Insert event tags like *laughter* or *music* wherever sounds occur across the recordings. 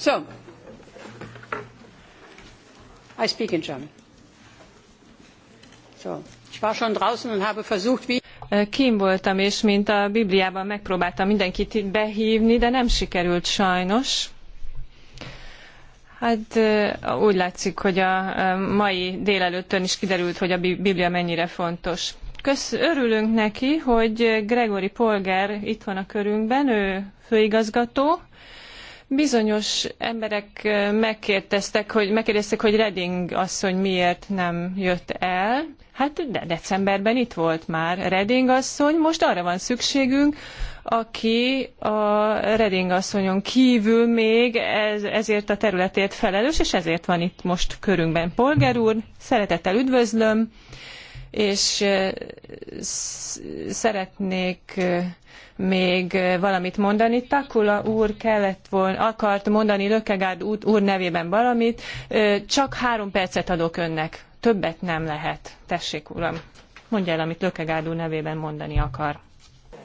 So, I speak in German. So, ich war schon draußen und habe versucht, wie Kim voltam, és mint a Bibliában megpróbáltam mindenkit behívni, de nem sikerült sajnos. Hát úgy látszik, hogy a mai délelőttön is kiderült, hogy a Biblia mennyire fontos. Kösz, örülünk neki, hogy Gregory Polgár itt van a körünkben, ő főigazgató, Bizonyos emberek megkérdeztek, hogy, megkérdeztek, hogy Reding asszony miért nem jött el. Hát de decemberben itt volt már Reding asszony, most arra van szükségünk, aki a Reding asszonyon kívül még ez, ezért a területért felelős, és ezért van itt most körünkben polgár úr. Szeretettel üdvözlöm, és szeretnék még valamit mondani. Takula úr kellett volna, akart mondani Lökegárd úr nevében valamit. Csak három percet adok önnek. Többet nem lehet. Tessék, uram. Mondja el, amit Lökegárd úr nevében mondani akar.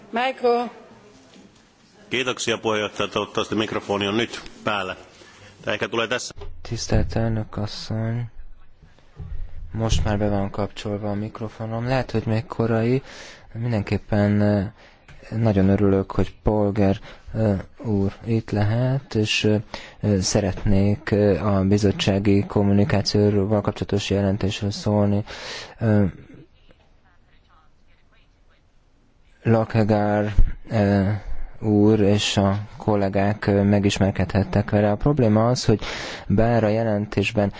Michael. Kiitoksia puheenjohtaja, toivottavasti mikrofoni on nyt päällä. Ehkä tulee tässä. Tisztelt elnök asszony, most már be van kapcsolva a mikrofonom. Lehet, hogy még korai, mindenképpen nagyon örülök, hogy polgár úr itt lehet, és szeretnék a bizottsági kommunikációval kapcsolatos jelentésről szólni. Lakegár úr és a kollégák megismerkedhettek vele. A probléma az, hogy bár a jelentésben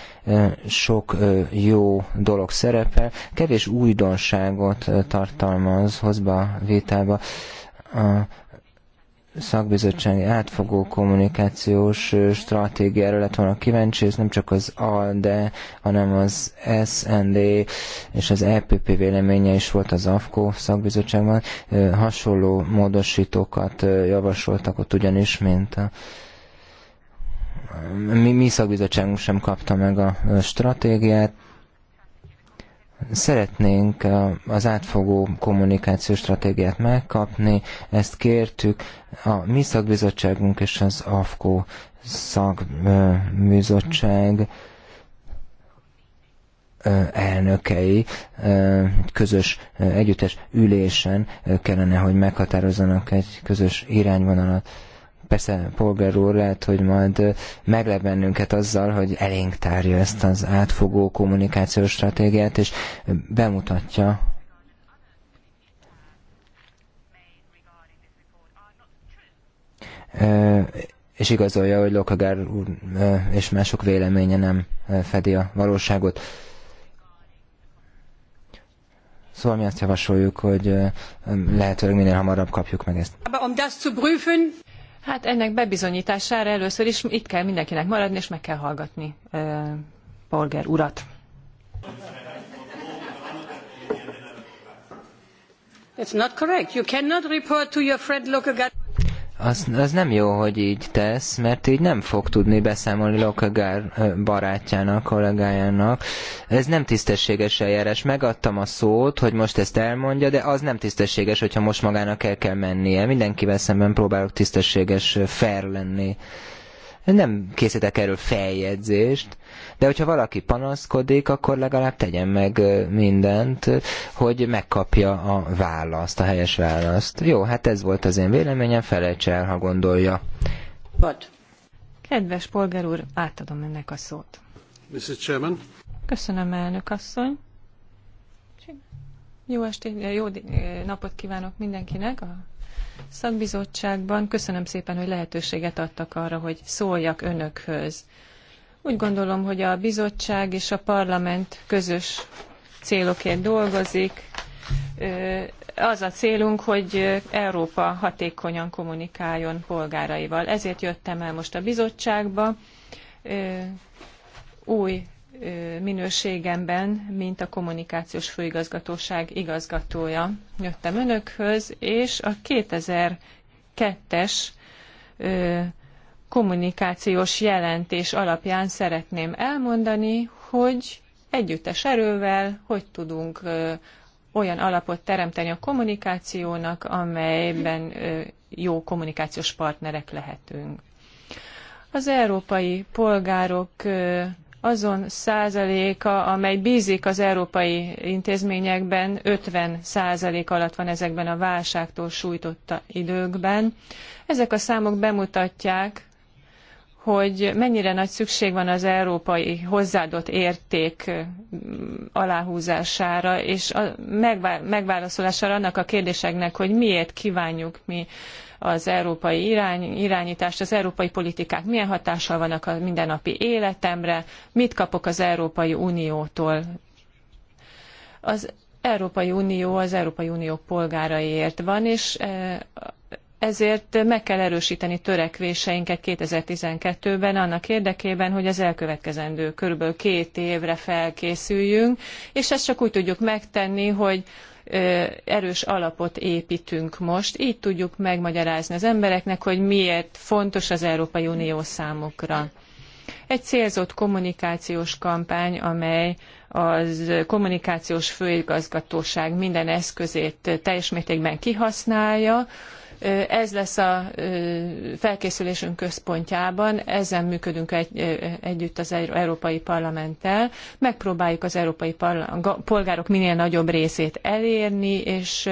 sok jó dolog szerepel, kevés újdonságot tartalmaz hozba vételbe a szakbizottsági átfogó kommunikációs stratégiára lett volna kíváncsi, ez nem csak az ALDE, hanem az SND és az EPP véleménye is volt az AFKO szakbizottságban. Hasonló módosítókat javasoltak ott ugyanis, mint a mi, mi szakbizottságunk sem kapta meg a stratégiát, Szeretnénk eh, az átfogó kommunikációs stratégiát megkapni, ezt kértük. A mi szakbizottságunk és az AFKO szakbizottság eh, elnökei eh, közös együttes ülésen kellene, hogy meghatározzanak egy közös irányvonalat. Persze polgár úr lehet, hogy majd meglep bennünket azzal, hogy elénk tárja ezt az átfogó kommunikációs stratégiát, és bemutatja és igazolja, hogy Lokagár úr és mások véleménye nem fedi a valóságot. Szóval mi azt javasoljuk, hogy lehetőleg minél hamarabb kapjuk meg ezt. Um Hát ennek bebizonyítására először is itt kell mindenkinek maradni, és meg kell hallgatni euh, polgár urat. It's not correct. You cannot report to your friend local government az, az nem jó, hogy így tesz, mert így nem fog tudni beszámolni Lokagár barátjának, kollégájának. Ez nem tisztességes eljárás. Megadtam a szót, hogy most ezt elmondja, de az nem tisztességes, hogyha most magának el kell mennie. Mindenkivel szemben próbálok tisztességes, fair lenni. Nem készítek erről feljegyzést, de hogyha valaki panaszkodik, akkor legalább tegyen meg mindent, hogy megkapja a választ, a helyes választ. Jó, hát ez volt az én véleményem, felejts el, ha gondolja. But. Kedves polgár úr, átadom önnek a szót. Mrs. Chairman. Köszönöm, elnök asszony. Jó estét, jó napot kívánok mindenkinek, a szakbizottságban. Köszönöm szépen, hogy lehetőséget adtak arra, hogy szóljak önökhöz. Úgy gondolom, hogy a bizottság és a parlament közös célokért dolgozik. Az a célunk, hogy Európa hatékonyan kommunikáljon polgáraival. Ezért jöttem el most a bizottságba. Új minőségemben, mint a kommunikációs főigazgatóság igazgatója jöttem önökhöz, és a 2002-es kommunikációs jelentés alapján szeretném elmondani, hogy együttes erővel hogy tudunk olyan alapot teremteni a kommunikációnak, amelyben jó kommunikációs partnerek lehetünk. Az európai polgárok azon százaléka, amely bízik az európai intézményekben, 50 százalék alatt van ezekben a válságtól sújtott időkben. Ezek a számok bemutatják, hogy mennyire nagy szükség van az európai hozzáadott érték mm, aláhúzására, és a megválaszolására annak a kérdéseknek, hogy miért kívánjuk mi az európai irány, irányítást, az európai politikák milyen hatással vannak a mindennapi életemre, mit kapok az Európai Uniótól. Az Európai Unió az Európai Unió polgáraiért van, és eh, ezért meg kell erősíteni törekvéseinket 2012-ben annak érdekében, hogy az elkövetkezendő körülbelül két évre felkészüljünk, és ezt csak úgy tudjuk megtenni, hogy erős alapot építünk most. Így tudjuk megmagyarázni az embereknek, hogy miért fontos az Európai Unió számukra. Egy célzott kommunikációs kampány, amely az kommunikációs főigazgatóság minden eszközét teljes mértékben kihasználja, ez lesz a felkészülésünk központjában, ezen működünk egy, együtt az Európai Parlamenttel. Megpróbáljuk az európai polgárok minél nagyobb részét elérni, és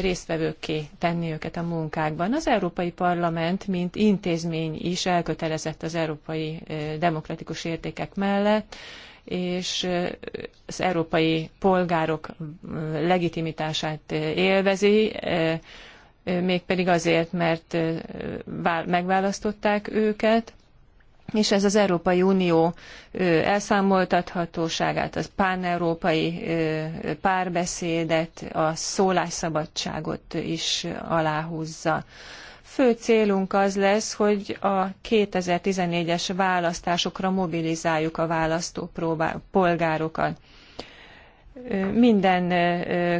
résztvevőkké tenni őket a munkákban. Az Európai Parlament, mint intézmény is elkötelezett az európai demokratikus értékek mellett, és az európai polgárok legitimitását élvezi, mégpedig azért, mert megválasztották őket, és ez az Európai Unió elszámoltathatóságát, az páneurópai párbeszédet, a szólásszabadságot is aláhúzza. Fő célunk az lesz, hogy a 2014-es választásokra mobilizáljuk a választó polgárokat minden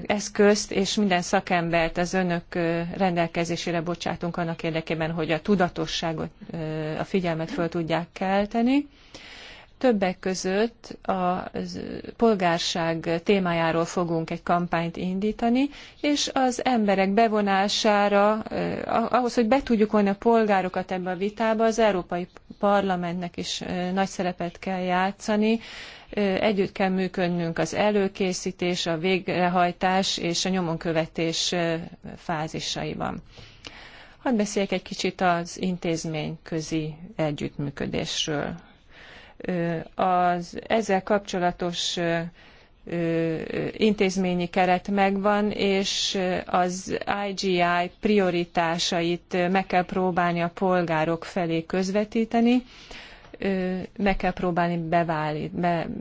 eszközt és minden szakembert az önök rendelkezésére bocsátunk annak érdekében, hogy a tudatosságot, a figyelmet föl tudják kelteni. Többek között a polgárság témájáról fogunk egy kampányt indítani, és az emberek bevonására, ahhoz, hogy be tudjuk vonni a polgárokat ebbe a vitába, az Európai Parlamentnek is nagy szerepet kell játszani, Együtt kell működnünk az előkészítés, a végrehajtás és a nyomon követés fázisaiban. Hadd beszéljek egy kicsit az intézményközi együttműködésről. Az ezzel kapcsolatos intézményi keret megvan, és az IGI prioritásait meg kell próbálni a polgárok felé közvetíteni, meg kell próbálni beválni,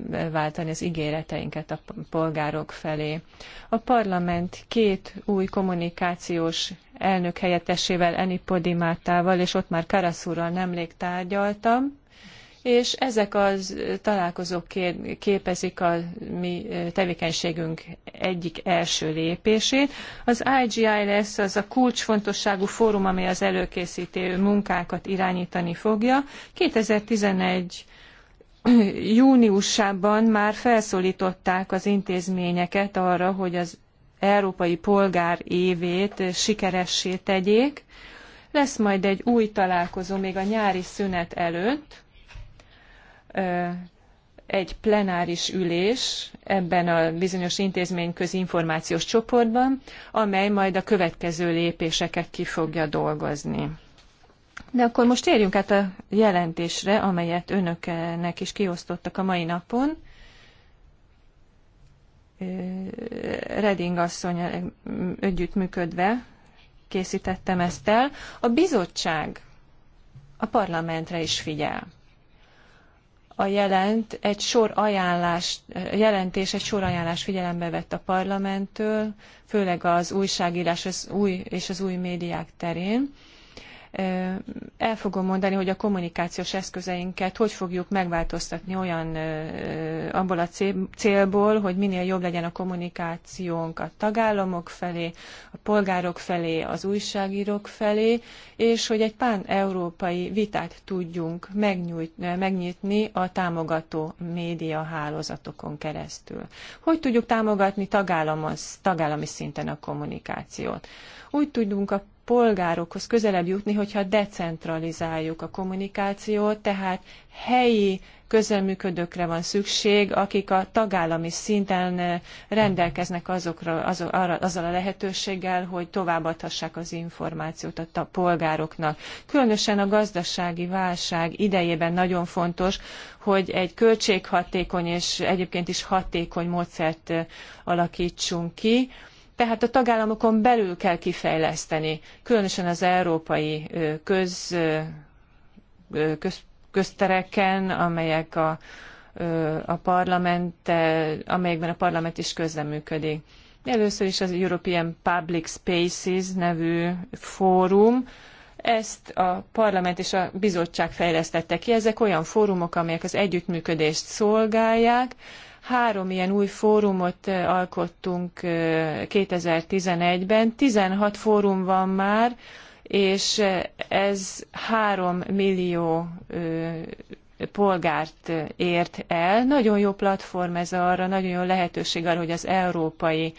beváltani az ígéreteinket a polgárok felé. A parlament két új kommunikációs elnök helyettesével, Enipodimátával és ott már Karaszúrral nemrég tárgyaltam, és ezek az találkozók képezik a mi tevékenységünk egyik első lépését. Az IGI lesz az a kulcsfontosságú fórum, amely az előkészítő munkákat irányítani fogja. 2011 júniusában már felszólították az intézményeket arra, hogy az európai polgár évét sikeressé tegyék. Lesz majd egy új találkozó még a nyári szünet előtt, egy plenáris ülés ebben a bizonyos intézményközi információs csoportban, amely majd a következő lépéseket ki fogja dolgozni. De akkor most térjünk át a jelentésre, amelyet önöknek is kiosztottak a mai napon. Reding asszony együttműködve készítettem ezt el. A bizottság a parlamentre is figyel a jelent egy sor ajánlás, jelentés egy sor ajánlás figyelembe vett a parlamenttől, főleg az újságírás az új és az új médiák terén el fogom mondani, hogy a kommunikációs eszközeinket hogy fogjuk megváltoztatni olyan abból a célból, hogy minél jobb legyen a kommunikációnk a tagállamok felé, a polgárok felé, az újságírók felé, és hogy egy pán-európai vitát tudjunk megnyújt, megnyitni a támogató média hálózatokon keresztül. Hogy tudjuk támogatni tagállam, tagállami szinten a kommunikációt? Úgy tudunk a polgárokhoz közelebb jutni, hogyha decentralizáljuk a kommunikációt, tehát helyi közelműködőkre van szükség, akik a tagállami szinten eh, rendelkeznek azokra, azok, arra, azzal a lehetőséggel, hogy továbbadhassák az információt a, a polgároknak. Különösen a gazdasági válság idejében nagyon fontos, hogy egy költséghatékony és egyébként is hatékony módszert eh, alakítsunk ki, tehát a tagállamokon belül kell kifejleszteni, különösen az európai köz, köz, köztereken, amelyek a, a parlament, amelyekben a parlament is közleműködik. Először is az European Public Spaces nevű fórum, ezt a parlament és a bizottság fejlesztette ki. Ezek olyan fórumok, amelyek az együttműködést szolgálják, Három ilyen új fórumot eh, alkottunk 2011-ben, eh, 16 fórum van már, és eh, ez 3 millió polgárt ért el. Nagyon jó platform ez arra, nagyon jó lehetőség arra, hogy az európai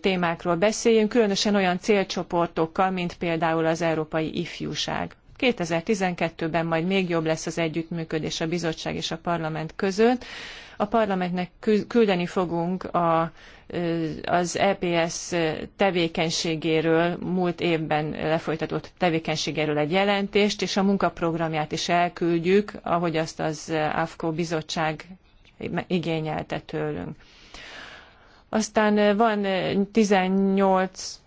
témákról beszéljünk, különösen olyan célcsoportokkal, mint például az európai ifjúság. 2012-ben majd még jobb lesz az együttműködés a bizottság és a parlament között. A parlamentnek küldeni fogunk a, az EPS tevékenységéről, múlt évben lefolytatott tevékenységéről egy jelentést, és a munkaprogramját is elküldjük, ahogy azt az AFKO bizottság igényelte tőlünk. Aztán van 18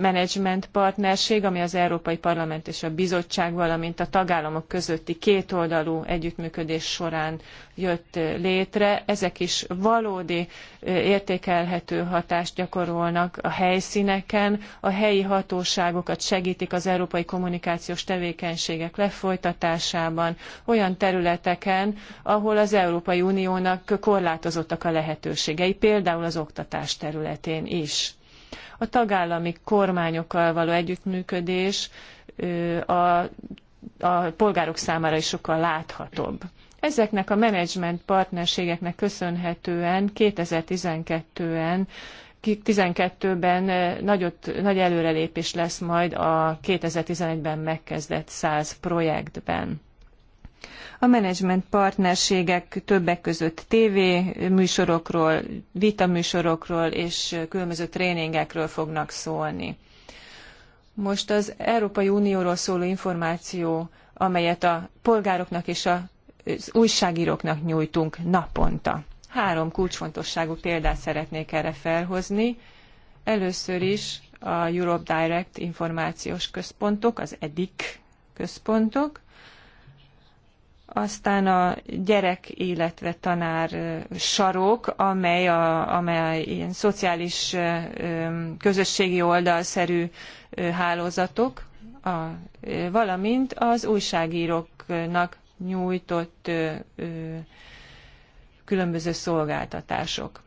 menedzsment partnerség, ami az Európai Parlament és a Bizottság, valamint a tagállamok közötti kétoldalú együttműködés során jött létre. Ezek is valódi értékelhető hatást gyakorolnak a helyszíneken, a helyi hatóságokat segítik az európai kommunikációs tevékenységek lefolytatásában, olyan területeken, ahol az Európai Uniónak korlátozottak a lehetőségei, például az oktatás területén is a tagállami kormányokkal való együttműködés a, a polgárok számára is sokkal láthatóbb. Ezeknek a menedzsment partnerségeknek köszönhetően 2012-en 12-ben nagyot, nagy előrelépés lesz majd a 2011-ben megkezdett 100 projektben. A menedzsment partnerségek többek között TV műsorokról, vitaműsorokról és különböző tréningekről fognak szólni. Most az Európai Unióról szóló információ, amelyet a polgároknak és az újságíróknak nyújtunk naponta. Három kulcsfontosságú példát szeretnék erre felhozni. Először is a Europe Direct információs központok, az EDIC központok, aztán a gyerek, illetve tanár sarok, amely, a, amely ilyen szociális közösségi oldalszerű hálózatok, a, valamint az újságíróknak nyújtott különböző szolgáltatások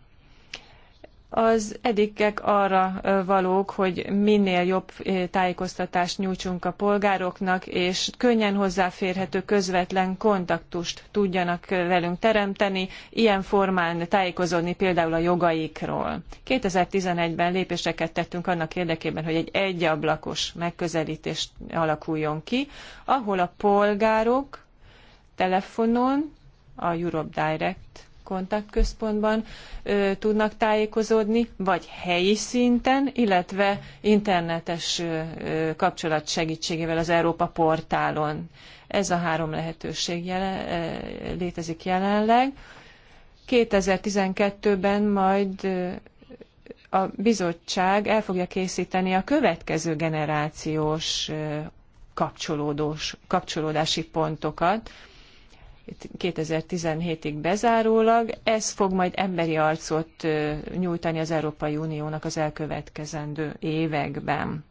az edikek arra valók, hogy minél jobb tájékoztatást nyújtsunk a polgároknak, és könnyen hozzáférhető közvetlen kontaktust tudjanak velünk teremteni, ilyen formán tájékozódni például a jogaikról. 2011-ben lépéseket tettünk annak érdekében, hogy egy egyablakos megközelítés alakuljon ki, ahol a polgárok telefonon, a Europe Direct kontaktközpontban ö, tudnak tájékozódni, vagy helyi szinten, illetve internetes ö, kapcsolat segítségével az Európa portálon. Ez a három lehetőség jelen, ö, létezik jelenleg. 2012-ben majd a bizottság el fogja készíteni a következő generációs kapcsolódós, kapcsolódási pontokat, 2017-ig bezárólag. Ez fog majd emberi arcot nyújtani az Európai Uniónak az elkövetkezendő években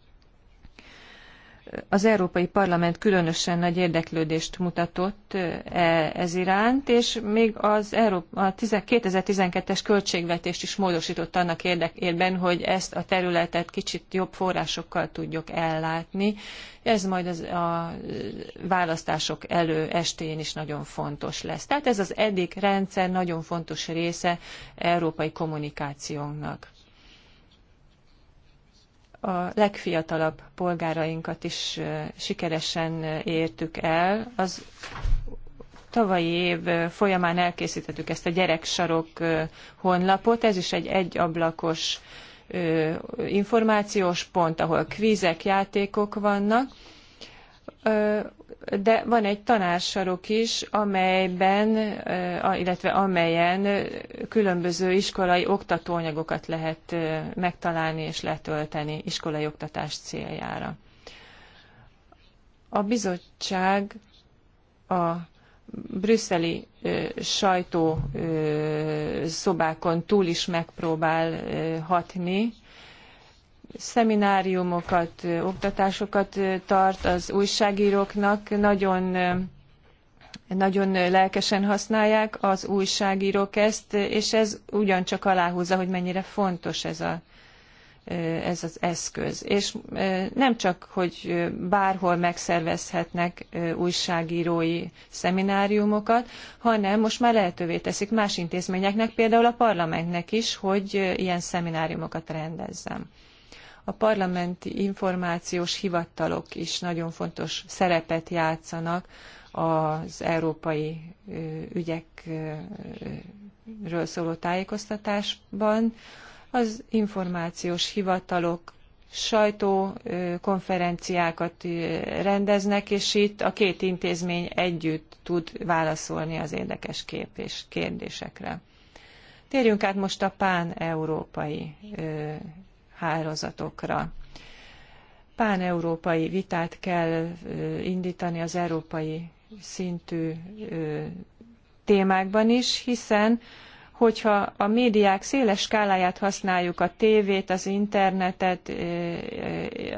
az Európai Parlament különösen nagy érdeklődést mutatott e, ez iránt, és még az Európa, a 2012-es költségvetést is módosított annak érdekében, hogy ezt a területet kicsit jobb forrásokkal tudjuk ellátni. Ez majd az, a választások elő estén is nagyon fontos lesz. Tehát ez az eddig rendszer nagyon fontos része európai kommunikációnknak a legfiatalabb polgárainkat is sikeresen értük el. Az tavalyi év folyamán elkészítettük ezt a gyereksarok honlapot, ez is egy egyablakos információs pont, ahol kvízek, játékok vannak de van egy tanársarok is, amelyben, illetve amelyen különböző iskolai oktatóanyagokat lehet megtalálni és letölteni iskolai oktatás céljára. A bizottság a brüsszeli sajtó szobákon túl is megpróbál hatni, szemináriumokat, oktatásokat tart az újságíróknak, nagyon nagyon lelkesen használják az újságírók ezt, és ez ugyancsak aláhúzza, hogy mennyire fontos ez, a, ez az eszköz. És nem csak, hogy bárhol megszervezhetnek újságírói szemináriumokat, hanem most már lehetővé teszik más intézményeknek, például a parlamentnek is, hogy ilyen szemináriumokat rendezzen a parlamenti információs hivatalok is nagyon fontos szerepet játszanak az európai ügyekről szóló tájékoztatásban. Az információs hivatalok sajtókonferenciákat rendeznek, és itt a két intézmény együtt tud válaszolni az érdekes kép és kérdésekre. Térjünk át most a pán-európai hálózatokra. Pán-európai vitát kell indítani az európai szintű témákban is, hiszen hogyha a médiák széles skáláját használjuk, a tévét, az internetet,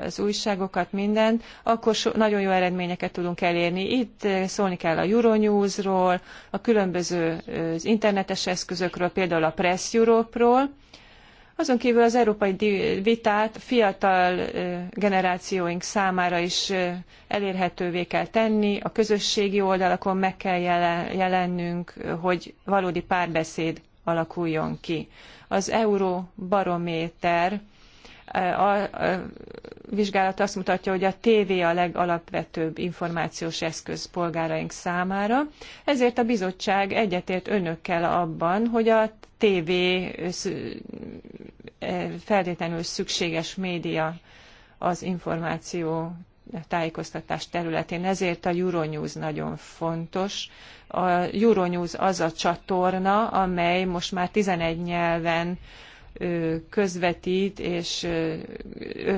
az újságokat, mindent, akkor nagyon jó eredményeket tudunk elérni. Itt szólni kell a Euronews-ról, a különböző internetes eszközökről, például a Press Europe-ról, azon kívül az európai vitát fiatal generációink számára is elérhetővé kell tenni, a közösségi oldalakon meg kell jelennünk, hogy valódi párbeszéd alakuljon ki. Az Euróbarométer a vizsgálat azt mutatja, hogy a tévé a legalapvetőbb információs eszköz polgáraink számára, ezért a bizottság egyetért önökkel abban, hogy a tévé feltétlenül szükséges média az információ tájékoztatás területén. Ezért a Euronews nagyon fontos. A Euronews az a csatorna, amely most már 11 nyelven közvetít, és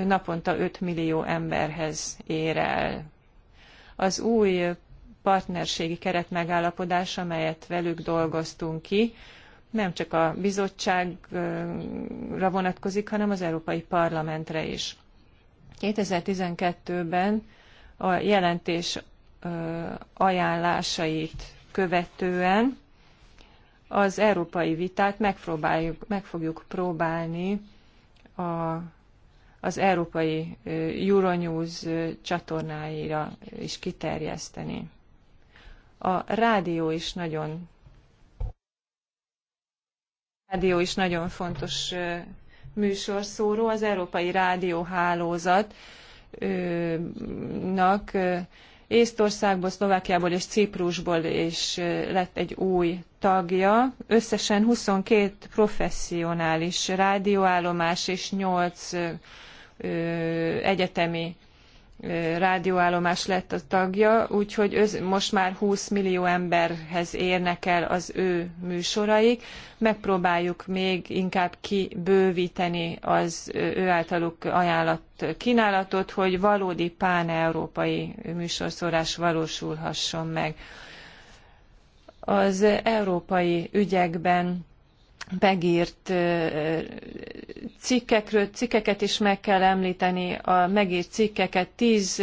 naponta 5 millió emberhez ér el. Az új partnerségi keretmegállapodás, amelyet velük dolgoztunk ki, nem csak a bizottságra vonatkozik, hanem az Európai Parlamentre is. 2012-ben a jelentés ajánlásait követően az európai vitát megpróbáljuk, meg fogjuk próbálni a, az európai Euronews csatornáira is kiterjeszteni. A rádió is nagyon rádió is nagyon fontos műsorszóró, az Európai Rádióhálózatnak Észtországból, Szlovákiából és Ciprusból is lett egy új tagja. Összesen 22 professzionális rádióállomás és 8 ö, egyetemi rádióállomás lett a tagja, úgyhogy most már 20 millió emberhez érnek el az ő műsoraik. Megpróbáljuk még inkább kibővíteni az ő általuk ajánlott kínálatot, hogy valódi pán-európai műsorszórás valósulhasson meg. Az európai ügyekben megírt cikkekről, cikkeket is meg kell említeni, a megírt cikkeket tíz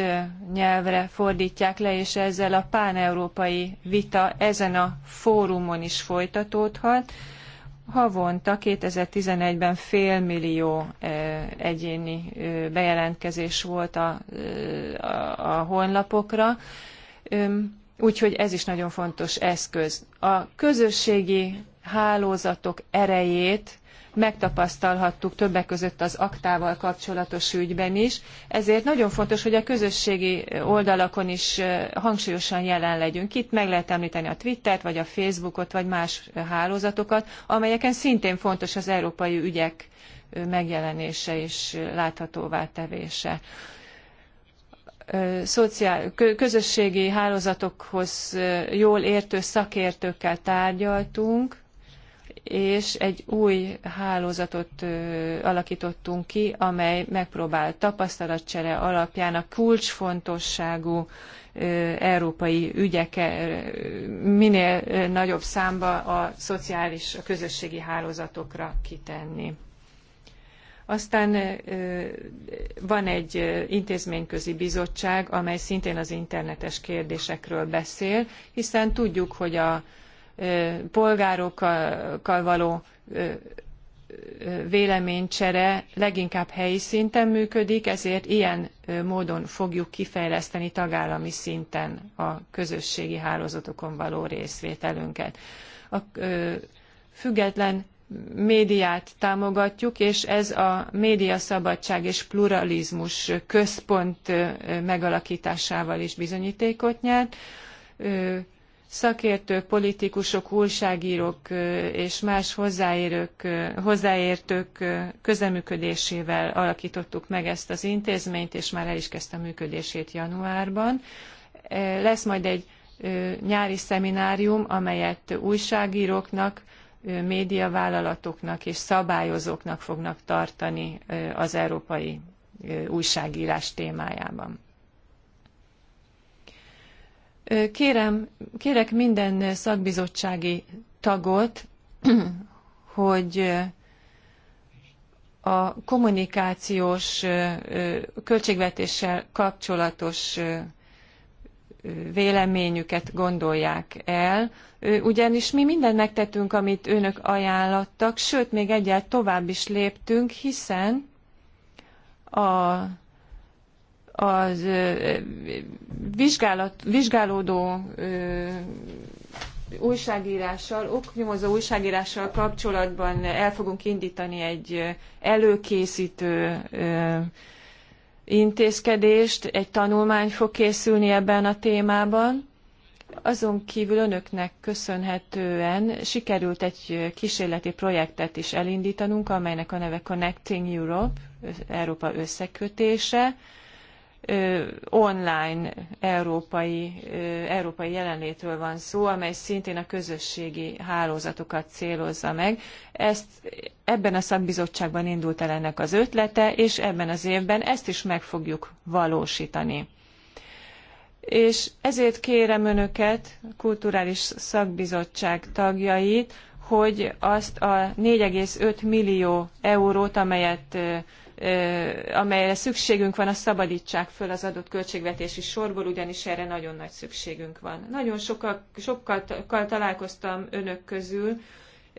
nyelvre fordítják le, és ezzel a páneurópai vita ezen a fórumon is folytatódhat. Havonta 2011-ben félmillió egyéni bejelentkezés volt a, a, a honlapokra. Úgyhogy ez is nagyon fontos eszköz. A közösségi hálózatok erejét megtapasztalhattuk többek között az aktával kapcsolatos ügyben is, ezért nagyon fontos, hogy a közösségi oldalakon is hangsúlyosan jelen legyünk. Itt meg lehet említeni a Twittert, vagy a Facebookot, vagy más hálózatokat, amelyeken szintén fontos az európai ügyek megjelenése és láthatóvá tevése szociál, közösségi hálózatokhoz jól értő szakértőkkel tárgyaltunk, és egy új hálózatot alakítottunk ki, amely megpróbál tapasztalatcsere alapján a kulcsfontosságú európai ügyeket minél nagyobb számba a szociális, a közösségi hálózatokra kitenni. Aztán van egy intézményközi bizottság, amely szintén az internetes kérdésekről beszél, hiszen tudjuk, hogy a polgárokkal való véleménycsere leginkább helyi szinten működik, ezért ilyen módon fogjuk kifejleszteni tagállami szinten a közösségi hálózatokon való részvételünket. A független médiát támogatjuk, és ez a médiaszabadság és pluralizmus központ megalaktásával is bizonyítékot nyert szakértők, politikusok, újságírók és más hozzáértők közeműködésével alakítottuk meg ezt az intézményt, és már el is kezdte működését januárban. Lesz majd egy nyári szeminárium, amelyet újságíróknak, médiavállalatoknak és szabályozóknak fognak tartani az európai újságírás témájában. Kérem, kérek minden szakbizottsági tagot, *clears throat* hogy a kommunikációs költségvetéssel kapcsolatos véleményüket gondolják el, ugyanis mi mindent megtettünk, amit önök ajánlottak, sőt, még egyet tovább is léptünk, hiszen a az vizsgálat, vizsgálódó újságírással, oknyomozó újságírással kapcsolatban el fogunk indítani egy előkészítő intézkedést, egy tanulmány fog készülni ebben a témában. Azon kívül önöknek köszönhetően sikerült egy kísérleti projektet is elindítanunk, amelynek a neve Connecting Europe, Európa összekötése online európai, európai jelenlétről van szó, amely szintén a közösségi hálózatokat célozza meg. Ezt ebben a szakbizottságban indult el ennek az ötlete, és ebben az évben ezt is meg fogjuk valósítani. És ezért kérem Önöket, kulturális szakbizottság tagjait, hogy azt a 4,5 millió eurót, amelyet amelyre szükségünk van, azt szabadítsák föl az adott költségvetési sorból, ugyanis erre nagyon nagy szükségünk van. Nagyon sokkal, sokkal találkoztam önök közül,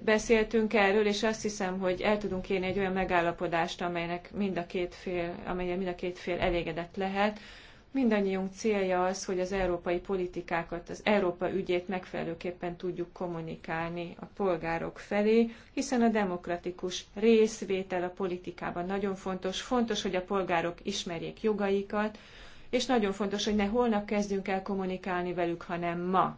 beszéltünk erről, és azt hiszem, hogy el tudunk érni egy olyan megállapodást, amelynek mind a két fél, amelyen mind a két fél elégedett lehet. Mindannyiunk célja az, hogy az európai politikákat, az Európa ügyét megfelelőképpen tudjuk kommunikálni a polgárok felé, hiszen a demokratikus részvétel a politikában nagyon fontos. Fontos, hogy a polgárok ismerjék jogaikat, és nagyon fontos, hogy ne holnap kezdjünk el kommunikálni velük, hanem ma.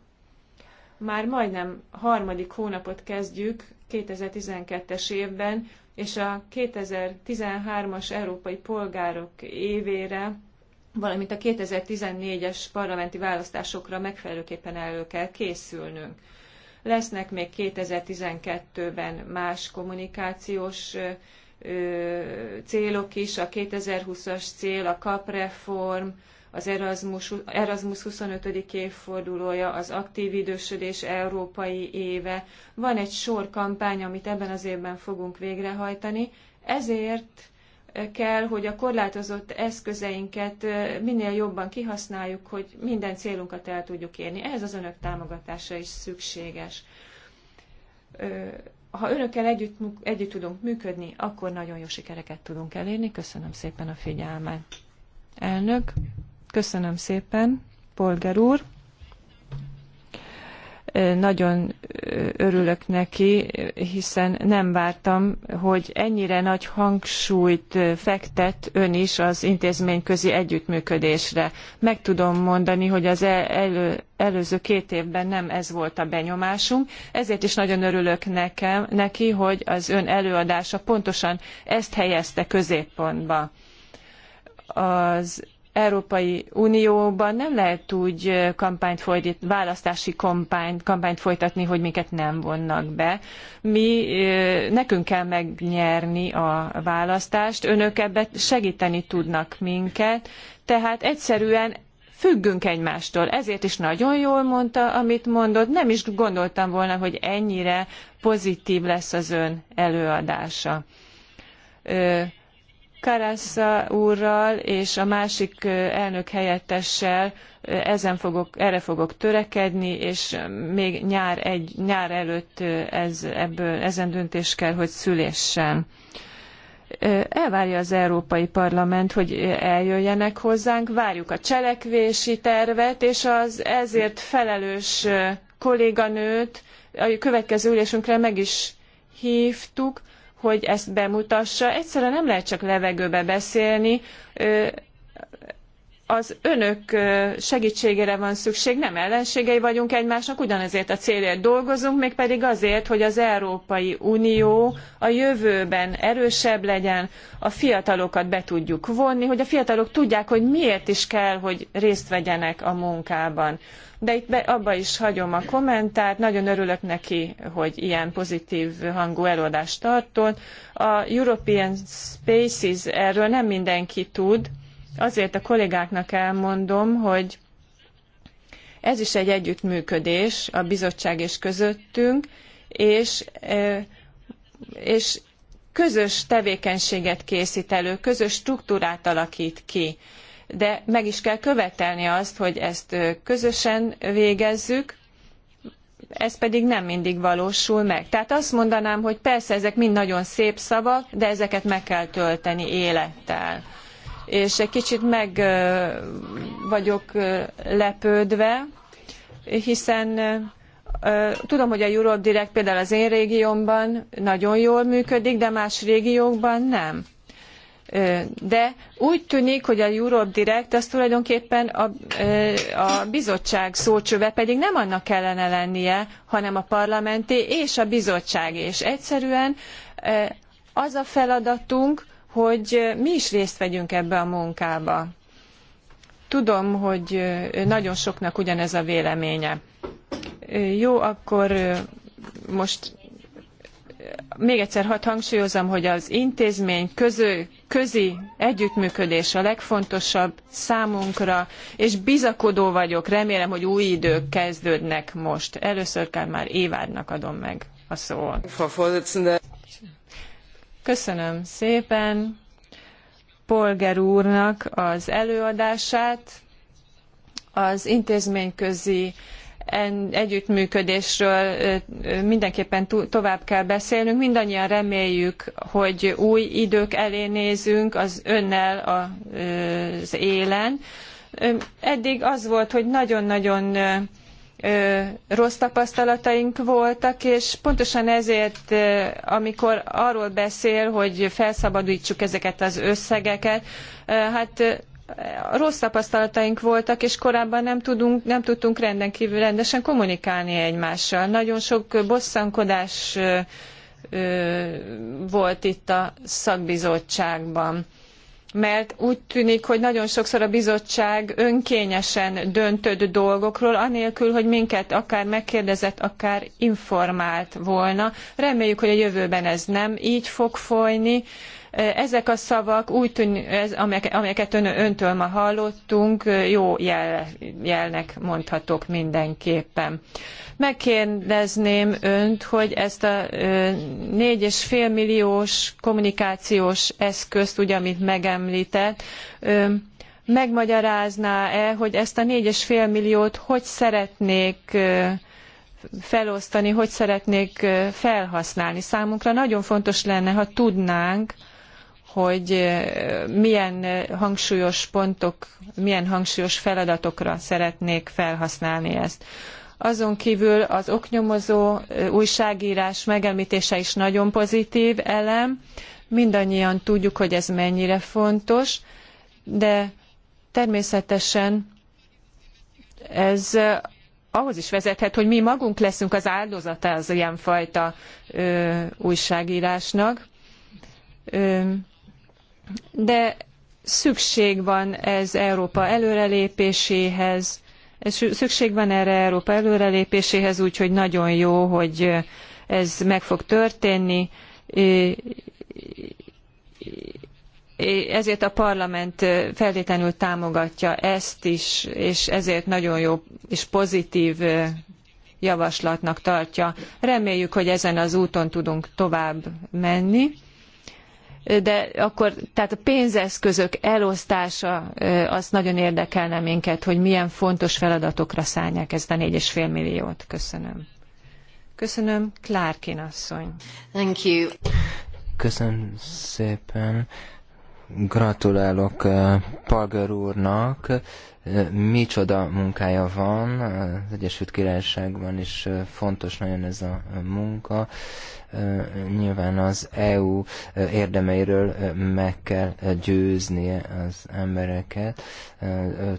Már majdnem harmadik hónapot kezdjük 2012-es évben, és a 2013-as európai polgárok évére valamint a 2014-es parlamenti választásokra megfelelőképpen elő kell készülnünk. Lesznek még 2012-ben más kommunikációs célok is, a 2020-as cél, a kapreform, az Erasmus, Erasmus 25. évfordulója, az aktív idősödés európai éve. Van egy sor kampány, amit ebben az évben fogunk végrehajtani, ezért kell, hogy a korlátozott eszközeinket minél jobban kihasználjuk, hogy minden célunkat el tudjuk érni. Ehhez az önök támogatása is szükséges. Ha önökkel együtt, együtt tudunk működni, akkor nagyon jó sikereket tudunk elérni. Köszönöm szépen a figyelmet. Elnök, köszönöm szépen, polgár úr nagyon örülök neki, hiszen nem vártam, hogy ennyire nagy hangsúlyt fektet ön is az intézményközi együttműködésre. Meg tudom mondani, hogy az elő, előző két évben nem ez volt a benyomásunk, ezért is nagyon örülök nekem, neki, hogy az ön előadása pontosan ezt helyezte középpontba. Az Európai Unióban nem lehet úgy kampányt folytat, választási kampányt, kampányt folytatni, hogy minket nem vonnak be. Mi, nekünk kell megnyerni a választást, önök ebben segíteni tudnak minket, tehát egyszerűen függünk egymástól. Ezért is nagyon jól mondta, amit mondott. Nem is gondoltam volna, hogy ennyire pozitív lesz az ön előadása. Ö, karas úrral és a másik elnök helyettessel ezen fogok, erre fogok törekedni, és még nyár, egy, nyár előtt ez, ebből, ezen döntés kell, hogy szülessen. Elvárja az Európai Parlament, hogy eljöjjenek hozzánk, várjuk a cselekvési tervet, és az ezért felelős kolléganőt a következő ülésünkre meg is hívtuk, hogy ezt bemutassa. Egyszerűen nem lehet csak levegőbe beszélni, az önök segítségére van szükség, nem ellenségei vagyunk egymásnak, ugyanezért a célért dolgozunk, mégpedig azért, hogy az Európai Unió a jövőben erősebb legyen, a fiatalokat be tudjuk vonni, hogy a fiatalok tudják, hogy miért is kell, hogy részt vegyenek a munkában de itt be, abba is hagyom a kommentárt. Nagyon örülök neki, hogy ilyen pozitív hangú előadást tartott. A European Spaces erről nem mindenki tud. Azért a kollégáknak elmondom, hogy ez is egy együttműködés a bizottság és közöttünk, és, és közös tevékenységet készít elő, közös struktúrát alakít ki de meg is kell követelni azt, hogy ezt közösen végezzük, ez pedig nem mindig valósul meg. Tehát azt mondanám, hogy persze ezek mind nagyon szép szavak, de ezeket meg kell tölteni élettel. És egy kicsit meg vagyok lepődve, hiszen tudom, hogy a Europe Direct például az én régiómban nagyon jól működik, de más régiókban nem de úgy tűnik, hogy a Europe Direct az tulajdonképpen a, a bizottság szócsöve pedig nem annak kellene lennie, hanem a parlamenté és a bizottság. És egyszerűen az a feladatunk, hogy mi is részt vegyünk ebbe a munkába. Tudom, hogy nagyon soknak ugyanez a véleménye. Jó, akkor most még egyszer hadd hangsúlyozom, hogy az intézmény közö, közi együttműködés a legfontosabb számunkra, és bizakodó vagyok, remélem, hogy új idők kezdődnek most. Először kell már Évádnak adom meg a szót. Köszönöm szépen Polger úrnak az előadását. Az intézményközi közi együttműködésről mindenképpen tovább kell beszélnünk. Mindannyian reméljük, hogy új idők elé nézünk az önnel az élen. Eddig az volt, hogy nagyon-nagyon rossz tapasztalataink voltak, és pontosan ezért, amikor arról beszél, hogy felszabadítsuk ezeket az összegeket, hát rossz tapasztalataink voltak, és korábban nem, tudunk, nem tudtunk renden kívül rendesen kommunikálni egymással. Nagyon sok bosszankodás volt itt a szakbizottságban. Mert úgy tűnik, hogy nagyon sokszor a bizottság önkényesen döntött dolgokról, anélkül, hogy minket akár megkérdezett, akár informált volna. Reméljük, hogy a jövőben ez nem így fog folyni. Ezek a szavak, úgy tűn, amelyeket ön, öntől ma hallottunk, jó jel, jelnek mondhatók mindenképpen. Megkérdezném önt, hogy ezt a 4,5 milliós kommunikációs eszközt, ugye, amit megemlített, megmagyarázná-e, hogy ezt a 4,5 milliót hogy szeretnék felosztani, hogy szeretnék felhasználni. Számunkra nagyon fontos lenne, ha tudnánk, hogy milyen hangsúlyos pontok, milyen hangsúlyos feladatokra szeretnék felhasználni ezt. Azon kívül az oknyomozó újságírás megemlítése is nagyon pozitív elem. Mindannyian tudjuk, hogy ez mennyire fontos, de természetesen ez ahhoz is vezethet, hogy mi magunk leszünk az áldozata az ilyenfajta ö, újságírásnak. Ö, de szükség van ez Európa előrelépéséhez, szükség van erre Európa előrelépéséhez, úgyhogy nagyon jó, hogy ez meg fog történni. Ezért a parlament feltétlenül támogatja ezt is, és ezért nagyon jó és pozitív javaslatnak tartja. Reméljük, hogy ezen az úton tudunk tovább menni de akkor, tehát a pénzeszközök elosztása, az nagyon érdekelne minket, hogy milyen fontos feladatokra szállják ezt a 4,5 milliót. Köszönöm. Köszönöm, Klárkin asszony. Thank you. Köszönöm szépen. Gratulálok Palger úrnak. Micsoda munkája van, az Egyesült Királyságban is fontos nagyon ez a munka nyilván az EU érdemeiről meg kell győznie az embereket,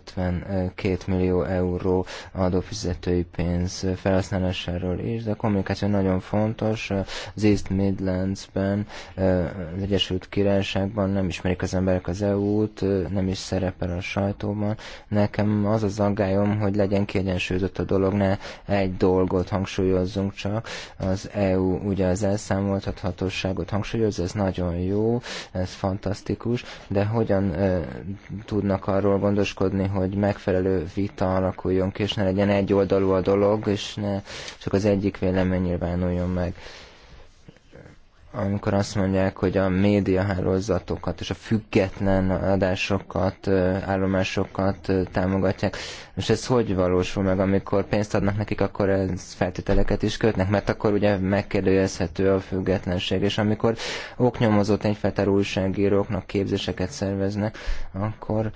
52 millió euró adófizetői pénz felhasználásáról is, de a kommunikáció nagyon fontos. Az East Midlands-ben, az Egyesült Királyságban nem ismerik az emberek az EU-t, nem is szerepel a sajtóban. Nekem az az aggályom, hogy legyen kiegyensúlyozott a dolog, ne egy dolgot hangsúlyozzunk csak. Az EU ugye az elszámoltathatóságot hangsúlyozza, ez nagyon jó, ez fantasztikus, de hogyan tudnak arról gondolni, gondoskodni, hogy megfelelő vita alakuljon ki, és ne legyen egyoldalú a dolog, és ne csak az egyik vélemény nyilvánuljon meg amikor azt mondják, hogy a médiahálózatokat és a független adásokat, állomásokat támogatják. Most ez hogy valósul meg, amikor pénzt adnak nekik, akkor ez feltételeket is kötnek, mert akkor ugye megkérdőjelezhető a függetlenség, és amikor oknyomozott egyfeltár újságíróknak képzéseket szerveznek, akkor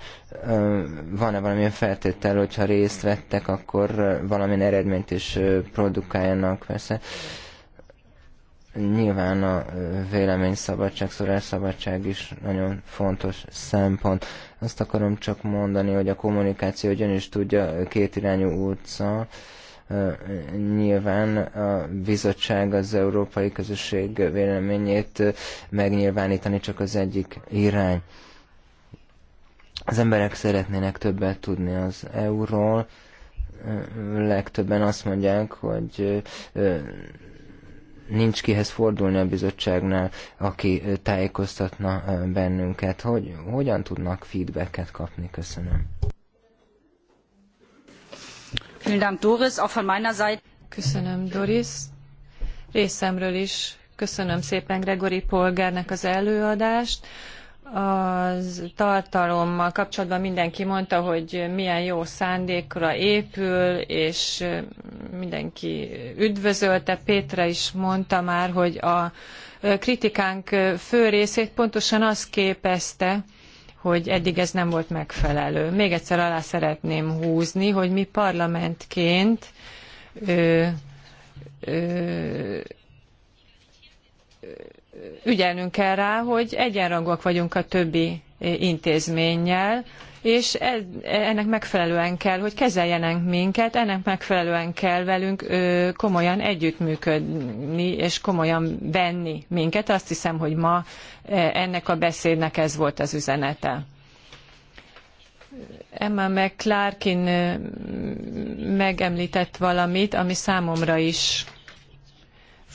van-e valamilyen feltétel, hogyha részt vettek, akkor valamilyen eredményt is produkáljanak, persze. Persze nyilván a vélemény szabadság, szorás szabadság is nagyon fontos szempont. Azt akarom csak mondani, hogy a kommunikáció ugyanis tudja kétirányú utca, nyilván a bizottság az európai közösség véleményét megnyilvánítani csak az egyik irány. Az emberek szeretnének többet tudni az euról, legtöbben azt mondják, hogy nincs kihez fordulni a bizottságnál, aki tájékoztatna bennünket. Hogy, hogyan tudnak feedbacket kapni? Köszönöm. Köszönöm, Doris. Részemről is köszönöm szépen Gregory Polgárnak az előadást. Az tartalommal kapcsolatban mindenki mondta, hogy milyen jó szándékra épül, és mindenki üdvözölte, Pétre is mondta már, hogy a kritikánk fő részét pontosan az képezte, hogy eddig ez nem volt megfelelő. Még egyszer alá szeretném húzni, hogy mi parlamentként ö, ö, ügyelnünk kell rá, hogy egyenrangúak vagyunk a többi intézménnyel, és e, ennek megfelelően kell, hogy kezeljenek minket, ennek megfelelően kell velünk komolyan együttműködni, és komolyan venni minket. Azt hiszem, hogy ma e, ennek a beszédnek ez volt az üzenete. Emma McClarkin megemlített valamit, ami számomra is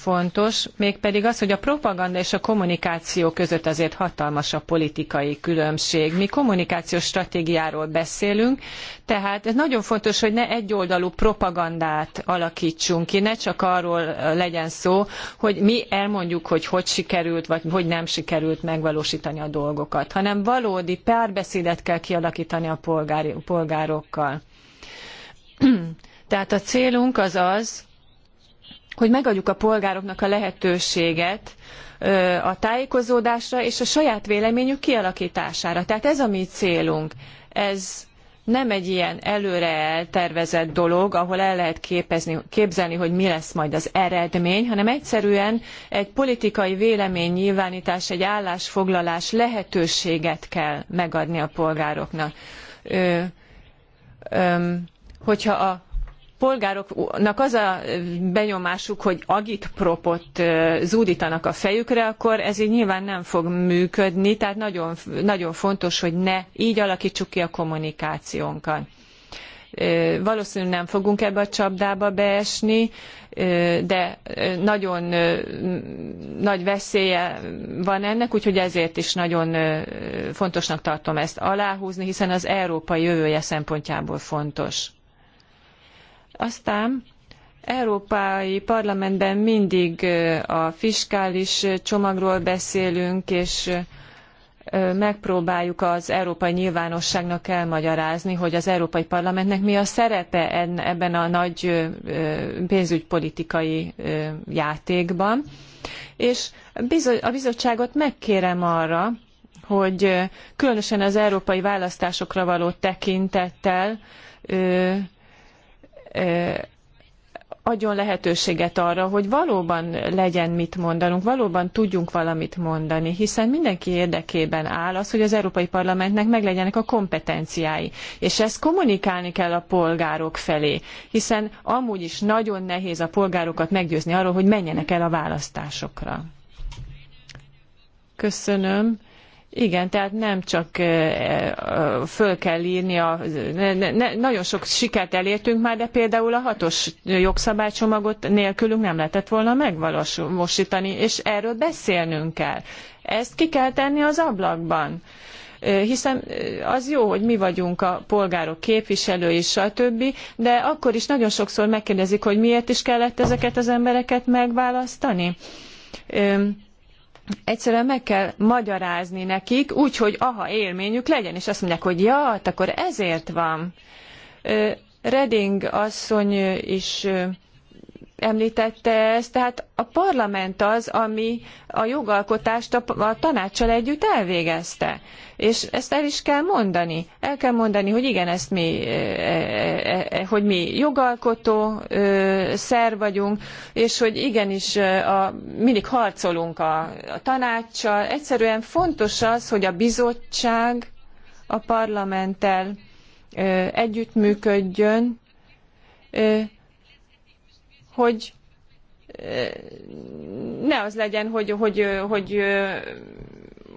fontos, mégpedig az, hogy a propaganda és a kommunikáció között azért hatalmas a politikai különbség. Mi kommunikációs stratégiáról beszélünk, tehát ez nagyon fontos, hogy ne egyoldalú propagandát alakítsunk ki, ne csak arról legyen szó, hogy mi elmondjuk, hogy hogy sikerült, vagy hogy nem sikerült megvalósítani a dolgokat, hanem valódi párbeszédet kell kialakítani a polgári, polgárokkal. *clears throat* Tehát a célunk az az, hogy megadjuk a polgároknak a lehetőséget a tájékozódásra és a saját véleményük kialakítására. Tehát ez a mi célunk. Ez nem egy ilyen előre eltervezett dolog, ahol el lehet képezni, képzelni, hogy mi lesz majd az eredmény, hanem egyszerűen egy politikai véleménynyilvánítás, egy állásfoglalás lehetőséget kell megadni a polgároknak. Ö, ö hogyha a polgároknak az a benyomásuk, hogy agitpropot zúdítanak a fejükre, akkor ez így nyilván nem fog működni, tehát nagyon, nagyon fontos, hogy ne így alakítsuk ki a kommunikációnkat valószínűleg nem fogunk ebbe a csapdába beesni, de nagyon nagy veszélye van ennek, úgyhogy ezért is nagyon fontosnak tartom ezt aláhúzni, hiszen az európai jövője szempontjából fontos. Aztán Európai Parlamentben mindig a fiskális csomagról beszélünk, és megpróbáljuk az európai nyilvánosságnak elmagyarázni, hogy az Európai Parlamentnek mi a szerepe ebben a nagy pénzügypolitikai játékban. És a bizottságot megkérem arra, hogy különösen az európai választásokra való tekintettel adjon lehetőséget arra, hogy valóban legyen mit mondanunk, valóban tudjunk valamit mondani, hiszen mindenki érdekében áll az, hogy az Európai Parlamentnek meglegyenek a kompetenciái. És ezt kommunikálni kell a polgárok felé, hiszen amúgy is nagyon nehéz a polgárokat meggyőzni arról, hogy menjenek el a választásokra. Köszönöm. Igen, tehát nem csak föl kell írni, a, ne, ne, nagyon sok sikert elértünk már, de például a hatos jogszabálycsomagot nélkülünk nem lehetett volna megvalósítani, és erről beszélnünk kell. Ezt ki kell tenni az ablakban hiszen az jó, hogy mi vagyunk a polgárok képviselői, stb., de akkor is nagyon sokszor megkérdezik, hogy miért is kellett ezeket az embereket megválasztani egyszerűen meg kell magyarázni nekik, úgy, hogy aha élményük legyen, és azt mondják, hogy ja, hát akkor ezért van. Reding asszony is említette ezt, tehát a parlament az, ami a jogalkotást a, a tanácssal együtt elvégezte. És ezt el is kell mondani. El kell mondani, hogy igen, ezt mi, e, e, e, hogy mi jogalkotó szer vagyunk, és hogy igenis a, mindig harcolunk a, a tanácssal. Egyszerűen fontos az, hogy a bizottság a parlamenttel együttműködjön, hogy eh, ne az legyen, hogy, hogy, hogy, eh,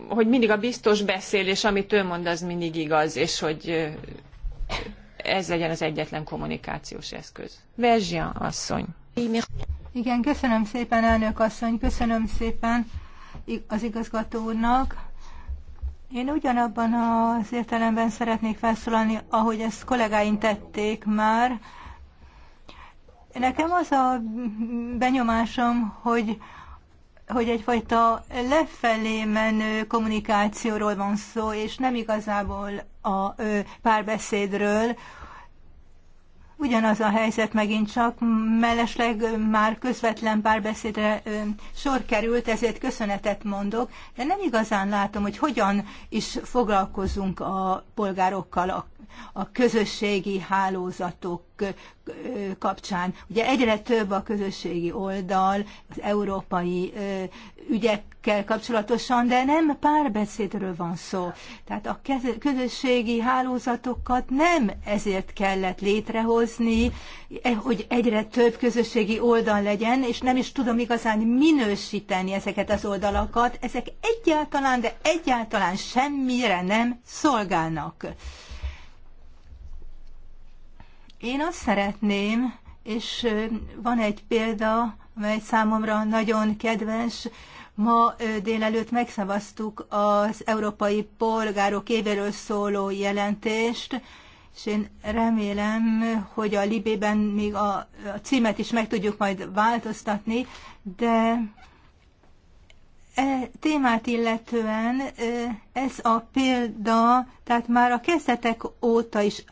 hogy mindig a biztos beszél, és amit ő mond, az mindig igaz, és hogy eh, ez legyen az egyetlen kommunikációs eszköz. Verzsia asszony. Igen, köszönöm szépen, elnök asszony, köszönöm szépen az igazgató úrnak. Én ugyanabban az értelemben szeretnék felszólalni, ahogy ezt kollégáim tették már, Nekem az a benyomásom, hogy, hogy egyfajta lefelé menő kommunikációról van szó, és nem igazából a párbeszédről, Ugyanaz a helyzet megint csak, mellesleg már közvetlen párbeszédre sor került, ezért köszönetet mondok, de nem igazán látom, hogy hogyan is foglalkozunk a polgárokkal, a a közösségi hálózatok kapcsán. Ugye egyre több a közösségi oldal az európai ügyekkel kapcsolatosan, de nem párbeszédről van szó. Tehát a közösségi hálózatokat nem ezért kellett létrehozni, eh, hogy egyre több közösségi oldal legyen, és nem is tudom igazán minősíteni ezeket az oldalakat. Ezek egyáltalán, de egyáltalán semmire nem szolgálnak. Én azt szeretném, és van egy példa, amely számomra nagyon kedves, Ma délelőtt megszavaztuk az európai polgárok évéről szóló jelentést, és én remélem, hogy a Libében még a, a címet is meg tudjuk majd változtatni, de e témát illetően ez a példa, tehát már a kezdetek óta is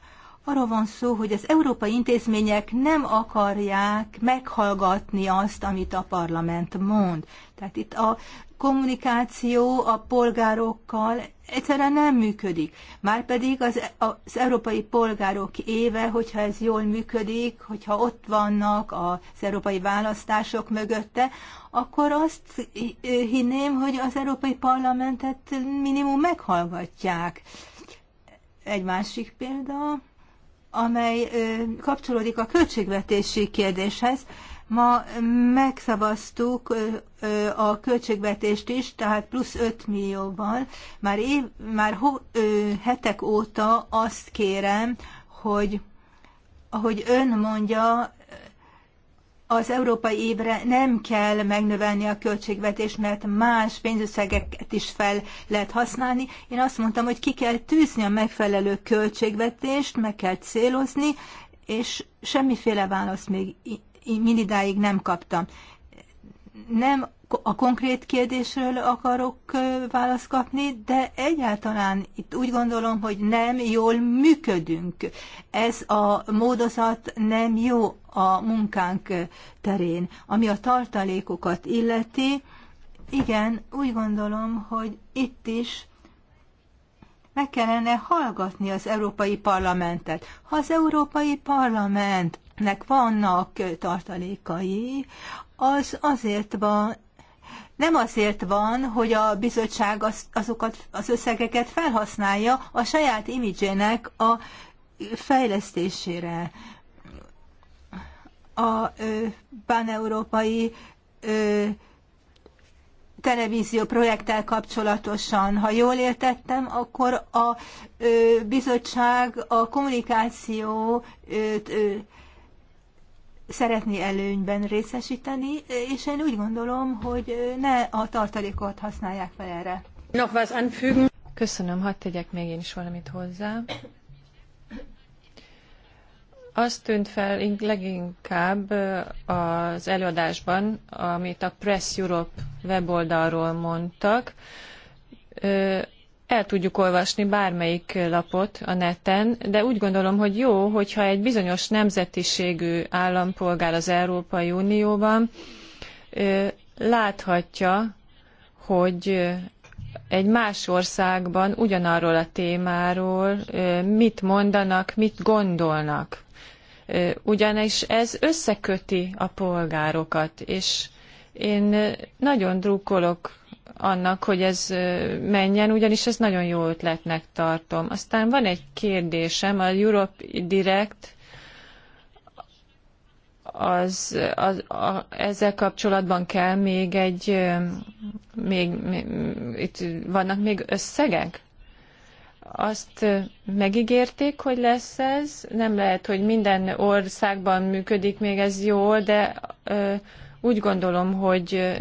Arról van szó, hogy az európai intézmények nem akarják meghallgatni azt, amit a parlament mond. Tehát itt a kommunikáció a polgárokkal egyszerűen nem működik. Márpedig az, az európai polgárok éve, hogyha ez jól működik, hogyha ott vannak az európai választások mögötte, akkor azt hinném, hogy az európai parlamentet minimum meghallgatják. Egy másik példa, amely kapcsolódik a költségvetési kérdéshez. Ma megszavaztuk a költségvetést is, tehát plusz 5 millióval. Már, év, már ho, hetek óta azt kérem, hogy ahogy ön mondja, az európai évre nem kell megnövelni a költségvetést, mert más pénzösszegeket is fel lehet használni. Én azt mondtam, hogy ki kell tűzni a megfelelő költségvetést, meg kell célozni, és semmiféle választ még mindidáig nem kaptam. Nem a konkrét kérdésről akarok választ kapni, de egyáltalán itt úgy gondolom, hogy nem jól működünk. Ez a módozat nem jó a munkánk terén. Ami a tartalékokat illeti, igen, úgy gondolom, hogy itt is meg kellene hallgatni az Európai Parlamentet. Ha az Európai Parlamentnek vannak tartalékai, az azért van, nem azért van, hogy a bizottság az, azokat az összegeket felhasználja a saját imidzsének a fejlesztésére. A páneurópai televízió projekttel kapcsolatosan, ha jól értettem, akkor a ö, bizottság a kommunikáció ö, ö, szeretné előnyben részesíteni, és én úgy gondolom, hogy ne a tartalékot használják fel erre. Köszönöm, hadd tegyek még én is valamit hozzá. Azt tűnt fel leginkább az előadásban, amit a Press Europe weboldalról mondtak, el tudjuk olvasni bármelyik lapot a neten, de úgy gondolom, hogy jó, hogyha egy bizonyos nemzetiségű állampolgár az Európai Unióban láthatja, hogy egy más országban ugyanarról a témáról mit mondanak, mit gondolnak. Ugyanis ez összeköti a polgárokat, és én nagyon drukkolok annak, hogy ez menjen, ugyanis ez nagyon jó ötletnek tartom. Aztán van egy kérdésem, a Europe Direct az, az a, ezzel kapcsolatban kell még egy, még, még, itt vannak még összegek? Azt megígérték, hogy lesz ez. Nem lehet, hogy minden országban működik még ez jól, de ö, úgy gondolom, hogy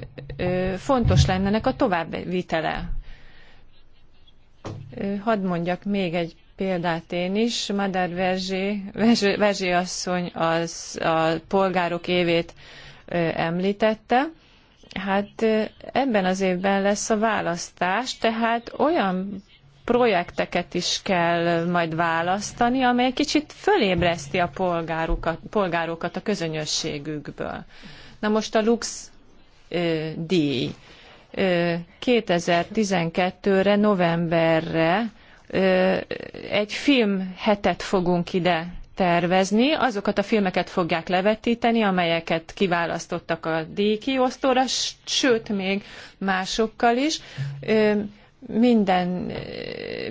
fontos lenne nek a továbbvitele. Hadd mondjak még egy példát én is. Madár Verzsé, asszony az a polgárok évét említette. Hát ebben az évben lesz a választás, tehát olyan projekteket is kell majd választani, amely kicsit fölébreszti a polgárokat, polgárokat a közönösségükből. Na most a Lux ö, díj. 2012-re, novemberre ö, egy film hetet fogunk ide tervezni. Azokat a filmeket fogják levetíteni, amelyeket kiválasztottak a díjkiosztóra, sőt, még másokkal is. Ö, minden,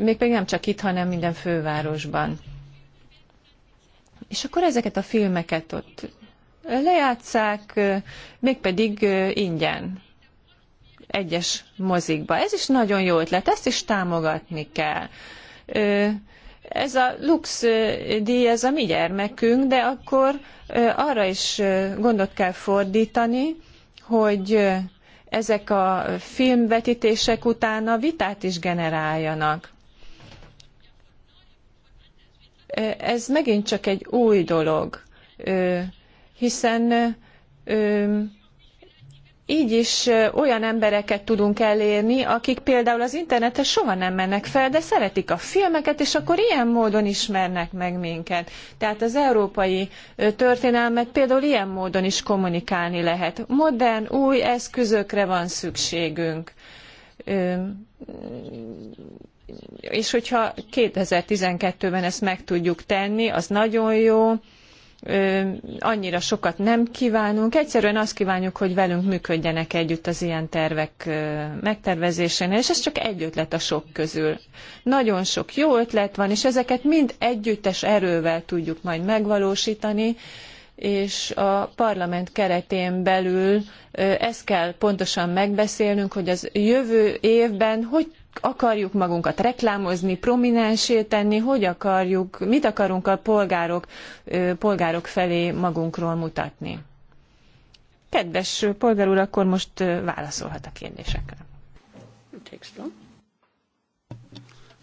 még pedig nem csak itt, hanem minden fővárosban. És akkor ezeket a filmeket ott lejátszák, mégpedig ingyen egyes mozikba. Ez is nagyon jó ötlet, ezt is támogatni kell. Ez a Lux díj, ez a mi gyermekünk, de akkor arra is gondot kell fordítani, hogy ezek a filmvetítések utána vitát is generáljanak. Ez megint csak egy új dolog hiszen ö, így is olyan embereket tudunk elérni, akik például az interneten soha nem mennek fel, de szeretik a filmeket, és akkor ilyen módon ismernek meg minket. Tehát az európai történelmet például ilyen módon is kommunikálni lehet. Modern, új eszközökre van szükségünk. És hogyha 2012-ben ezt meg tudjuk tenni, az nagyon jó annyira sokat nem kívánunk. Egyszerűen azt kívánjuk, hogy velünk működjenek együtt az ilyen tervek megtervezésénél, és ez csak egy ötlet a sok közül. Nagyon sok jó ötlet van, és ezeket mind együttes erővel tudjuk majd megvalósítani, és a parlament keretén belül ezt kell pontosan megbeszélnünk, hogy az jövő évben hogy akarjuk magunkat reklámozni, prominensé tenni, hogy akarjuk, mit akarunk a polgárok, polgárok felé magunkról mutatni. Kedves polgár úr, akkor most válaszolhat a kérdésekre.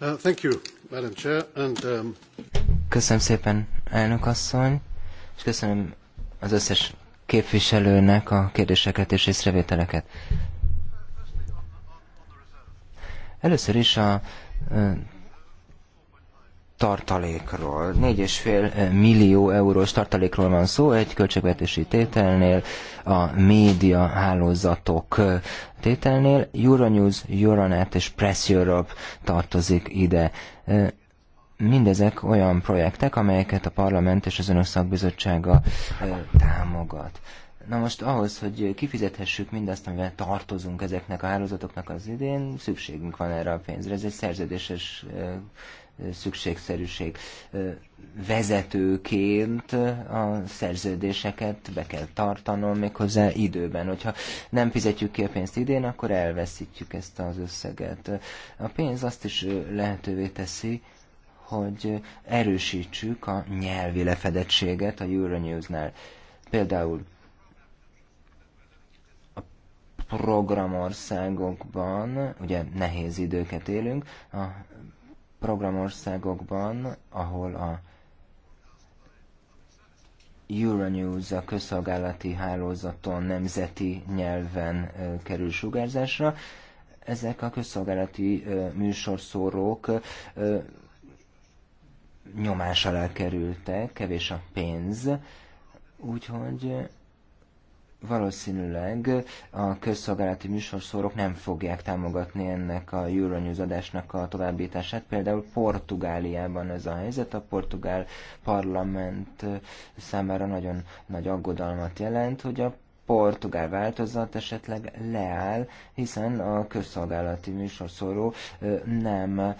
Uh, um, köszönöm szépen, elnök asszony, és köszönöm az összes képviselőnek a kérdéseket és észrevételeket. Először is a tartalékról. 4,5 millió eurós tartalékról van szó egy költségvetési tételnél, a média hálózatok tételnél. Euronews, Euronet és Press Europe tartozik ide. Mindezek olyan projektek, amelyeket a parlament és az önök szakbizottsága támogat. Na most ahhoz, hogy kifizethessük mindazt, amivel tartozunk ezeknek a hálózatoknak az idén, szükségünk van erre a pénzre. Ez egy szerződéses szükségszerűség. Vezetőként a szerződéseket be kell tartanom méghozzá időben. Hogyha nem fizetjük ki a pénzt idén, akkor elveszítjük ezt az összeget. A pénz azt is lehetővé teszi, hogy erősítsük a nyelvi lefedettséget a Euronews-nál. Például programországokban, ugye nehéz időket élünk, a programországokban, ahol a Euronews a közszolgálati hálózaton nemzeti nyelven kerül sugárzásra, ezek a közszolgálati műsorszórók nyomás alá kerültek, kevés a pénz, úgyhogy valószínűleg a közszolgálati műsorszórok nem fogják támogatni ennek a Euronews adásnak a továbbítását. Például Portugáliában ez a helyzet, a portugál parlament számára nagyon nagy aggodalmat jelent, hogy a portugál változat esetleg leáll, hiszen a közszolgálati műsorszóró nem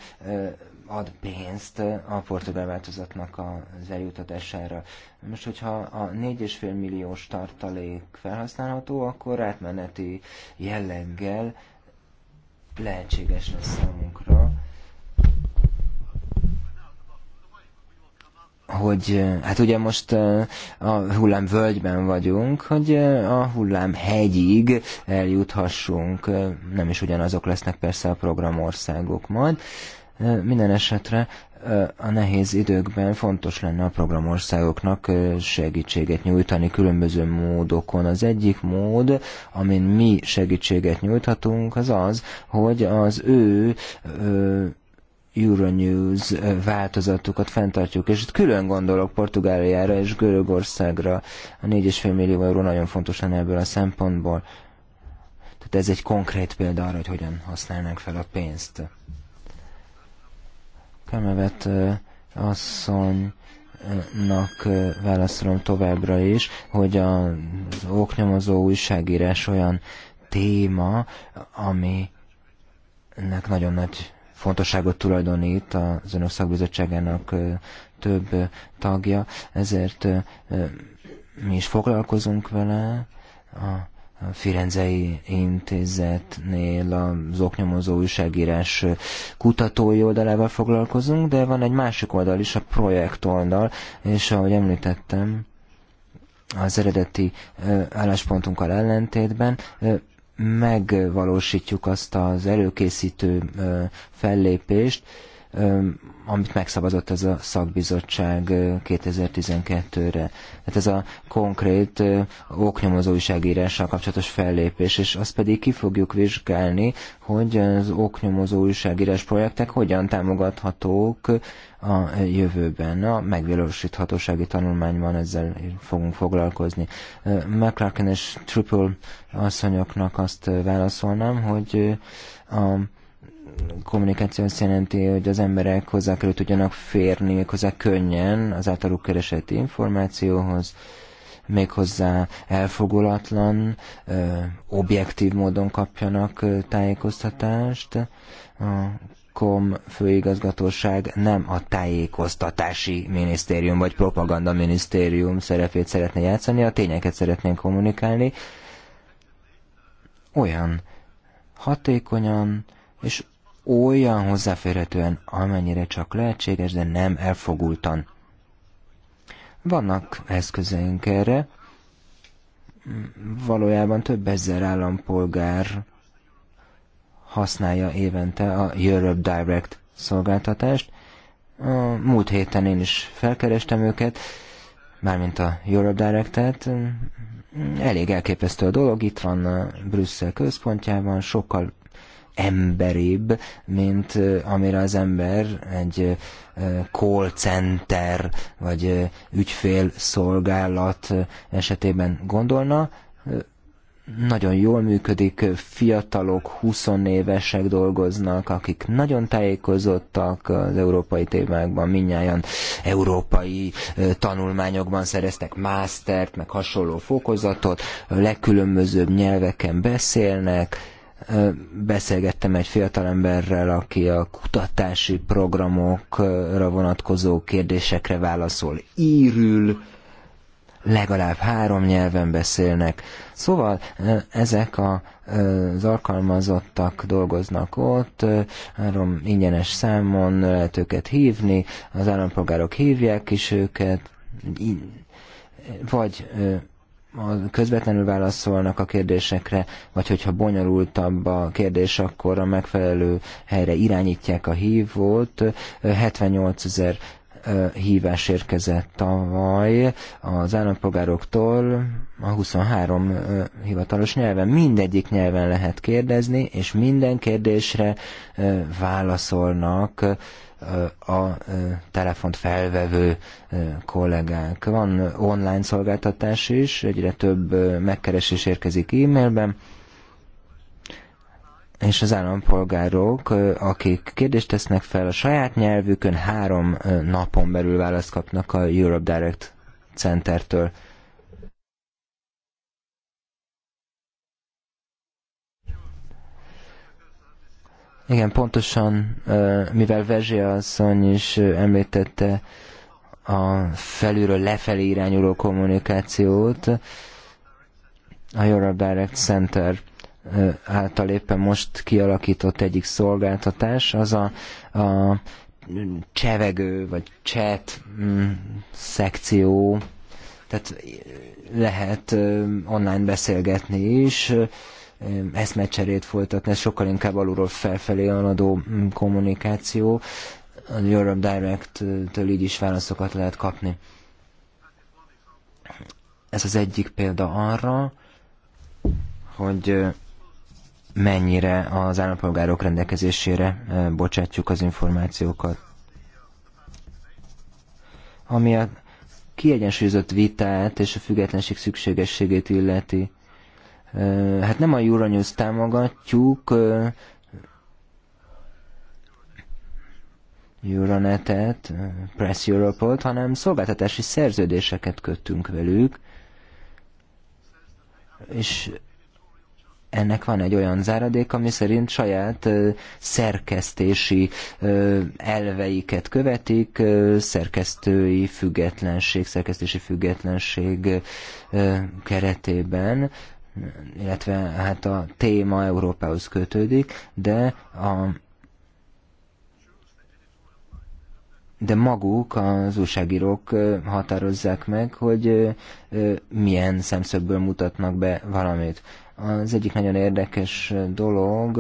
ad pénzt a portugál változatnak az eljutatására. Most, hogyha a 4,5 milliós tartalék felhasználható, akkor átmeneti jelleggel lehetséges lesz számunkra, hogy hát ugye most a hullámvölgyben vagyunk, hogy a hullám hegyig eljuthassunk, nem is ugyanazok lesznek persze a programországok majd, minden esetre a nehéz időkben fontos lenne a programországoknak segítséget nyújtani különböző módokon. Az egyik mód, amin mi segítséget nyújthatunk, az az, hogy az ő Euronews változatukat fenntartjuk, és itt külön gondolok Portugáliára és Görögországra. A 4,5 millió euró nagyon fontos lenne ebből a szempontból. Tehát ez egy konkrét példa arra, hogy hogyan használnánk fel a pénzt. Pemevet asszonynak válaszolom továbbra is, hogy az oknyomozó újságírás olyan téma, aminek nagyon nagy fontosságot tulajdonít az önök szakbizottságának több tagja, ezért mi is foglalkozunk vele, a a Firenzei Intézetnél az oknyomozó újságírás kutatói oldalával foglalkozunk, de van egy másik oldal is, a projekt oldal, és ahogy említettem, az eredeti álláspontunkkal ellentétben megvalósítjuk azt az előkészítő fellépést, amit megszavazott ez a szakbizottság 2012-re. Tehát ez a konkrét oknyomozó újságírással kapcsolatos fellépés, és azt pedig ki fogjuk vizsgálni, hogy az oknyomozó újságírás projektek hogyan támogathatók a jövőben. A megvalósíthatósági tanulmányban ezzel fogunk foglalkozni. McClarken és Triple asszonyoknak azt válaszolnám, hogy a kommunikáció azt jelenti, hogy az emberek hozzá kell tudjanak férni méghozzá könnyen az általuk keresett információhoz, méghozzá elfogulatlan, objektív módon kapjanak tájékoztatást. A kom főigazgatóság nem a tájékoztatási minisztérium vagy propaganda minisztérium szerepét szeretne játszani, a tényeket szeretnénk kommunikálni. Olyan hatékonyan és olyan hozzáférhetően, amennyire csak lehetséges, de nem elfogultan. Vannak eszközeink erre, valójában több ezer állampolgár használja évente a Europe Direct szolgáltatást. A múlt héten én is felkerestem őket, mármint a Europe Direct-et. Elég elképesztő a dolog, itt van a Brüsszel központjában, sokkal emberibb, mint amire az ember egy call center vagy ügyfélszolgálat esetében gondolna. Nagyon jól működik, fiatalok, 20 évesek dolgoznak, akik nagyon tájékozottak az európai témákban, minnyáján európai tanulmányokban szereztek mástert, meg hasonló fokozatot, legkülönbözőbb nyelveken beszélnek, Beszélgettem egy fiatalemberrel, aki a kutatási programokra vonatkozó kérdésekre válaszol. Írül, legalább három nyelven beszélnek. Szóval ezek a, az alkalmazottak dolgoznak ott, három ingyenes számon lehet őket hívni, az állampolgárok hívják is őket, vagy közvetlenül válaszolnak a kérdésekre, vagy hogyha bonyolultabb a kérdés, akkor a megfelelő helyre irányítják a hívót. 78 ezer hívás érkezett tavaly az állampolgároktól a 23 hivatalos nyelven. Mindegyik nyelven lehet kérdezni, és minden kérdésre válaszolnak a telefont felvevő kollégák. Van online szolgáltatás is, egyre több megkeresés érkezik e-mailben, és az állampolgárok, akik kérdést tesznek fel a saját nyelvükön, három napon belül választ kapnak a Europe Direct Centertől. Igen, pontosan, mivel Verzsé asszony is említette a felülről lefelé irányuló kommunikációt, a Europe Direct Center által éppen most kialakított egyik szolgáltatás, az a, a csevegő, vagy chat mm, szekció, tehát lehet online beszélgetni is, eszmecserét folytatni, ez sokkal inkább alulról felfelé aladó mm, kommunikáció. A Europe Direct-től így is válaszokat lehet kapni. Ez az egyik példa arra, hogy mennyire az állampolgárok rendelkezésére bocsátjuk az információkat. Ami a kiegyensúlyozott vitát és a függetlenség szükségességét illeti, hát nem a Euronews támogatjuk, Euronetet, Press Europe-ot, hanem szolgáltatási szerződéseket köttünk velük, és ennek van egy olyan záradék, ami szerint saját szerkesztési elveiket követik, szerkesztői függetlenség, szerkesztési függetlenség keretében illetve hát a téma Európához kötődik, de a de maguk az újságírók határozzák meg, hogy milyen szemszögből mutatnak be valamit. Az egyik nagyon érdekes dolog,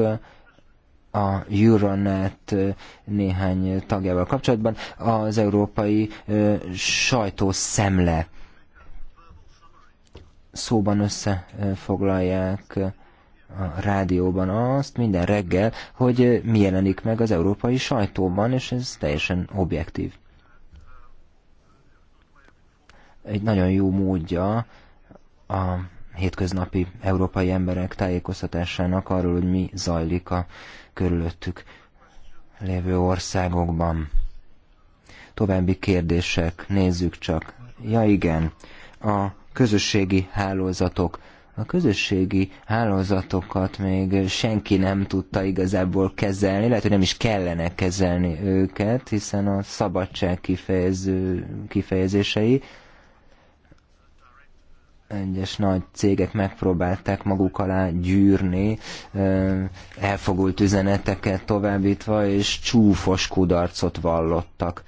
a Euronet néhány tagjával kapcsolatban, az európai sajtószemle. szemle szóban összefoglalják a rádióban azt minden reggel, hogy mi jelenik meg az európai sajtóban, és ez teljesen objektív. Egy nagyon jó módja a hétköznapi európai emberek tájékoztatásának arról, hogy mi zajlik a körülöttük lévő országokban. További kérdések, nézzük csak. Ja igen, a közösségi hálózatok. A közösségi hálózatokat még senki nem tudta igazából kezelni, lehet, hogy nem is kellene kezelni őket, hiszen a szabadság kifejező, kifejezései egyes nagy cégek megpróbálták maguk alá gyűrni, elfogult üzeneteket továbbítva, és csúfos kudarcot vallottak.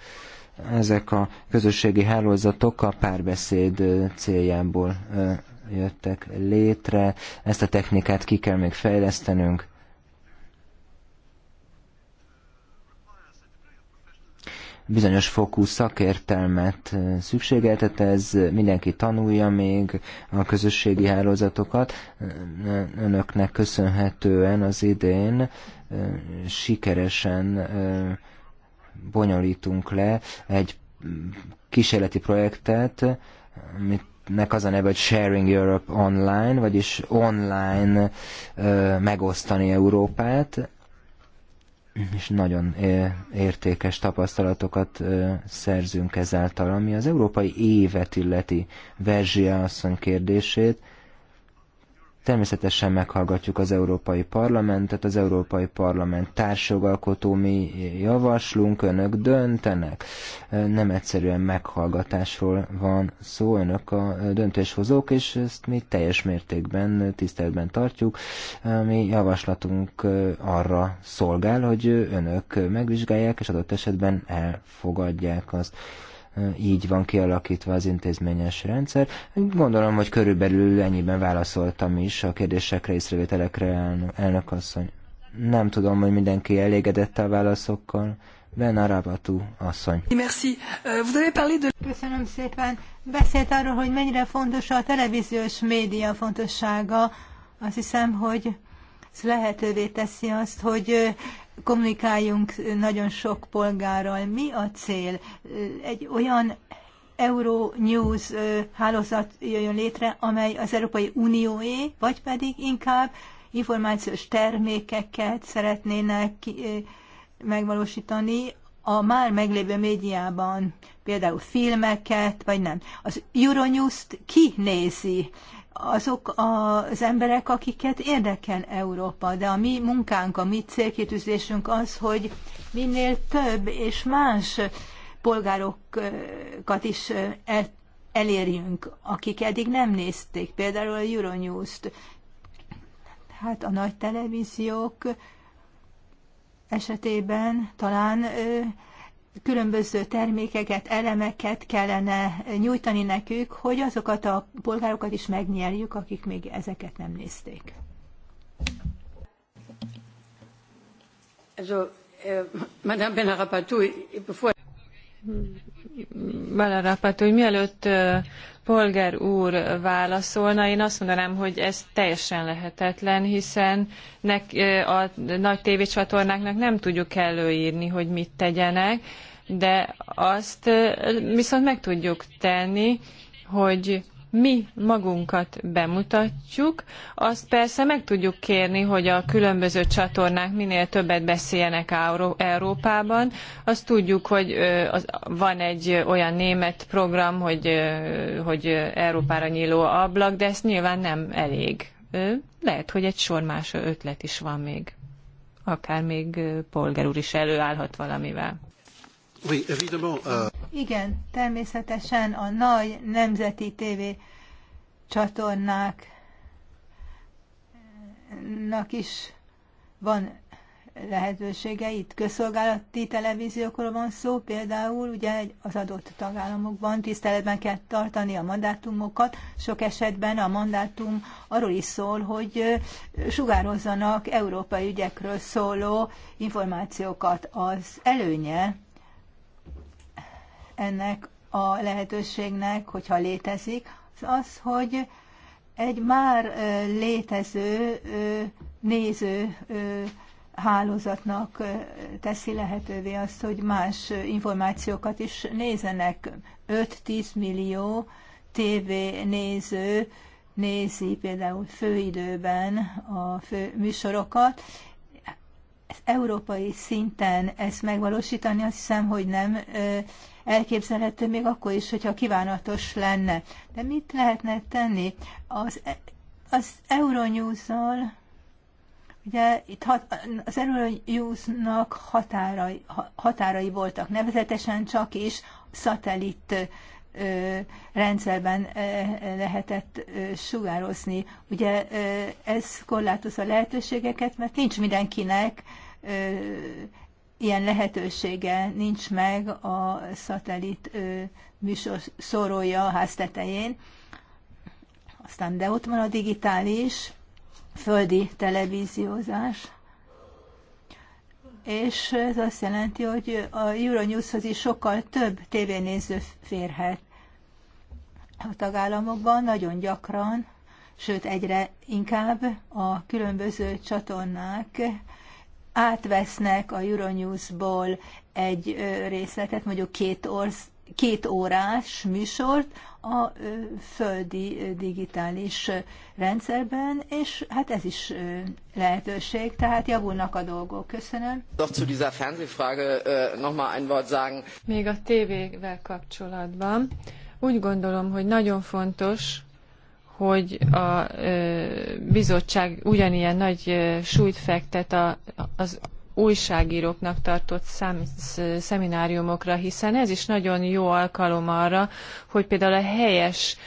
Ezek a közösségi hálózatok a párbeszéd céljából jöttek létre. Ezt a technikát ki kell még fejlesztenünk. bizonyos fokú szakértelmet szükségeltet, ez mindenki tanulja még a közösségi hálózatokat. Önöknek köszönhetően az idén sikeresen bonyolítunk le egy kísérleti projektet, amit nek az a neve, hogy Sharing Europe Online, vagyis online ö, megosztani Európát, és nagyon értékes tapasztalatokat ö, szerzünk ezáltal, ami az európai évet illeti Verzsia asszony kérdését. Természetesen meghallgatjuk az Európai Parlamentet, az Európai Parlament társjogalkotó, mi javaslunk, önök döntenek. Nem egyszerűen meghallgatásról van szó, önök a döntéshozók, és ezt mi teljes mértékben tiszteletben tartjuk. Mi javaslatunk arra szolgál, hogy önök megvizsgálják, és adott esetben elfogadják azt így van kialakítva az intézményes rendszer. Gondolom, hogy körülbelül ennyiben válaszoltam is a kérdésekre, észrevételekre, elnök asszony. Nem tudom, hogy mindenki elégedette a válaszokkal. Ben Rabatú asszony. Köszönöm szépen. Beszélt arról, hogy mennyire fontos a televíziós média fontossága. Azt hiszem, hogy ez lehetővé teszi azt, hogy kommunikáljunk nagyon sok polgárral. Mi a cél? Egy olyan Euro News hálózat jöjjön létre, amely az Európai Unióé, vagy pedig inkább információs termékeket szeretnének megvalósítani a már meglévő médiában, például filmeket, vagy nem. Az Euronews-t ki nézi? azok az emberek, akiket érdekel Európa, de a mi munkánk, a mi célkitűzésünk az, hogy minél több és más polgárokat is el, elérjünk, akik eddig nem nézték, például a Euronews-t. Hát a nagy televíziók esetében talán különböző termékeket, elemeket kellene nyújtani nekük, hogy azokat a polgárokat is megnyerjük, akik még ezeket nem nézték. Also, eh, Madame Benarapatou, before... Benarapatou, mielőtt äh, polgár úr válaszolna, én azt mondanám, hogy ez teljesen lehetetlen, hiszen nek, a nagy tévécsatornáknak nem tudjuk előírni, hogy mit tegyenek, de azt viszont meg tudjuk tenni, hogy mi magunkat bemutatjuk, azt persze meg tudjuk kérni, hogy a különböző csatornák minél többet beszéljenek Európában. Azt tudjuk, hogy van egy olyan német program, hogy, hogy Európára nyíló ablak, de ez nyilván nem elég. Lehet, hogy egy sor más ötlet is van még. Akár még polgár úr is előállhat valamivel. Euh, Igen, természetesen a nagy nemzeti tévé csatornáknak is van lehetősége. Itt közszolgálati televíziókról van szó, például ugye az adott tagállamokban tiszteletben kell tartani a mandátumokat. Sok esetben a mandátum arról is szól, hogy sugározzanak európai ügyekről szóló információkat. Az előnye ennek a lehetőségnek, hogyha létezik, az az, hogy egy már létező néző hálózatnak teszi lehetővé azt, hogy más információkat is nézenek. 5-10 millió TV néző nézi például főidőben a fő műsorokat. Európai szinten ezt megvalósítani azt hiszem, hogy nem elképzelhető még akkor is, hogyha kívánatos lenne. De mit lehetne tenni? Az, e- az euronews Ugye itt hat, az Euronews-nak határai, határai voltak, nevezetesen csak is szatellit ö, rendszerben ö, lehetett ö, sugározni. Ugye ö, ez korlátozza lehetőségeket, mert nincs mindenkinek ö, ilyen lehetősége nincs meg a szatellit műsor szórója a ház tetején. Aztán de ott van a digitális, földi televíziózás, és ez azt jelenti, hogy a Euronewshoz is sokkal több tévénéző férhet a tagállamokban, nagyon gyakran, sőt egyre inkább a különböző csatornák átvesznek a Euronewsból egy részletet, mondjuk két, orsz, két órás műsort a földi digitális rendszerben, és hát ez is lehetőség, tehát javulnak a dolgok. Köszönöm. zu dieser Fernsehfrage äh, ein Wort sagen. Még a tévével kapcsolatban úgy gondolom, hogy nagyon fontos, hogy a bizottság ugyanilyen nagy súlyt fektet a, az újságíróknak tartott szám, szemináriumokra, hiszen ez is nagyon jó alkalom arra, hogy például a helyes,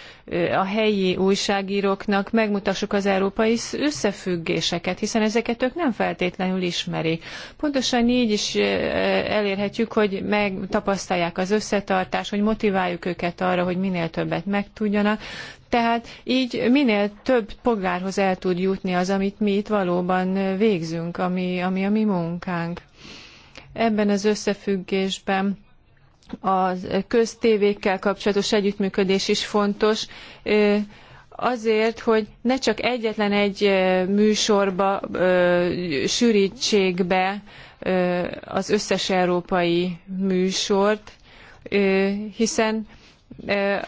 a helyi újságíróknak megmutassuk az európai összefüggéseket, hiszen ezeket ők nem feltétlenül ismerik. Pontosan így is elérhetjük, hogy megtapasztalják az összetartást, hogy motiváljuk őket arra, hogy minél többet megtudjanak, tehát így minél több polgárhoz el tud jutni az, amit mi itt valóban végzünk, ami, ami a mi munkánk. Ebben az összefüggésben a köztévékkel kapcsolatos együttműködés is fontos, azért, hogy ne csak egyetlen egy műsorba sűrítsék be az összes európai műsort, hiszen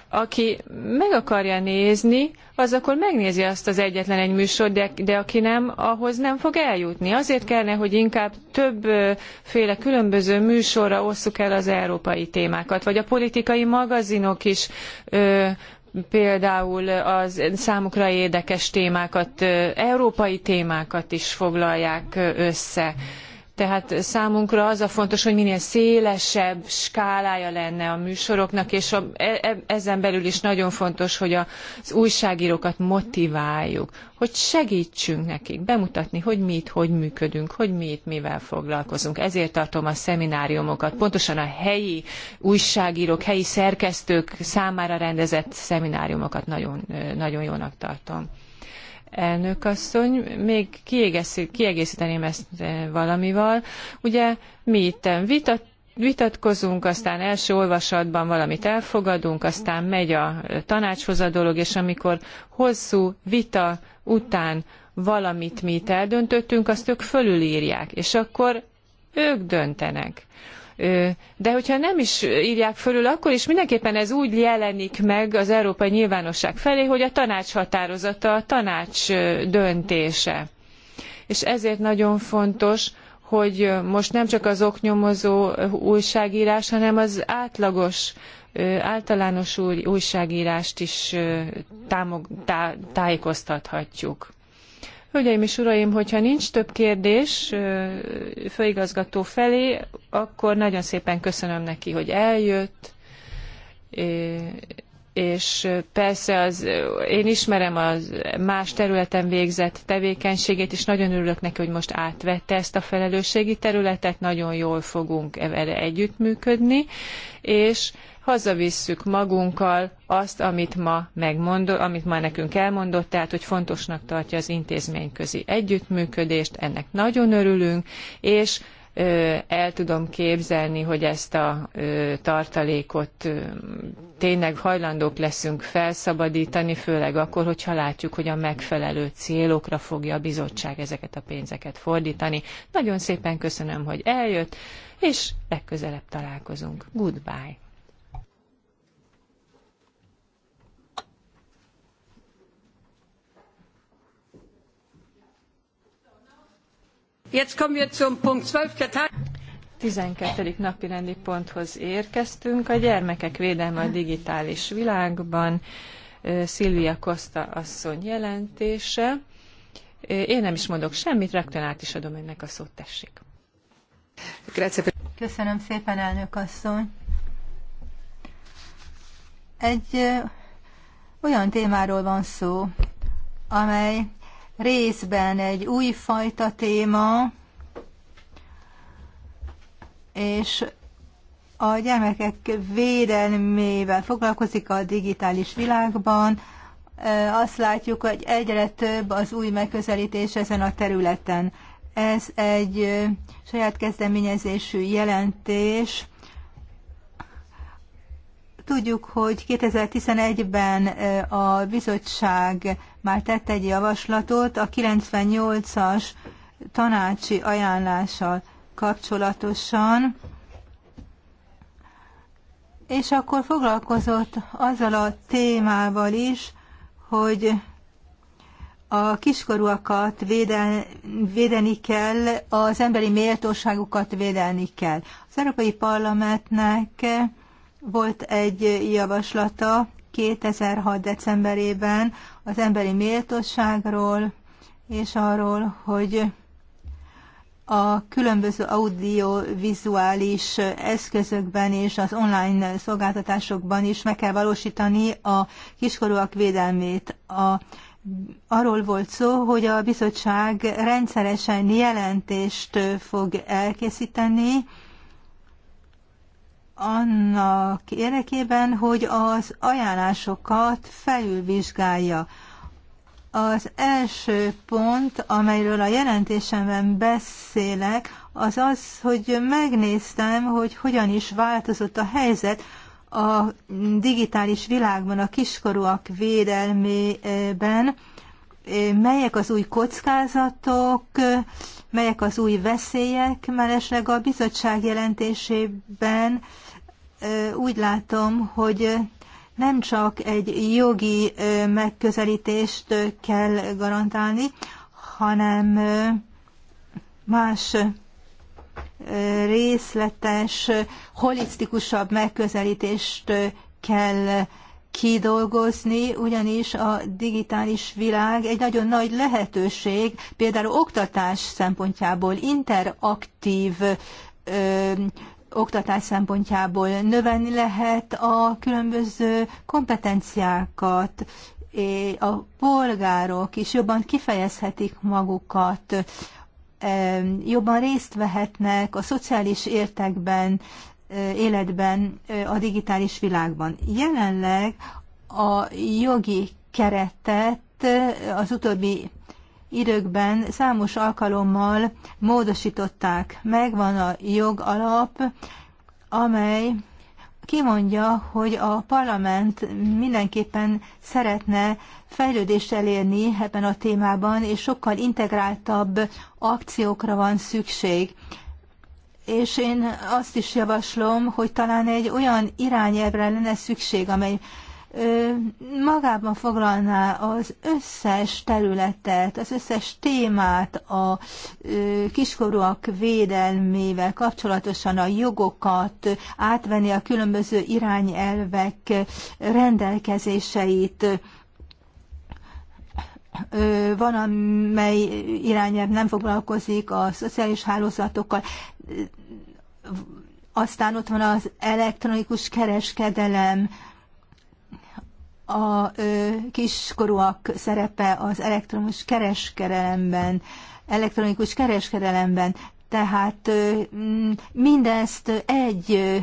aki meg akarja nézni, az akkor megnézi azt az egyetlen egy műsort, de, de aki nem, ahhoz nem fog eljutni. Azért kellene, hogy inkább többféle különböző műsorra osszuk el az európai témákat, vagy a politikai magazinok is ö, például az számukra érdekes témákat, európai témákat is foglalják össze. Tehát számunkra az a fontos, hogy minél szélesebb skálája lenne a műsoroknak, és a, e-, e, ezen belül is nagyon fontos, hogy az újságírókat motiváljuk, hogy segítsünk nekik bemutatni, hogy mi itt, hogy működünk, hogy mi itt mivel foglalkozunk. Ezért tartom a szemináriumokat, pontosan a helyi újságírók, helyi szerkesztők számára rendezett szemináriumokat nagyon, nagyon jónak tartom. Elnök asszony, még kiegészíteném ezt eh, valamival. Ugye mi itt vitat, vitatkozunk, aztán első olvasatban valamit elfogadunk, aztán megy a tanácshoz a dolog, és amikor hosszú vita után valamit mi itt eldöntöttünk, azt ők fölülírják, és akkor ők döntenek. De hogyha nem is írják fölül, akkor is mindenképpen ez úgy jelenik meg az európai nyilvánosság felé, hogy a tanács határozata, a tanács döntése. És ezért nagyon fontos, hogy most nem csak az oknyomozó újságírás, hanem az átlagos, általános újságírást is támog, tá, tájékoztathatjuk. Hölgyeim és uraim, hogyha nincs több kérdés főigazgató felé, akkor nagyon szépen köszönöm neki, hogy eljött, és persze az, én ismerem az más területen végzett tevékenységét, és nagyon örülök neki, hogy most átvette ezt a felelősségi területet, nagyon jól fogunk e- erre együttműködni, és hazavisszük magunkkal azt, amit ma, megmondó, amit ma nekünk elmondott, tehát hogy fontosnak tartja az intézményközi együttműködést, ennek nagyon örülünk, és el tudom képzelni, hogy ezt a tartalékot tényleg hajlandók leszünk felszabadítani, főleg akkor, hogyha látjuk, hogy a megfelelő célokra fogja a bizottság ezeket a pénzeket fordítani. Nagyon szépen köszönöm, hogy eljött, és legközelebb találkozunk. Goodbye! Tizenkettedik napirendi ponthoz érkeztünk, a gyermekek védelme a digitális világban, Szilvia Costa asszony jelentése. Én nem is mondok semmit, rögtön át is adom önnek a szót, tessék. Köszönöm szépen, elnök asszony. Egy olyan témáról van szó, amely részben egy újfajta téma, és a gyermekek védelmével foglalkozik a digitális világban. Azt látjuk, hogy egyre több az új megközelítés ezen a területen. Ez egy saját kezdeményezésű jelentés, Tudjuk, hogy 2011-ben eh, a bizottság már tett egy javaslatot a 98-as tanácsi ajánlással kapcsolatosan, és akkor foglalkozott azzal a témával is, hogy a kiskorúakat véden, védeni kell, az emberi méltóságukat védelni kell. Az Európai Parlamentnek volt egy javaslata 2006. decemberében az emberi méltóságról, és arról, hogy a különböző audiovizuális eszközökben és az online szolgáltatásokban is meg kell valósítani a kiskorúak védelmét. A, arról volt szó, hogy a bizottság rendszeresen jelentést fog elkészíteni, annak érdekében, hogy az ajánlásokat felülvizsgálja. Az első pont, amelyről a jelentésemben beszélek, az az, hogy megnéztem, hogy hogyan is változott a helyzet a digitális világban, a kiskorúak védelmében, melyek az új kockázatok, melyek az új veszélyek, mellesleg a bizottság jelentésében úgy látom, hogy nem csak egy jogi megközelítést kell garantálni, hanem más részletes, holisztikusabb megközelítést kell kidolgozni, ugyanis a digitális világ egy nagyon nagy lehetőség, például oktatás szempontjából interaktív oktatás szempontjából növelni lehet a különböző kompetenciákat, a polgárok is jobban kifejezhetik magukat, e, jobban részt vehetnek a szociális értekben, e, életben, e, a digitális világban. Jelenleg a jogi keretet az utóbbi időkben számos alkalommal módosították. Megvan a jogalap, amely kimondja, hogy a parlament mindenképpen szeretne fejlődést elérni ebben a témában, és sokkal integráltabb akciókra van szükség. És én azt is javaslom, hogy talán egy olyan irányelvre lenne szükség, amely magában foglalná az összes területet, az összes témát a kiskorúak védelmével kapcsolatosan a jogokat, átvenni a különböző irányelvek rendelkezéseit, van, amely irányelv nem foglalkozik a szociális hálózatokkal, aztán ott van az elektronikus kereskedelem, a kiskorúak szerepe az elektromos kereskedelemben, elektronikus kereskedelemben, tehát mindezt egy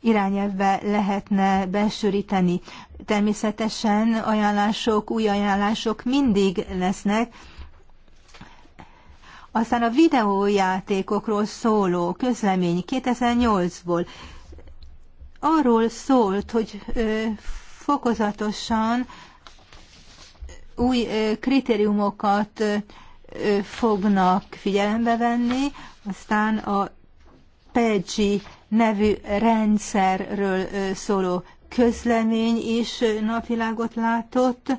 irányelve lehetne besűríteni. Természetesen ajánlások, új ajánlások mindig lesznek, aztán a videójátékokról szóló közlemény 2008-ból arról szólt, hogy fokozatosan új kritériumokat fognak figyelembe venni, aztán a PEGI nevű rendszerről szóló közlemény is napvilágot látott.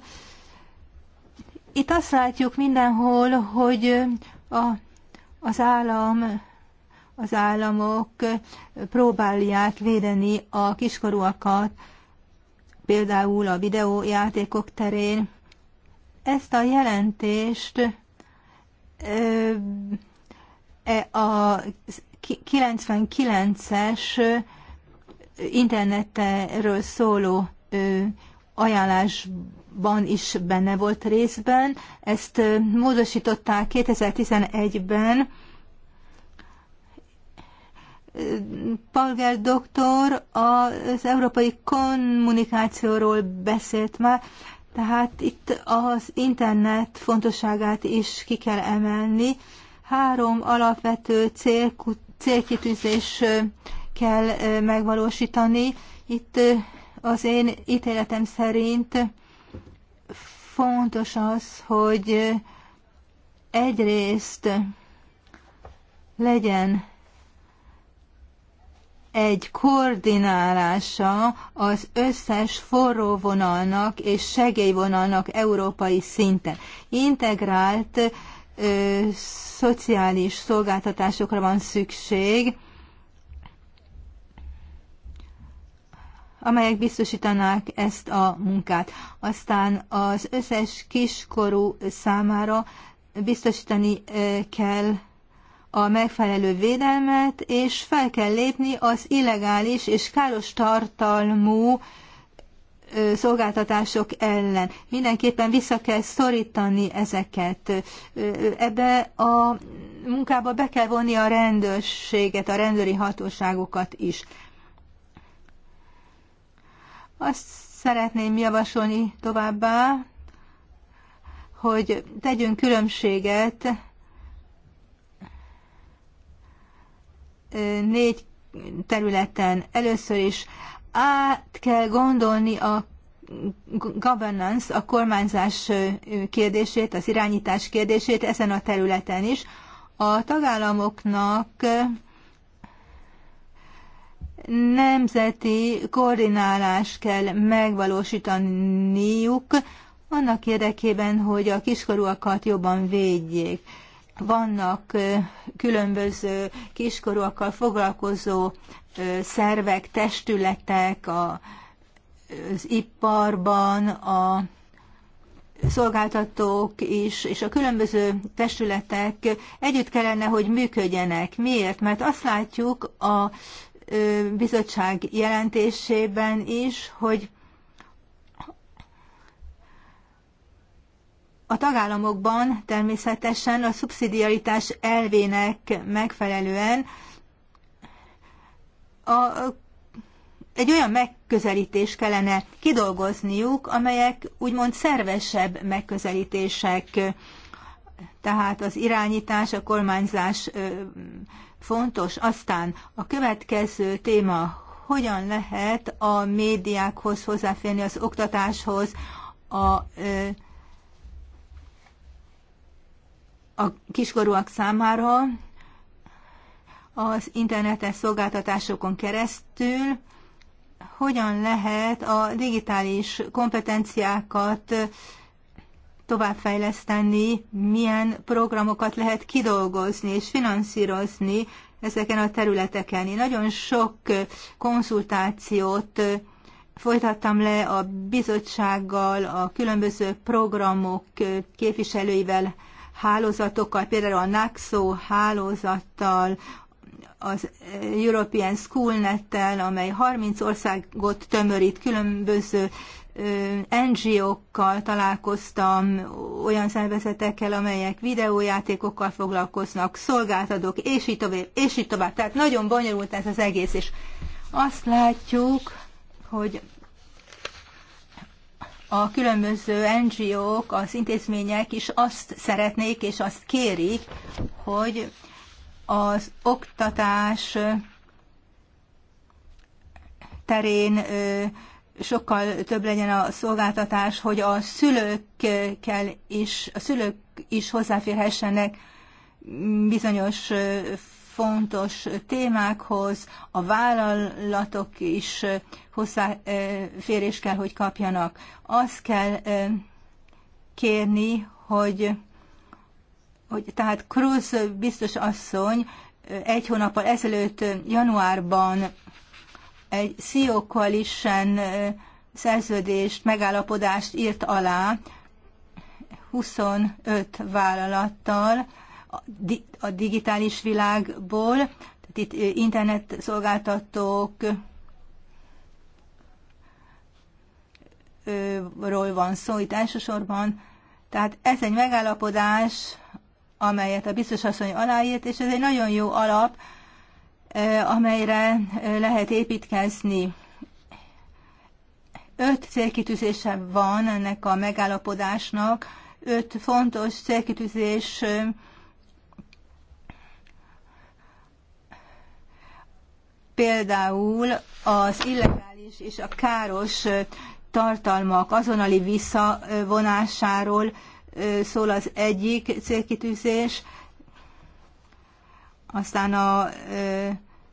Itt azt látjuk mindenhol, hogy a, az állam, az államok próbálják védeni a kiskorúakat például a videójátékok terén. Ezt a jelentést e, a 99-es internetről szóló ajánlásban is benne volt részben. Ezt módosították 2011-ben, Palger doktor az európai kommunikációról beszélt már, tehát itt az internet fontosságát is ki kell emelni. Három alapvető cél, célkitűzés kell megvalósítani. Itt az én ítéletem szerint fontos az, hogy egyrészt legyen egy koordinálása az összes forró vonalnak és segélyvonalnak európai szinten. Integrált ö, szociális szolgáltatásokra van szükség, amelyek biztosítanák ezt a munkát. Aztán az összes kiskorú számára biztosítani kell a megfelelő védelmet, és fel kell lépni az illegális és káros tartalmú szolgáltatások ellen. Mindenképpen vissza kell szorítani ezeket. Ebbe a munkába be kell vonni a rendőrséget, a rendőri hatóságokat is. Azt szeretném javasolni továbbá, hogy tegyünk különbséget négy területen. Először is át kell gondolni a governance, a kormányzás kérdését, az irányítás kérdését ezen a területen is. A tagállamoknak nemzeti koordinálás kell megvalósítaniuk annak érdekében, hogy a kiskorúakat jobban védjék vannak különböző kiskorúakkal foglalkozó szervek, testületek a, az iparban, a szolgáltatók is, és a különböző testületek együtt kellene, hogy működjenek. Miért? Mert azt látjuk a bizottság jelentésében is, hogy A tagállamokban természetesen a szubszidiaritás elvének megfelelően a, egy olyan megközelítés kellene kidolgozniuk, amelyek úgymond szervesebb megközelítések, tehát az irányítás, a kormányzás fontos. Aztán a következő téma, hogyan lehet a médiákhoz hozzáférni, az oktatáshoz, a a kiskorúak számára az internetes szolgáltatásokon keresztül, hogyan lehet a digitális kompetenciákat továbbfejleszteni, milyen programokat lehet kidolgozni és finanszírozni ezeken a területeken. Én nagyon sok konzultációt folytattam le a bizottsággal, a különböző programok képviselőivel, hálózatokkal, például a NAXO hálózattal, az European school tel amely 30 országot tömörít, különböző NGO-kkal találkoztam, olyan szervezetekkel, amelyek videójátékokkal foglalkoznak, szolgáltatók, és így tovább, és így tovább. Tehát nagyon bonyolult ez az egész, és azt látjuk, hogy a különböző NGO-k, az intézmények is azt szeretnék és azt kérik, hogy az oktatás terén sokkal több legyen a szolgáltatás, hogy a szülőkkel is, a szülők is hozzáférhessenek bizonyos fontos témákhoz a vállalatok is eh, hozzáférés eh, kell, hogy kapjanak. Azt kell eh, kérni, hogy, hogy tehát Cruz biztos asszony egy hónappal ezelőtt januárban egy CEO Coalition szerződést, megállapodást írt alá 25 vállalattal, a digitális világból, tehát itt internet szolgáltatók, ról van szó itt elsősorban. Tehát ez egy megállapodás, amelyet a biztos asszony aláírt, és ez egy nagyon jó alap, amelyre lehet építkezni. Öt célkitűzése van ennek a megállapodásnak, öt fontos célkitűzés például az illegális és a káros tartalmak azonnali visszavonásáról szól az egyik célkitűzés, aztán a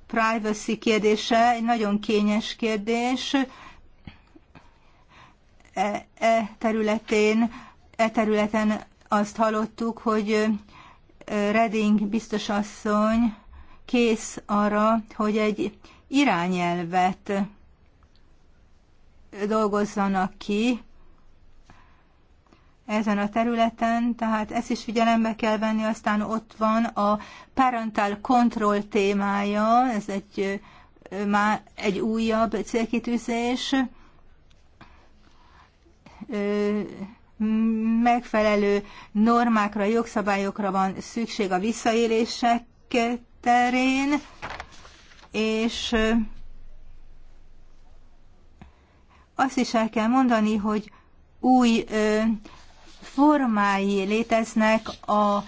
privacy kérdése egy nagyon kényes kérdés. E, e területén, e területen azt hallottuk, hogy Reding biztosasszony kész arra, hogy egy irányelvet dolgozzanak ki ezen a területen, tehát ezt is figyelembe kell venni, aztán ott van a parental control témája, ez egy, már egy újabb célkitűzés, megfelelő normákra, jogszabályokra van szükség a visszaélések terén, és azt is el kell mondani, hogy új formái léteznek a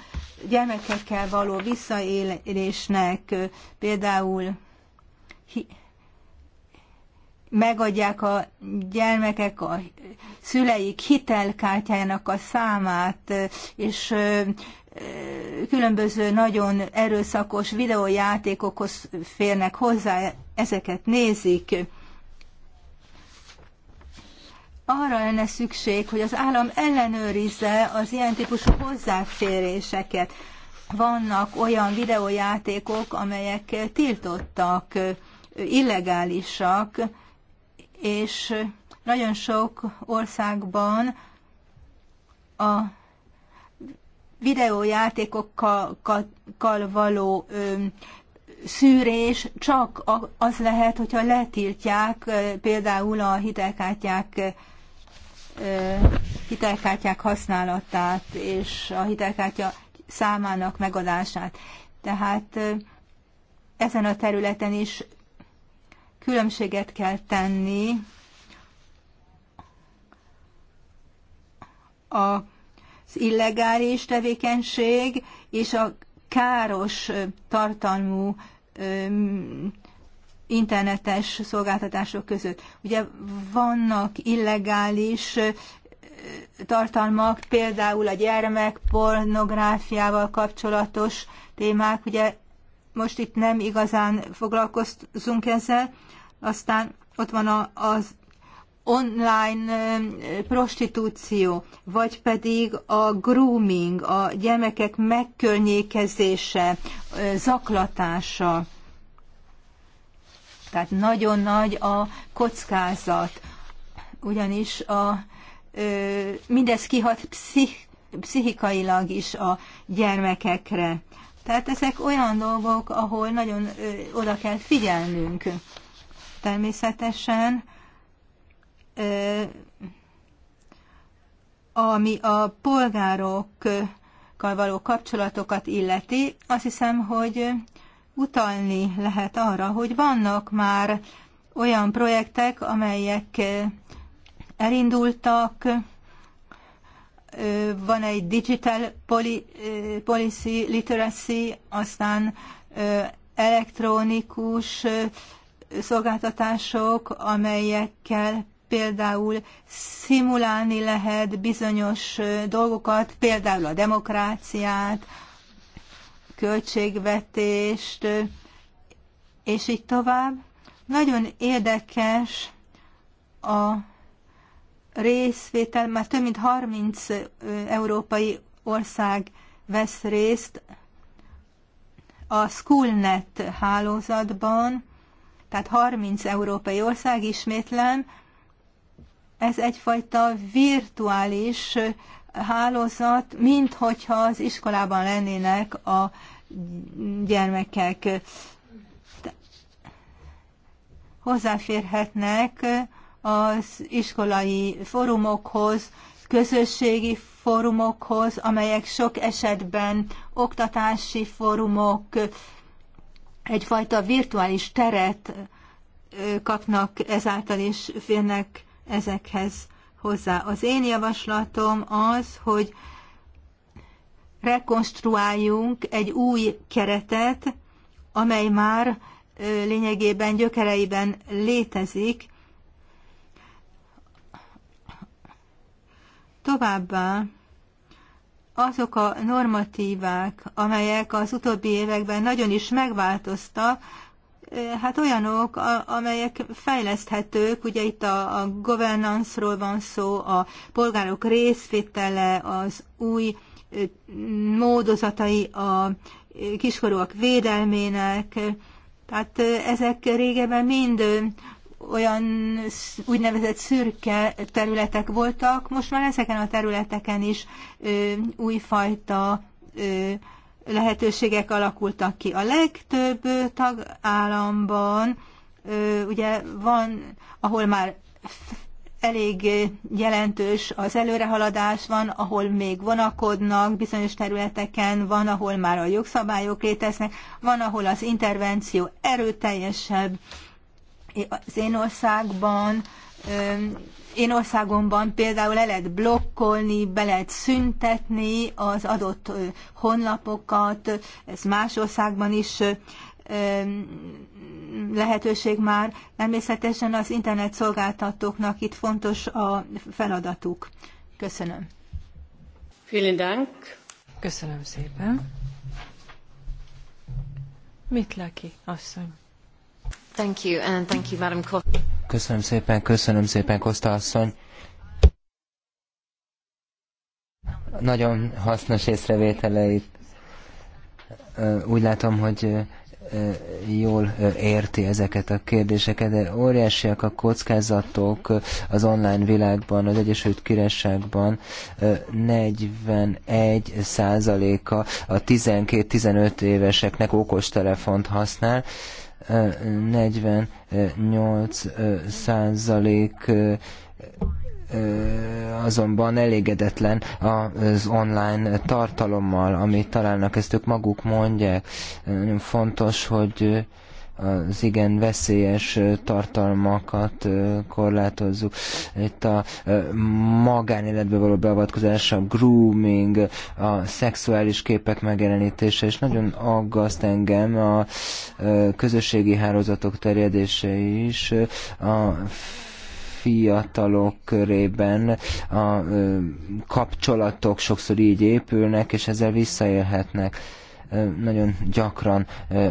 gyermekekkel való visszaélésnek, például megadják a gyermekek a szüleik hitelkártyájának a számát, és különböző nagyon erőszakos videójátékokhoz férnek hozzá, ezeket nézik. Arra lenne szükség, hogy az állam ellenőrizze az ilyen típusú hozzáféréseket. Vannak olyan videójátékok, amelyek tiltottak, illegálisak, és nagyon sok országban a videójátékokkal való szűrés csak az lehet, hogyha letiltják például a hitelkártyák hitelkártyák használatát és a hitelkártya számának megadását. Tehát ezen a területen is különbséget kell tenni a illegális tevékenység és a káros tartalmú internetes szolgáltatások között. Ugye vannak illegális tartalmak, például a gyermek pornográfiával kapcsolatos témák, ugye most itt nem igazán foglalkozunk ezzel, aztán ott van az online prostitúció, vagy pedig a grooming, a gyermekek megkörnyékezése, zaklatása. Tehát nagyon nagy a kockázat, ugyanis a, mindez kihat pszich, pszichikailag is a gyermekekre. Tehát ezek olyan dolgok, ahol nagyon oda kell figyelnünk. Természetesen ami a polgárokkal való kapcsolatokat illeti, azt hiszem, hogy utalni lehet arra, hogy vannak már olyan projektek, amelyek elindultak, van egy digital policy literacy, aztán elektronikus szolgáltatások, amelyekkel például szimulálni lehet bizonyos dolgokat, például a demokráciát, költségvetést, és így tovább. Nagyon érdekes a részvétel, már több mint 30 európai ország vesz részt a Schoolnet hálózatban, tehát 30 európai ország ismétlen, ez egyfajta virtuális hálózat, mint hogyha az iskolában lennének a gyermekek. Hozzáférhetnek az iskolai fórumokhoz, közösségi fórumokhoz, amelyek sok esetben oktatási fórumok, egyfajta virtuális teret kapnak, ezáltal is férnek ezekhez hozzá. Az én javaslatom az, hogy rekonstruáljunk egy új keretet, amely már lényegében gyökereiben létezik. Továbbá azok a normatívák, amelyek az utóbbi években nagyon is megváltoztak, hát olyanok, amelyek fejleszthetők, ugye itt a, a governance-ról van szó, a polgárok részvétele, az új módozatai a kiskorúak védelmének, tehát ezek régebben mind olyan úgynevezett szürke területek voltak, most már ezeken a területeken is újfajta lehetőségek alakultak ki. A legtöbb tagállamban ugye van, ahol már elég jelentős az előrehaladás van, ahol még vonakodnak bizonyos területeken, van, ahol már a jogszabályok léteznek, van, ahol az intervenció erőteljesebb. Az én országban én országomban például le lehet blokkolni, be lehet szüntetni az adott honlapokat, ez más országban is lehetőség már. Természetesen az internet szolgáltatóknak itt fontos a feladatuk. Köszönöm. Vielen Dank. Köszönöm szépen. Mit leki, asszony? Thank you, and thank you, Madam Koch. Köszönöm szépen, köszönöm szépen, Koszta asszony. Nagyon hasznos észrevételeit. Úgy látom, hogy jól érti ezeket a kérdéseket, de óriásiak a kockázatok az online világban, az Egyesült Királyságban 41 százaléka a 12-15 éveseknek okostelefont használ, 48 százalék azonban elégedetlen az online tartalommal, amit találnak, ezt ők maguk mondják. Nagyon fontos, hogy az igen veszélyes tartalmakat korlátozzuk. Itt a magánéletbe való beavatkozás, a grooming, a szexuális képek megjelenítése, és nagyon aggaszt engem a közösségi hálózatok terjedése is. A fiatalok körében a kapcsolatok sokszor így épülnek, és ezzel visszaélhetnek nagyon gyakran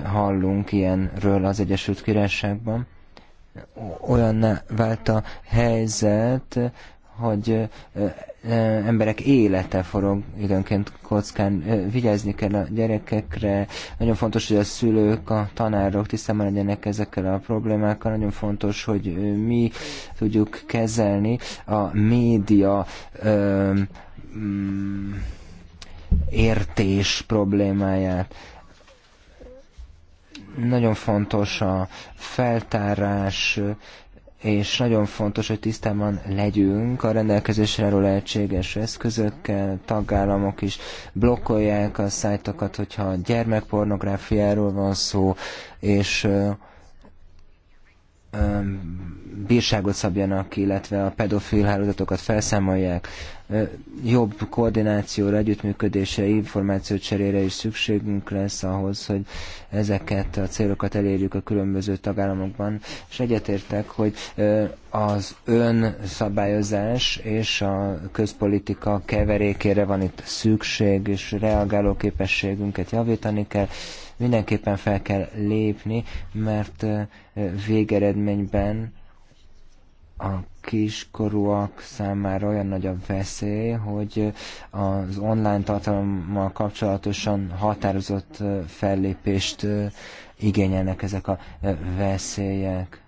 hallunk ilyenről az Egyesült Királyságban. olyan vált a helyzet, hogy emberek élete forog időnként kockán, vigyázni kell a gyerekekre, nagyon fontos, hogy a szülők, a tanárok tisztában legyenek ezekkel a problémákkal, nagyon fontos, hogy mi tudjuk kezelni a média értés problémáját. Nagyon fontos a feltárás, és nagyon fontos, hogy tisztában legyünk a rendelkezésre álló lehetséges eszközökkel, tagállamok is blokkolják a szájtokat, hogyha gyermekpornográfiáról van szó, és Um, bírságot szabjanak, illetve a pedofil hálózatokat felszámolják. Uh, jobb koordinációra, együttműködésre, információcserére is szükségünk lesz ahhoz, hogy ezeket a célokat elérjük a különböző tagállamokban, és egyetértek, hogy uh, az önszabályozás és a közpolitika keverékére van itt szükség, és reagáló képességünket javítani kell, mindenképpen fel kell lépni, mert végeredményben a kiskorúak számára olyan nagy a veszély, hogy az online tartalommal kapcsolatosan határozott fellépést igényelnek ezek a veszélyek.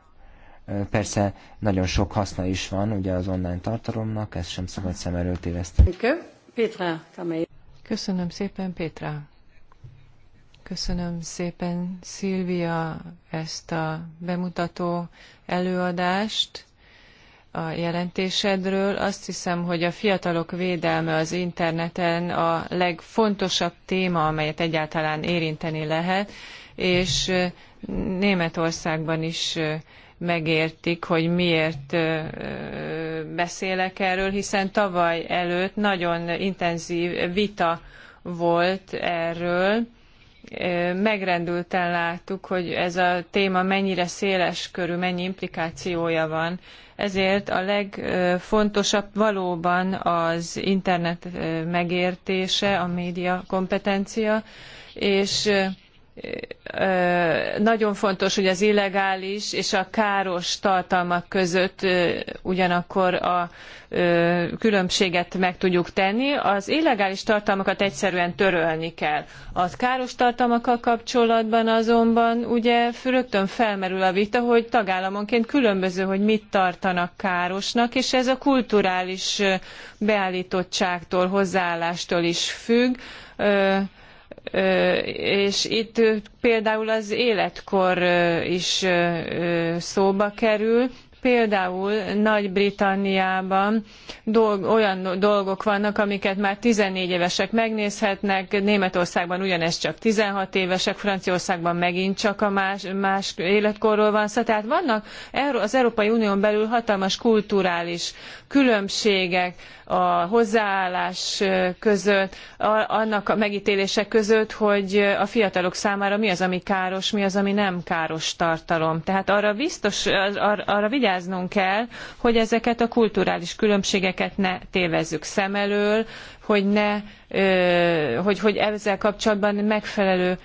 Persze nagyon sok haszna is van ugye az online tartalomnak, ezt sem szabad szem előtt éveszteni. Köszönöm szépen, Pétra Köszönöm szépen, Szilvia, ezt a bemutató előadást a jelentésedről. Azt hiszem, hogy a fiatalok védelme az interneten a legfontosabb téma, amelyet egyáltalán érinteni lehet, és Németországban is megértik, hogy miért beszélek erről, hiszen tavaly előtt nagyon intenzív vita volt erről, megrendülten láttuk, hogy ez a téma mennyire széles körű, mennyi implikációja van. Ezért a legfontosabb valóban az internet megértése, a média kompetencia, és nagyon fontos, hogy az illegális és a káros tartalmak között ugyanakkor a különbséget meg tudjuk tenni. Az illegális tartalmakat egyszerűen törölni kell. A káros tartalmakkal kapcsolatban azonban ugye rögtön felmerül a vita, hogy tagállamonként különböző, hogy mit tartanak károsnak, és ez a kulturális beállítottságtól, hozzáállástól is függ és itt például az életkor is szóba kerül, Például Nagy-Britanniában dolg, olyan dolgok vannak, amiket már 14 évesek megnézhetnek, Németországban ugyanez csak 16 évesek, Franciaországban megint csak a más, más életkorról van szó. Szóval, tehát vannak az Európai Unión belül hatalmas kulturális különbségek a hozzáállás között, annak a megítélések között, hogy a fiatalok számára mi az, ami káros, mi az, ami nem káros tartalom. Tehát arra biztos, arra, arra vigyáznunk kell, hogy ezeket a kulturális különbségeket ne tévezzük szem elől, hogy, ne, hogy, hogy ezzel kapcsolatban megfelelő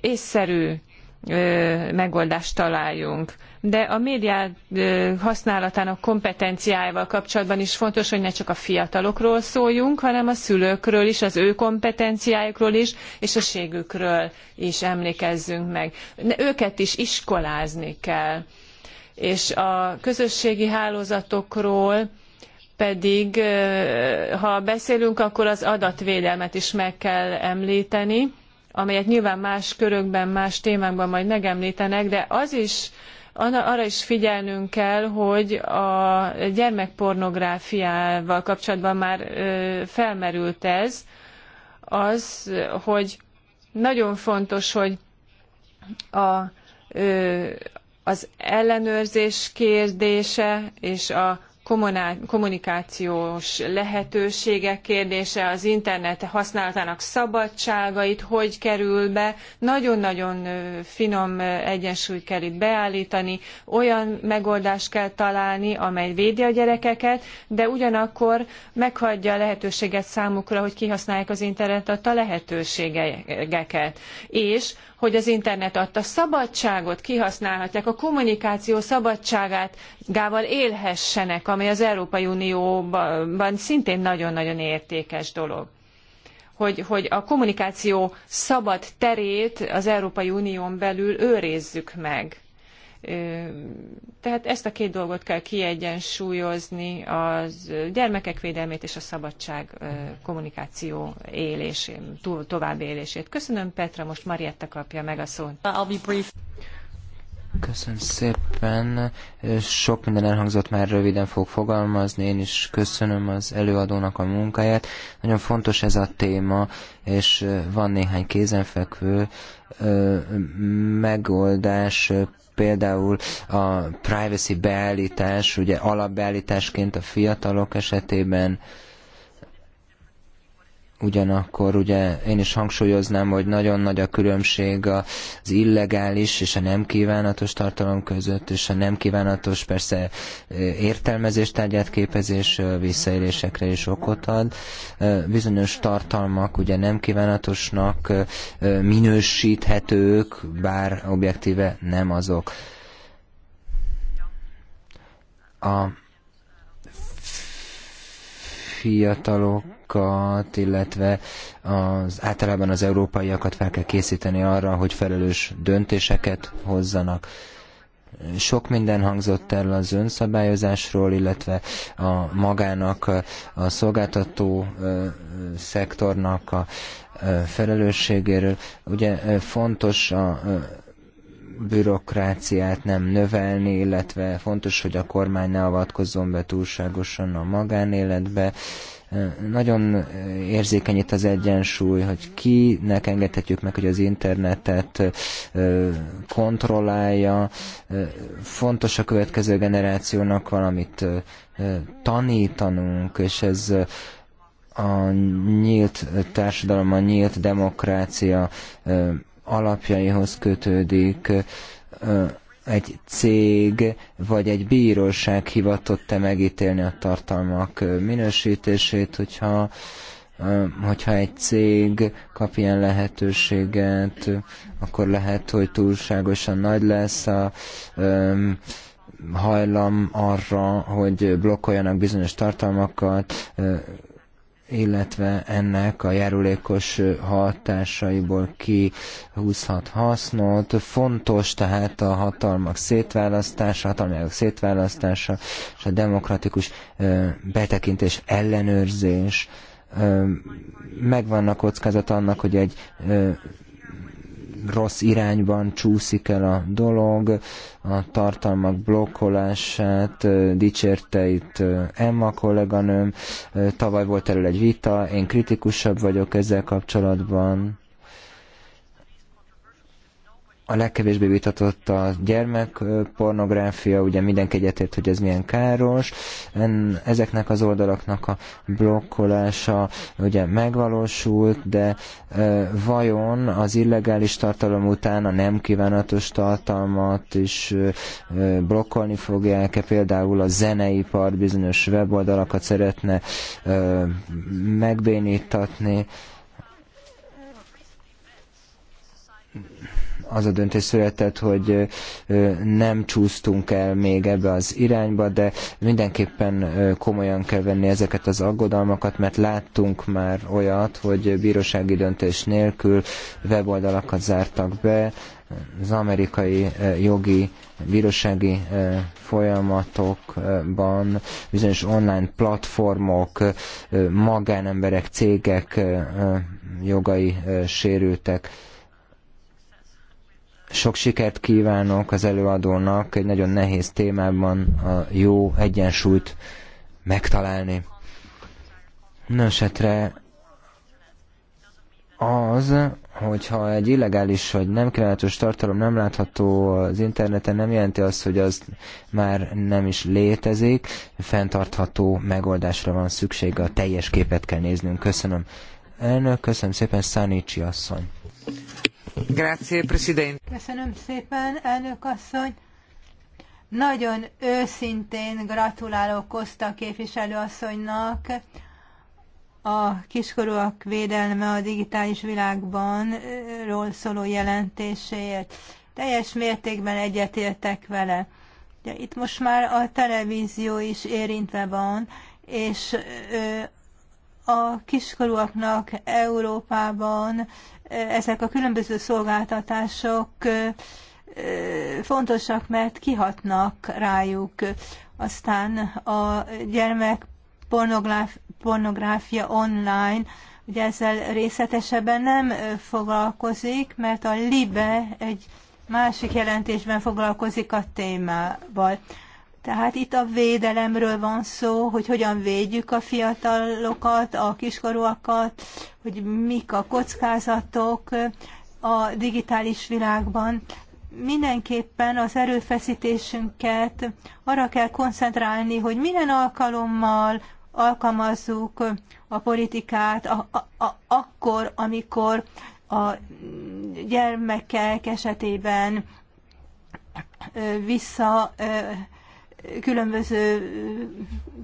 észszerű megoldást találjunk. De a média használatának kompetenciájával kapcsolatban is fontos, hogy ne csak a fiatalokról szóljunk, hanem a szülőkről is, az ő kompetenciájukról is, és a ségükről is emlékezzünk meg. De őket is iskolázni kell és a közösségi hálózatokról pedig, ha beszélünk, akkor az adatvédelmet is meg kell említeni, amelyet nyilván más körökben, más témákban majd megemlítenek, de az is, arra is figyelnünk kell, hogy a gyermekpornográfiával kapcsolatban már felmerült ez, az, hogy nagyon fontos, hogy a, az ellenőrzés kérdése és a kommunikációs lehetőségek kérdése, az internet használatának szabadsága itt hogy kerül be. Nagyon-nagyon finom egyensúlyt kell itt beállítani, olyan megoldást kell találni, amely védi a gyerekeket, de ugyanakkor meghagyja a lehetőséget számukra, hogy kihasználják az internet adta lehetőségeket. És hogy az internet adta szabadságot kihasználhatják, a kommunikáció szabadságát gával élhessenek, ami az Európai Unióban szintén nagyon-nagyon értékes dolog. Hogy, hogy a kommunikáció szabad terét az Európai Unión belül őrizzük meg. Tehát ezt a két dolgot kell kiegyensúlyozni, a gyermekek védelmét és a szabadság kommunikáció élését, tovább élését. Köszönöm Petra, most Marietta kapja meg a szót. I'll be brief. Köszönöm szépen. Sok minden elhangzott, már röviden fog fogalmazni. Én is köszönöm az előadónak a munkáját. Nagyon fontos ez a téma, és van néhány kézenfekvő megoldás, például a privacy beállítás, ugye alapbeállításként a fiatalok esetében, Ugyanakkor ugye én is hangsúlyoznám, hogy nagyon nagy a különbség az illegális és a nem kívánatos tartalom között, és a nem kívánatos persze e, értelmezés tárgyát képezés visszaélésekre is okot ad. E, bizonyos tartalmak ugye nem kívánatosnak e, minősíthetők, bár objektíve nem azok. A fiatalok kollégákat, illetve az, általában az európaiakat fel kell készíteni arra, hogy felelős döntéseket hozzanak. Sok minden hangzott el az önszabályozásról, illetve a magának, a szolgáltató szektornak a felelősségéről. Ugye fontos a bürokráciát nem növelni, illetve fontos, hogy a kormány ne avatkozzon be túlságosan a magánéletbe, nagyon eh, érzékeny itt az egyensúly, hogy kinek engedhetjük meg, hogy az internetet eh, kontrollálja. Eh, fontos a következő generációnak valamit tanítanunk, és ez a nyílt társadalom, a nyílt demokrácia alapjaihoz kötődik egy cég vagy egy bíróság hivatott-e megítélni a tartalmak minősítését, hogyha, hogyha egy cég kap ilyen lehetőséget, akkor lehet, hogy túlságosan nagy lesz a hajlam arra, hogy blokkoljanak bizonyos tartalmakat, illetve ennek a járulékos hatásaiból kihúzhat hasznot. Fontos tehát a hatalmak szétválasztása, hatalmak szétválasztása és a demokratikus betekintés ellenőrzés megvan a kockázat annak, hogy egy rossz irányban csúszik el a dolog, a tartalmak blokkolását dicsérte itt Emma kolléganőm, tavaly volt erről egy vita, én kritikusabb vagyok ezzel kapcsolatban, a legkevésbé vitatott a gyermekpornográfia, ugye mindenki egyetért, hogy ez milyen káros. En, ezeknek az oldalaknak a blokkolása ugye megvalósult, de e, vajon az illegális tartalom után a nem kívánatos tartalmat is e, blokkolni fogják-e? Például a zeneipar bizonyos weboldalakat szeretne e, megbénítatni az a döntés született, hogy nem csúsztunk el még ebbe az irányba, de mindenképpen komolyan kell venni ezeket az aggodalmakat, mert láttunk már olyat, hogy bírósági döntés nélkül weboldalakat zártak be, az amerikai jogi bírósági folyamatokban bizonyos online platformok, magánemberek, cégek jogai sérültek. Sok sikert kívánok az előadónak egy nagyon nehéz témában a jó egyensúlyt megtalálni. Nösetre az, hogyha egy illegális vagy nem kívánatos tartalom nem látható az interneten, nem jelenti azt, hogy az már nem is létezik, fenntartható megoldásra van szüksége a teljes képet kell néznünk. Köszönöm. Elnök, köszönöm szépen, Szánicsi asszony. Köszönöm szépen, elnök asszony. Nagyon őszintén gratulálok Koszta asszonynak A kiskorúak védelme a digitális világban ról szóló jelentéséért. Teljes mértékben egyetértek vele. Ugye itt most már a televízió is érintve van, és a kiskorúaknak Európában ezek a különböző szolgáltatások fontosak, mert kihatnak rájuk. Aztán a gyermek pornográfia online, ugye ezzel részletesebben nem foglalkozik, mert a LIBE egy másik jelentésben foglalkozik a témával. Tehát itt a védelemről van szó, hogy hogyan védjük a fiatalokat, a kiskorúakat, hogy mik a kockázatok a digitális világban. Mindenképpen az erőfeszítésünket arra kell koncentrálni, hogy minden alkalommal alkalmazzuk a politikát a, a, a, akkor, amikor a gyermekek esetében vissza különböző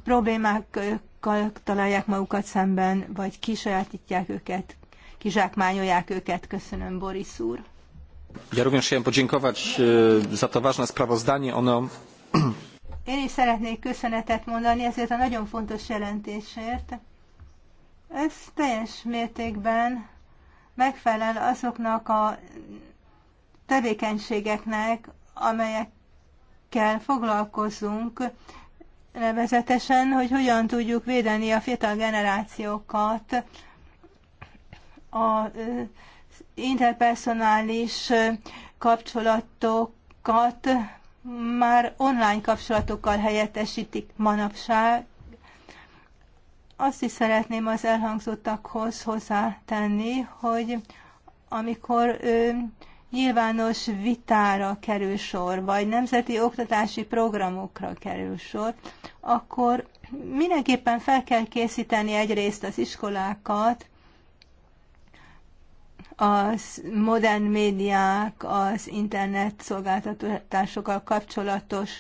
problémákkal találják magukat szemben, vagy kisajátítják őket, kizsákmányolják őket. Köszönöm, Boris úr. Ja również chciałem podziękować e, za to ważne sprawozdanie. Ono... *clears throat* Én is szeretnék köszönetet mondani ezért a nagyon fontos jelentésért. Ez teljes mértékben megfelel azoknak a tevékenységeknek, amelyek kell foglalkozzunk nevezetesen, hogy hogyan tudjuk védeni a fiatal generációkat a interpersonális kapcsolatokat már online kapcsolatokkal helyettesítik manapság. Azt is szeretném az elhangzottakhoz hozzátenni, hogy amikor nyilvános vitára kerül sor, vagy nemzeti oktatási programokra kerül sor, akkor mindenképpen fel kell készíteni egyrészt az iskolákat, a modern médiák, az internet szolgáltatásokkal kapcsolatos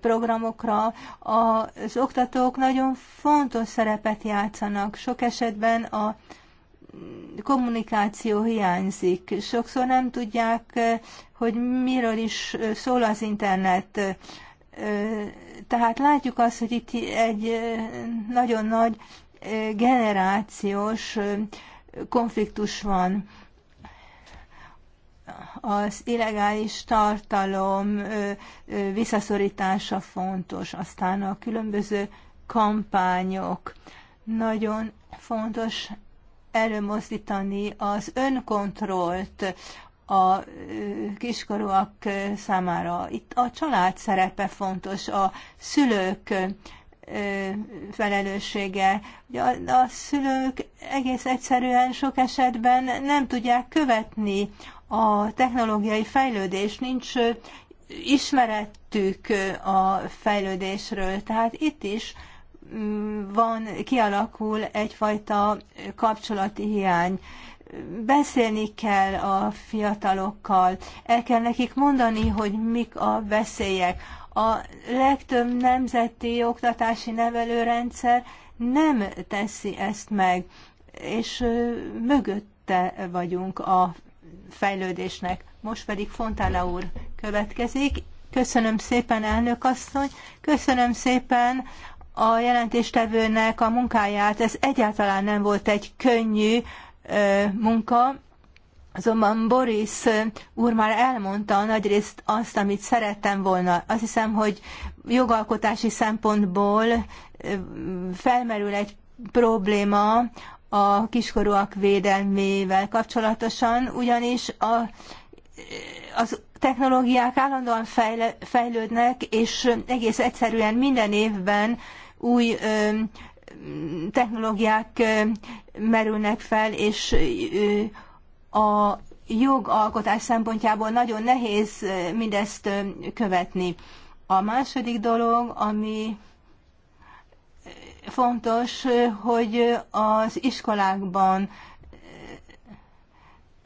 programokra. Az oktatók nagyon fontos szerepet játszanak. Sok esetben a kommunikáció hiányzik. Sokszor nem tudják, hogy miről is szól az internet. Tehát látjuk azt, hogy itt egy nagyon nagy generációs konfliktus van. Az illegális tartalom visszaszorítása fontos, aztán a különböző kampányok. Nagyon fontos előmozdítani az önkontrollt a kiskorúak számára. Itt a család szerepe fontos, a szülők felelőssége. Ugye a, a szülők egész egyszerűen sok esetben nem tudják követni a technológiai fejlődést, nincs ismerettük a fejlődésről, tehát itt is van, kialakul egyfajta kapcsolati hiány. Beszélni kell a fiatalokkal, el kell nekik mondani, hogy mik a veszélyek. A legtöbb nemzeti oktatási nevelőrendszer nem teszi ezt meg, és mögötte vagyunk a fejlődésnek. Most pedig Fontana úr következik. Köszönöm szépen, elnök asszony, köszönöm szépen a jelentéstevőnek a munkáját. Ez egyáltalán nem volt egy könnyű munka, azonban Boris úr már elmondta nagyrészt azt, amit szerettem volna. Azt hiszem, hogy jogalkotási szempontból felmerül egy probléma a kiskorúak védelmével kapcsolatosan, ugyanis a, az technológiák állandóan fejlődnek, és egész egyszerűen minden évben új technológiák merülnek fel, és a jogalkotás szempontjából nagyon nehéz mindezt követni. A második dolog, ami fontos, hogy az iskolákban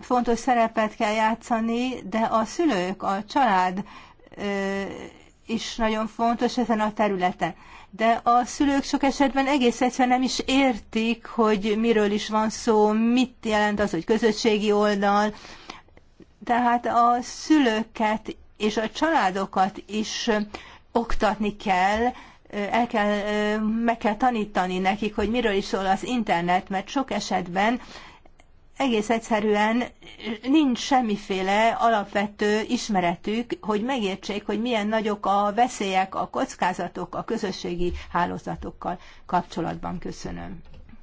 fontos szerepet kell játszani, de a szülők, a család is nagyon fontos ezen a területen de a szülők sok esetben egész egyszerűen nem is értik, hogy miről is van szó, mit jelent az, hogy közösségi oldal. Tehát a szülőket és a családokat is oktatni kell, el kell, meg kell tanítani nekik, hogy miről is szól az internet, mert sok esetben egész egyszerűen nincs semmiféle alapvető ismeretük, hogy megértsék, hogy milyen nagyok a veszélyek, a kockázatok a közösségi hálózatokkal kapcsolatban. Köszönöm.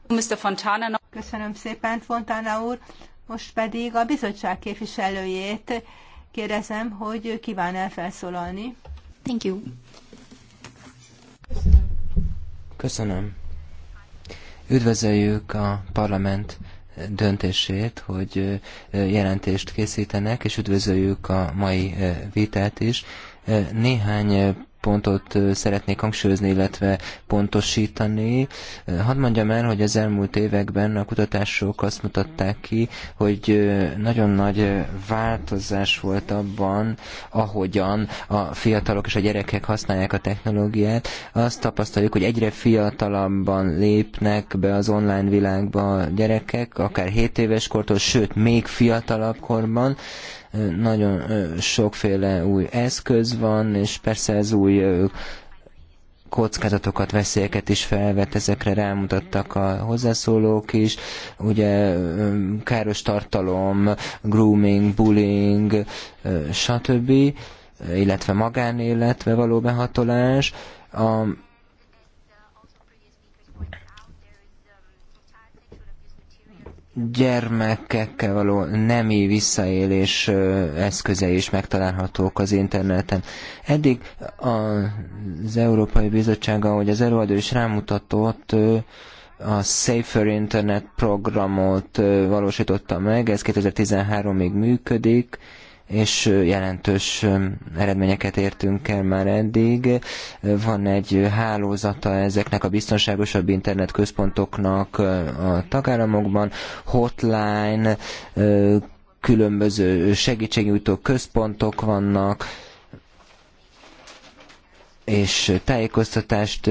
Mr. Fontana. Köszönöm szépen, Fontana úr. Most pedig a bizottság képviselőjét kérdezem, hogy kíván el felszólalni. Thank you. Köszönöm. Köszönöm. Üdvözöljük a parlament döntését, hogy jelentést készítenek, és üdvözöljük a mai vitát is. Néhány pontot szeretnék hangsúlyozni, illetve pontosítani. Hadd mondjam el, hogy az elmúlt években a kutatások azt mutatták ki, hogy nagyon nagy változás volt abban, ahogyan a fiatalok és a gyerekek használják a technológiát. Azt tapasztaljuk, hogy egyre fiatalabban lépnek be az online világba a gyerekek, akár 7 éves kortól, sőt, még fiatalabb korban, nagyon sokféle új eszköz van, és persze ez új kockázatokat, veszélyeket is felvet, ezekre rámutattak a hozzászólók is. Ugye káros tartalom, grooming, bullying, stb., illetve magánéletve való behatolás. A gyermekekkel való nemi visszaélés eszközei is megtalálhatók az interneten. Eddig az Európai Bizottság, ahogy az előadó is rámutatott, a Safer Internet programot valósította meg, ez 2013-ig működik, és jelentős eredményeket értünk el már eddig. Van egy hálózata ezeknek a biztonságosabb internetközpontoknak a tagállamokban, hotline, különböző segítségnyújtó központok vannak, és tájékoztatást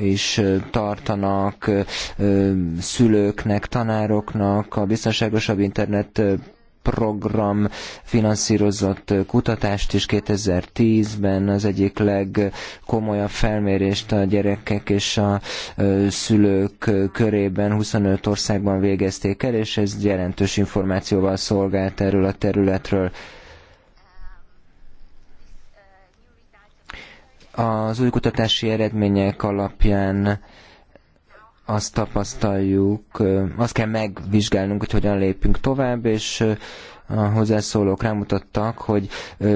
is tartanak szülőknek, tanároknak a biztonságosabb internet program finanszírozott kutatást is 2010-ben az egyik legkomolyabb felmérést a gyerekek és a szülők körében 25 országban végezték el, és ez jelentős információval szolgált erről a területről. Az új kutatási eredmények alapján azt tapasztaljuk, azt kell megvizsgálnunk, hogy hogyan lépünk tovább, és a hozzászólók rámutattak, hogy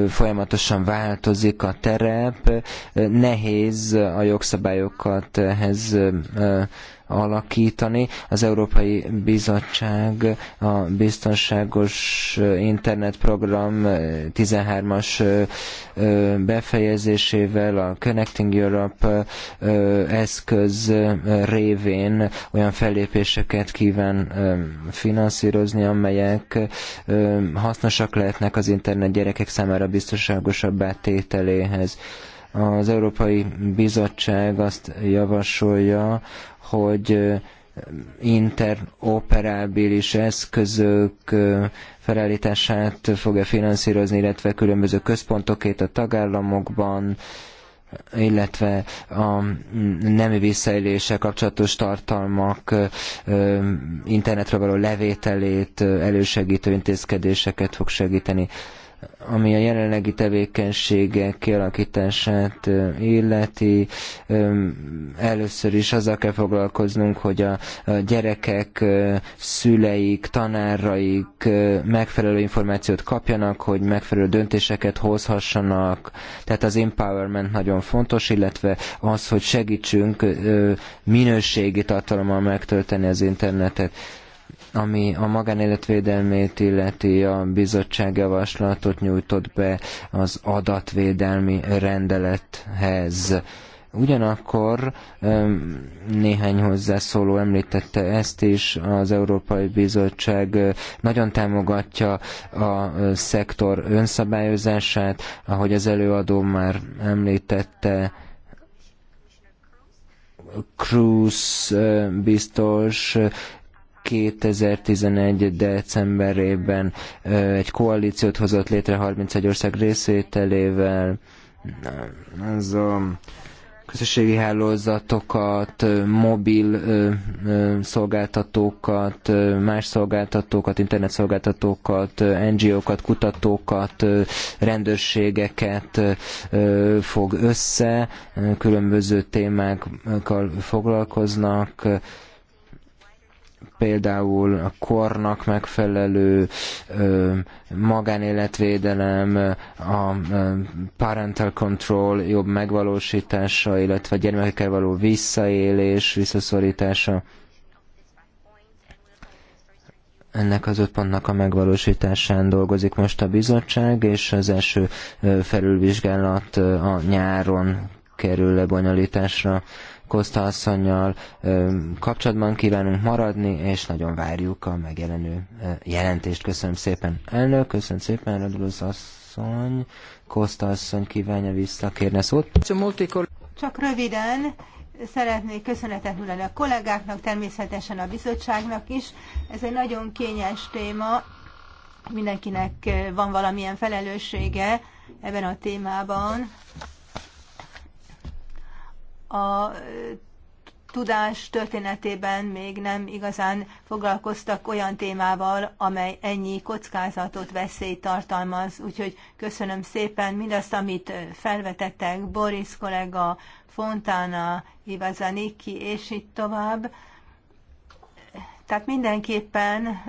folyamatosan változik a terep, nehéz a jogszabályokat ehhez alakítani. Az Európai Bizottság a biztonságos internetprogram 13-as befejezésével a Connecting Europe eszköz révén olyan fellépéseket kíván finanszírozni, amelyek hasznosak lehetnek az internet gyerekek számára biztonságosabb tételéhez az Európai Bizottság azt javasolja, hogy interoperábilis eszközök felállítását fogja finanszírozni, illetve különböző központokét a tagállamokban, illetve a nemi visszaéléssel kapcsolatos tartalmak internetről való levételét elősegítő intézkedéseket fog segíteni ami a jelenlegi tevékenységek kialakítását illeti. Először is azzal kell foglalkoznunk, hogy a gyerekek, szüleik, tanáraik megfelelő információt kapjanak, hogy megfelelő döntéseket hozhassanak. Tehát az empowerment nagyon fontos, illetve az, hogy segítsünk minőségi tartalommal megtölteni az internetet. Ami a magánéletvédelmét illeti, a bizottság javaslatot nyújtott be az adatvédelmi rendelethez. Ugyanakkor néhány hozzászóló említette ezt is, az Európai Bizottság nagyon támogatja a szektor önszabályozását, ahogy az előadó már említette, Cruz biztos 2011. decemberében egy koalíciót hozott létre 31 ország részvételével, az a közösségi hálózatokat, mobil szolgáltatókat, más szolgáltatókat, internetszolgáltatókat, NGO-kat, kutatókat, rendőrségeket fog össze, különböző témákkal foglalkoznak, például a kornak megfelelő magánéletvédelem, a parental control jobb megvalósítása, illetve a gyermekekkel való visszaélés, visszaszorítása ennek az öt pontnak a megvalósításán dolgozik most a bizottság, és az első felülvizsgálat a nyáron kerül lebonyolításra. Koszta asszonynal kapcsolatban kívánunk maradni, és nagyon várjuk a megjelenő jelentést. Köszönöm szépen, elnök, köszönöm szépen, Radulusz asszony, Koszta asszony kívánja visszakérni a szót. Csak röviden, szeretnék köszönetet mondani a kollégáknak, természetesen a bizottságnak is. Ez egy nagyon kényes téma, mindenkinek van valamilyen felelőssége ebben a témában a tudás történetében még nem igazán foglalkoztak olyan témával, amely ennyi kockázatot, veszélyt tartalmaz. Úgyhogy köszönöm szépen mindazt, amit felvetettek Boris kollega, Fontana, Ivazaniki, és itt tovább. Tehát mindenképpen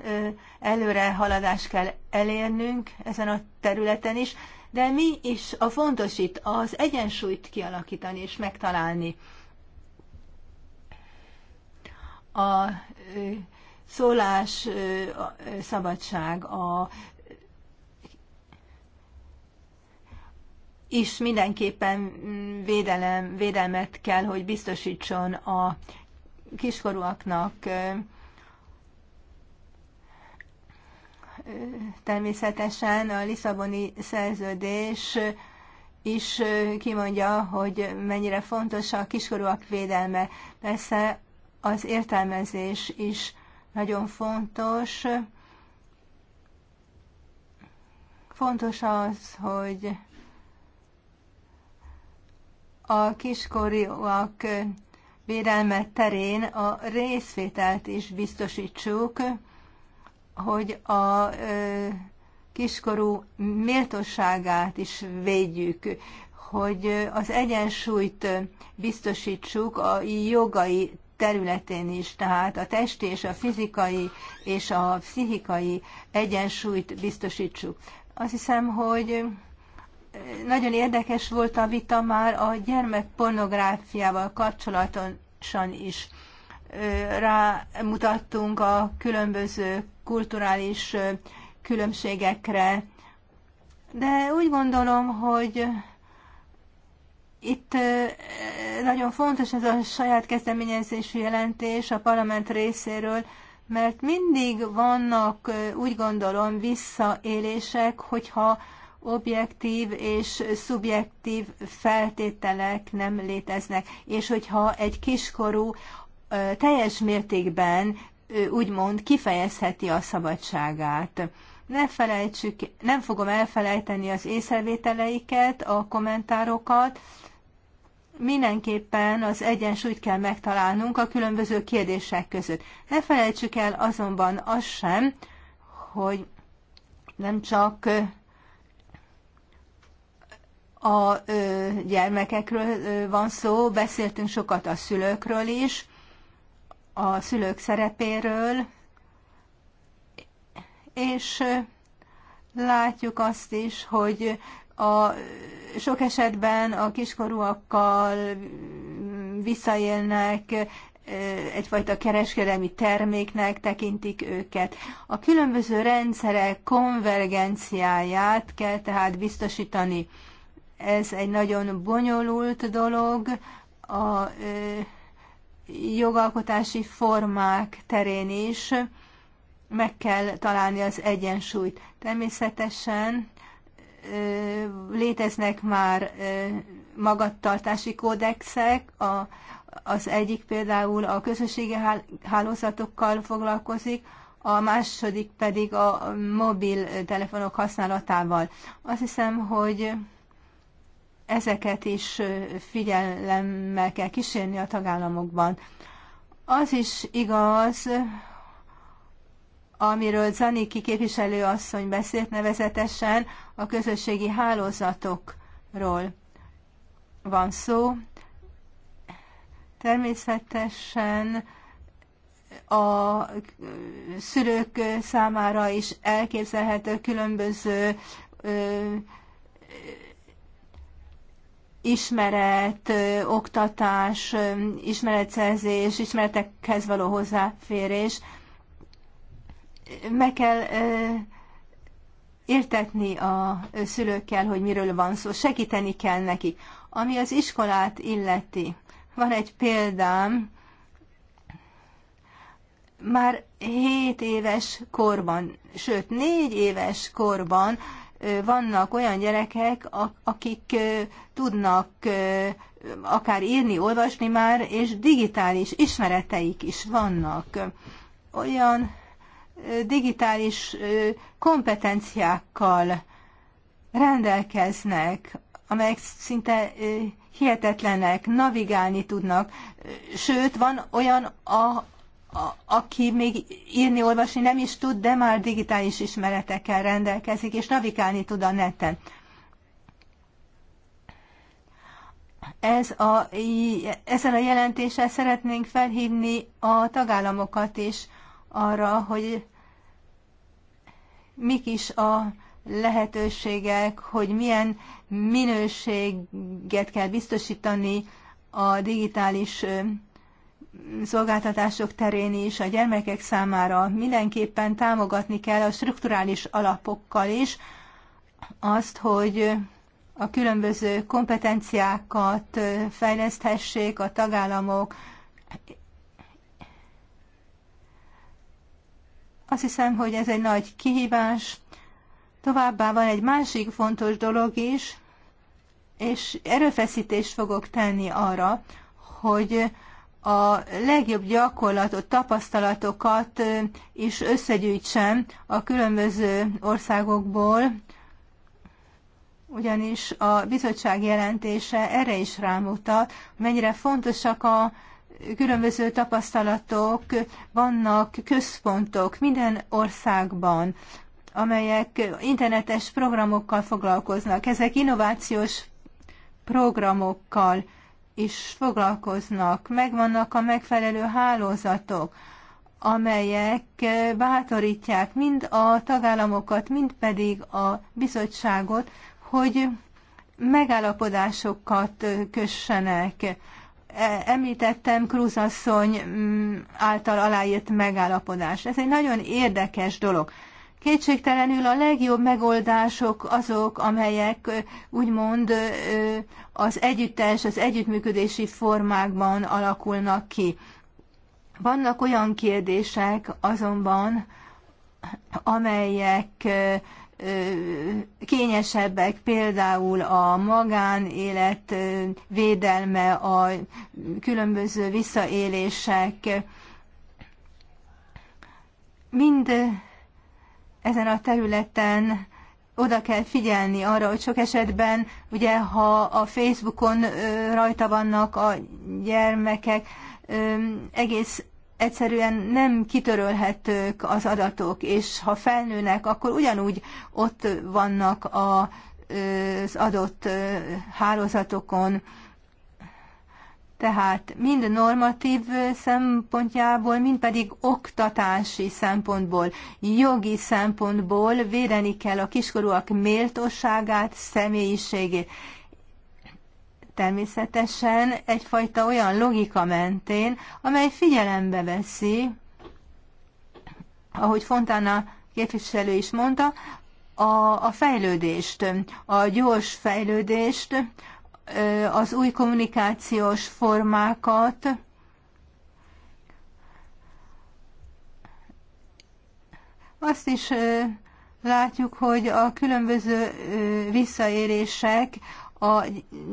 előre haladást kell elérnünk ezen a területen is. De mi is a fontos itt? Az egyensúlyt kialakítani és megtalálni. A szólás szabadság, a is mindenképpen mm, védelem, védelmet kell, hogy biztosítson a kiskorúaknak természetesen a Lisszaboni szerződés is kimondja, hogy mennyire fontos a kiskorúak védelme. Persze az értelmezés is nagyon fontos. Fontos az, hogy a kiskorúak védelme terén a részvételt is biztosítsuk hogy a kiskorú méltóságát is védjük, hogy az egyensúlyt biztosítsuk a jogai területén is, tehát a testi és a fizikai és a pszichikai egyensúlyt biztosítsuk. Azt hiszem, hogy nagyon érdekes volt a vita már a gyermekpornográfiával kapcsolatosan is. Rámutattunk a különböző kulturális különbségekre. De úgy gondolom, hogy itt nagyon fontos ez a saját kezdeményezésű jelentés a parlament részéről, mert mindig vannak, úgy gondolom, visszaélések, hogyha objektív és szubjektív feltételek nem léteznek, és hogyha egy kiskorú teljes mértékben úgymond kifejezheti a szabadságát. Ne felejtsük, nem fogom elfelejteni az észrevételeiket, a kommentárokat, mindenképpen az egyensúlyt kell megtalálnunk a különböző kérdések között. Ne felejtsük el azonban azt sem, hogy nem csak a gyermekekről van szó, beszéltünk sokat a szülőkről is, a szülők szerepéről, és látjuk azt is, hogy a, sok esetben a kiskorúakkal visszaélnek, egyfajta kereskedelmi terméknek tekintik őket. A különböző rendszerek konvergenciáját kell tehát biztosítani. Ez egy nagyon bonyolult dolog, a jogalkotási formák terén is meg kell találni az egyensúlyt. Természetesen léteznek már magattartási kódexek, a, az egyik például a közösségi hálózatokkal foglalkozik, a második pedig a mobiltelefonok használatával. Azt hiszem, hogy ezeket is figyelemmel kell kísérni a tagállamokban. Az is igaz, amiről Zaniki képviselő asszony beszélt nevezetesen, a közösségi hálózatokról van szó. Természetesen a szülők számára is elképzelhető különböző ismeret, oktatás, ismeretszerzés, ismeretekhez való hozzáférés. Meg kell értetni a szülőkkel, hogy miről van szó, segíteni kell nekik. Ami az iskolát illeti, van egy példám, már 7 éves korban, sőt 4 éves korban vannak olyan gyerekek, akik tudnak akár írni, olvasni már, és digitális ismereteik is vannak. Olyan digitális kompetenciákkal rendelkeznek, amelyek szinte hihetetlenek, navigálni tudnak. Sőt, van olyan, a, aki még írni, olvasni nem is tud, de már digitális ismeretekkel rendelkezik, és navigálni tud a neten. Ez a, ezen a jelentéssel szeretnénk felhívni a tagállamokat is arra, hogy mik is a lehetőségek, hogy milyen minőséget kell biztosítani a digitális szolgáltatások terén is, a gyermekek számára mindenképpen támogatni kell a strukturális alapokkal is azt, hogy a különböző kompetenciákat fejleszthessék a tagállamok. Azt hiszem, hogy ez egy nagy kihívás. Továbbá van egy másik fontos dolog is, és erőfeszítést fogok tenni arra, hogy a legjobb gyakorlatot, tapasztalatokat is összegyűjtsem a különböző országokból, ugyanis a bizottság jelentése erre is rámutat, mennyire fontosak a különböző tapasztalatok, vannak központok minden országban, amelyek internetes programokkal foglalkoznak. Ezek innovációs programokkal is foglalkoznak, megvannak a megfelelő hálózatok, amelyek eh, bátorítják mind a tagállamokat, mind pedig a bizottságot, hogy megállapodásokat eh, kössenek. E, említettem Krúz mm, által aláírt megállapodás. Ez egy nagyon érdekes dolog. Kétségtelenül a legjobb megoldások azok, amelyek úgymond az együttes, az együttműködési formákban alakulnak ki. Vannak olyan kérdések azonban, amelyek kényesebbek, például a magánélet védelme, a különböző visszaélések, mind ezen a területen oda kell figyelni arra, hogy sok esetben, ugye ha a Facebookon ö, rajta vannak a gyermekek, ö, egész egyszerűen nem kitörölhetők az adatok, és ha felnőnek, akkor ugyanúgy ott vannak a, az adott hálózatokon. Tehát mind normatív szempontjából, mind pedig oktatási szempontból, jogi szempontból védeni kell a kiskorúak méltóságát, személyiségét. Természetesen egyfajta olyan logika mentén, amely figyelembe veszi, ahogy Fontana képviselő is mondta, a, a fejlődést, a gyors fejlődést, az új kommunikációs formákat, azt is látjuk, hogy a különböző visszaérések a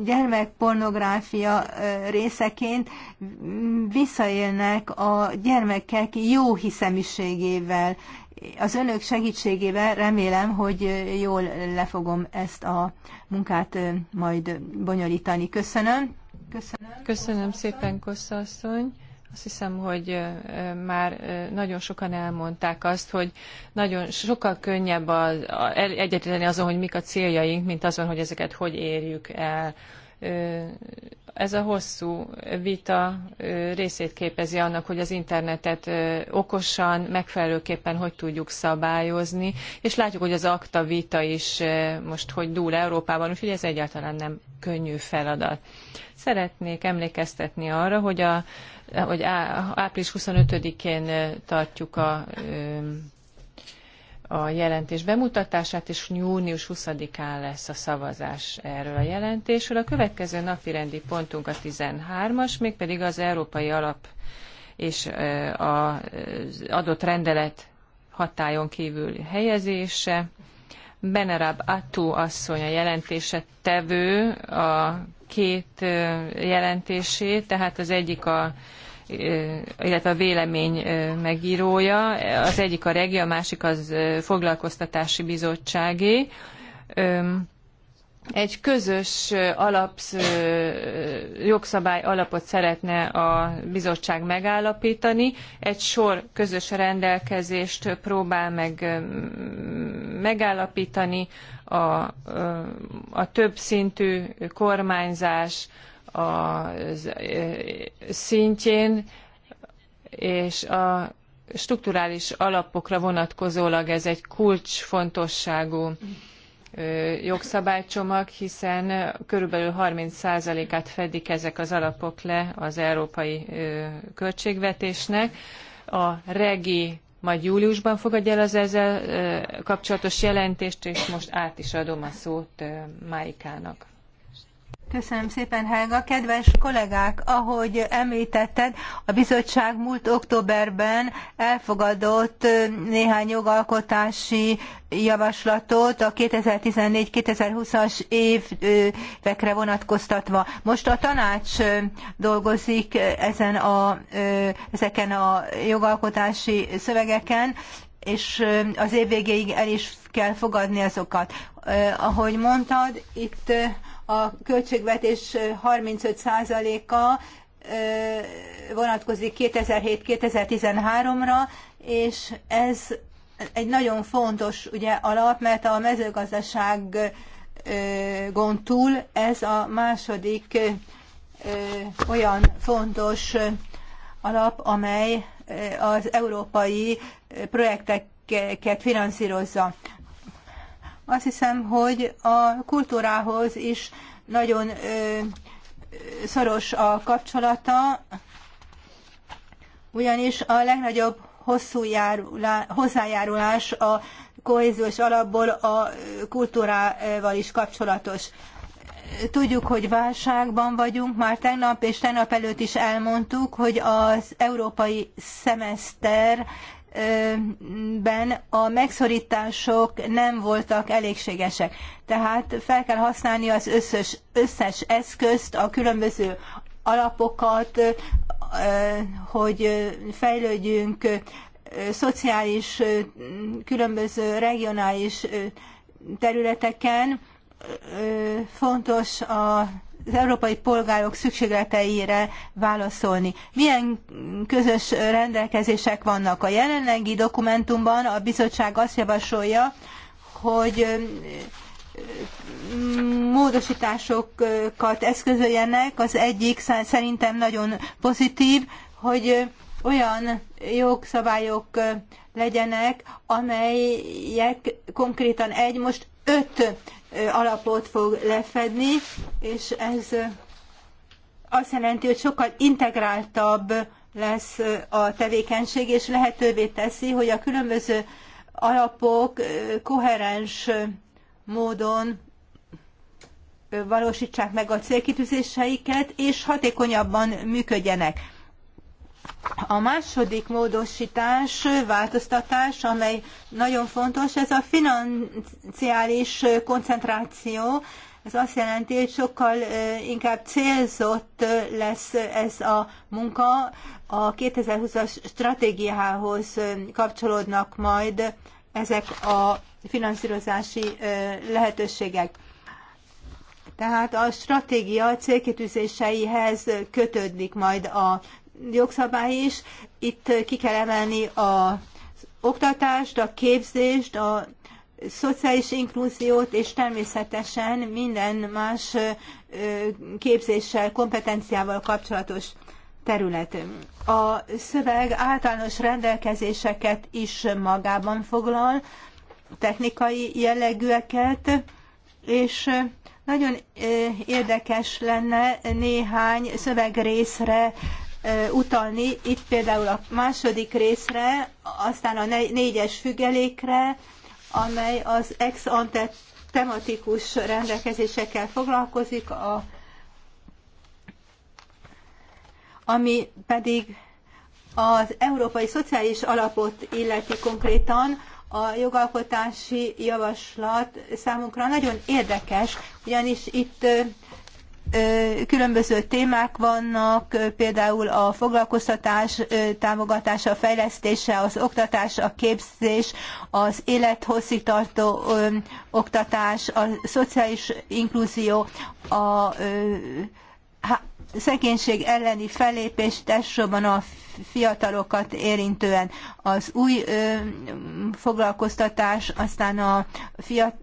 gyermekpornográfia részeként visszaélnek a gyermekek jó hiszemiségével az önök segítségével remélem, hogy jól le fogom ezt a munkát majd bonyolítani. Köszönöm. Köszönöm, Köszönöm szépen, Kossza asszony. Azt hiszem, hogy már nagyon sokan elmondták azt, hogy nagyon sokkal könnyebb az, azon, hogy mik a céljaink, mint azon, hogy ezeket hogy érjük el ez a hosszú vita részét képezi annak, hogy az internetet okosan, megfelelőképpen hogy tudjuk szabályozni, és látjuk, hogy az akta vita is most hogy dúl Európában, úgyhogy ez egyáltalán nem könnyű feladat. Szeretnék emlékeztetni arra, hogy, a, hogy április 25-én tartjuk a a jelentés bemutatását, és június 20-án lesz a szavazás erről a jelentésről. A következő napi rendi pontunk a 13-as, mégpedig az Európai Alap és az adott rendelet hatályon kívül helyezése. Benerab Attu asszony a jelentése tevő a két jelentését, tehát az egyik a illetve a vélemény megírója. Az egyik a regi, a másik az foglalkoztatási bizottságé. Egy közös alapsz, jogszabály alapot szeretne a bizottság megállapítani. Egy sor közös rendelkezést próbál meg megállapítani a, a többszintű kormányzás, a e, szintjén, és a strukturális alapokra vonatkozólag ez egy kulcsfontosságú e, jogszabálycsomag, hiszen körülbelül 30%-át fedik ezek az alapok le az európai e, költségvetésnek. A regi majd júliusban fogadja el az ezzel kapcsolatos jelentést, és most át is adom a szót Máikának. Köszönöm szépen, Helga. Kedves kollégák, ahogy említetted, a bizottság múlt októberben elfogadott néhány jogalkotási javaslatot a 2014-2020-as évekre vonatkoztatva. Most a tanács dolgozik ezen a, ezeken a jogalkotási szövegeken, és az év végéig el is kell fogadni azokat. Ahogy mondtad, itt a költségvetés 35%-a vonatkozik 2007-2013-ra, és ez egy nagyon fontos ugye, alap, mert a gond túl ez a második olyan fontos alap, amely az európai projekteket finanszírozza. Azt hiszem, hogy a kultúrához is nagyon szoros a kapcsolata, ugyanis a legnagyobb hosszú járulá, hozzájárulás a kohéziós alapból a kultúrával is kapcsolatos. Tudjuk, hogy válságban vagyunk, már tegnap és tegnap előtt is elmondtuk, hogy az európai szemeszter ben a megszorítások nem voltak elégségesek. Tehát fel kell használni az összes, összes eszközt, a különböző alapokat, hogy fejlődjünk, szociális, különböző regionális területeken. Fontos a európai polgárok szükségleteire válaszolni. Milyen közös rendelkezések vannak? A jelenlegi dokumentumban a bizottság azt javasolja, hogy módosításokat eszközöljenek. Az egyik szerintem nagyon pozitív, hogy olyan jogszabályok legyenek, amelyek konkrétan egy, most öt alapot fog lefedni, és ez azt jelenti, hogy sokkal integráltabb lesz a tevékenység, és lehetővé teszi, hogy a különböző alapok koherens módon valósítsák meg a célkitűzéseiket, és hatékonyabban működjenek. A második módosítás, változtatás, amely nagyon fontos, ez a financiális koncentráció, ez azt jelenti, hogy sokkal inkább célzott lesz ez a munka. A 2020-as stratégiához kapcsolódnak majd ezek a finanszírozási lehetőségek. Tehát a stratégia célkitűzéseihez kötődik majd a jogszabály is. Itt ki kell emelni az oktatást, a képzést, a szociális inkluziót, és természetesen minden más képzéssel, kompetenciával kapcsolatos terület. A szöveg általános rendelkezéseket is magában foglal, technikai jellegűeket, és nagyon érdekes lenne néhány szövegrészre utalni, itt például a második részre, aztán a négyes függelékre, amely az ex ante tematikus rendelkezésekkel foglalkozik, a, ami pedig az Európai Szociális Alapot illeti konkrétan, a jogalkotási javaslat számunkra nagyon érdekes, ugyanis itt különböző témák vannak, például a foglalkoztatás támogatása, a fejlesztése, az oktatás, a képzés, az élethosszígtartó oktatás, a szociális inklúzió, a szegénység elleni fellépés elsősorban a fiatalokat érintően az új ö, foglalkoztatás, aztán a fiat,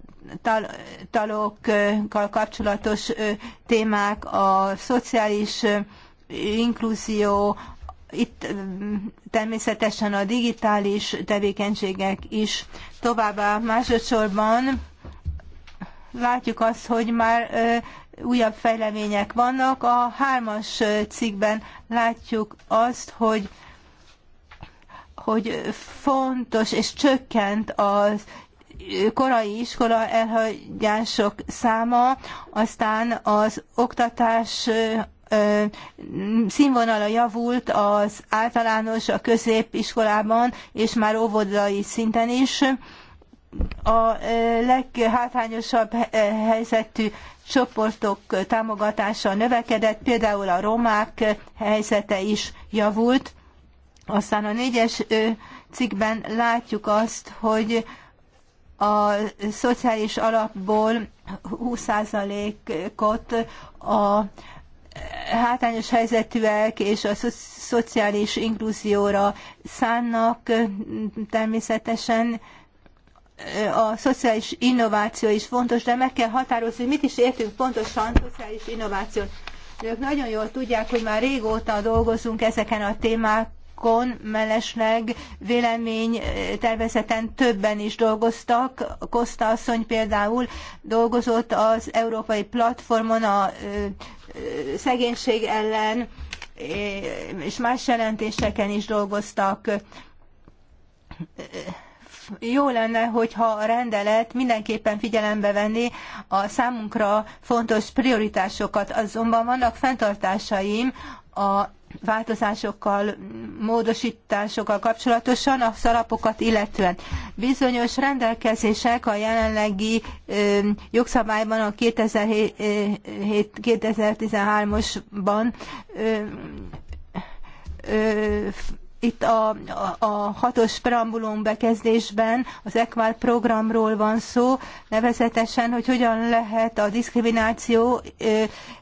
talokkal kapcsolatos témák, a szociális inkluzió, itt természetesen a digitális tevékenységek is. Továbbá másodszorban látjuk azt, hogy már újabb fejlemények vannak. A hármas cikkben látjuk azt, hogy hogy fontos és csökkent az korai iskola elhagyások száma, aztán az oktatás színvonala javult az általános, a középiskolában és már óvodai szinten is. A leghátrányosabb helyzetű csoportok támogatása növekedett, például a romák helyzete is javult. Aztán a négyes cikkben látjuk azt, hogy a szociális alapból 20%-ot a hátrányos helyzetűek és a szociális inkluzióra szánnak természetesen. A szociális innováció is fontos, de meg kell határozni, hogy mit is értünk pontosan szociális innovációt. Ők nagyon jól tudják, hogy már régóta dolgozunk ezeken a témák, témákon mellesleg vélemény eh, tervezeten többen is dolgoztak. Kosta asszony például dolgozott az Európai Platformon a eh, eh, szegénység ellen, és más jelentéseken is dolgoztak jó lenne, hogyha a rendelet mindenképpen figyelembe venné a számunkra fontos prioritásokat. Azonban vannak fenntartásaim a változásokkal, módosításokkal kapcsolatosan a szalapokat illetően. Bizonyos rendelkezések a jelenlegi ö, jogszabályban, a 2013-osban itt a, a, a hatos preambulum bekezdésben az EQUAL programról van szó, nevezetesen, hogy hogyan lehet a diszkrimináció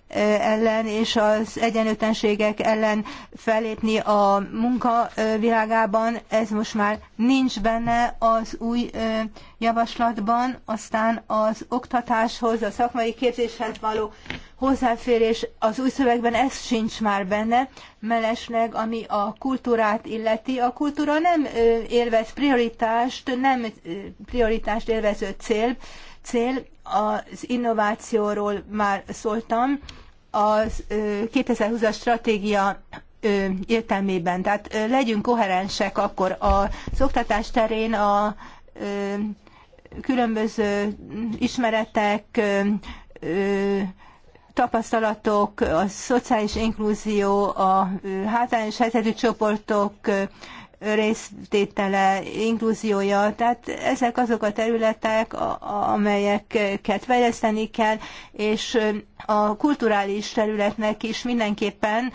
ellen és az egyenlőtlenségek ellen fellépni a munka világában. Ez most már nincs benne az új javaslatban, aztán az oktatáshoz, a szakmai képzéshez való hozzáférés az új szövegben ez sincs már benne, mellesleg ami a kultúrát illeti, a kultúra nem élvez prioritást, nem prioritást élvező cél, cél az innovációról már szóltam, A 2020-as stratégia értelmében. Tehát legyünk koherensek akkor a oktatás terén a különböző ismeretek, tapasztalatok, a szociális inkluzió, a hátrányos helyzetű csoportok részvétele, inkluziója, tehát ezek azok a területek, amelyeket fejleszteni kell, és a kulturális területnek is mindenképpen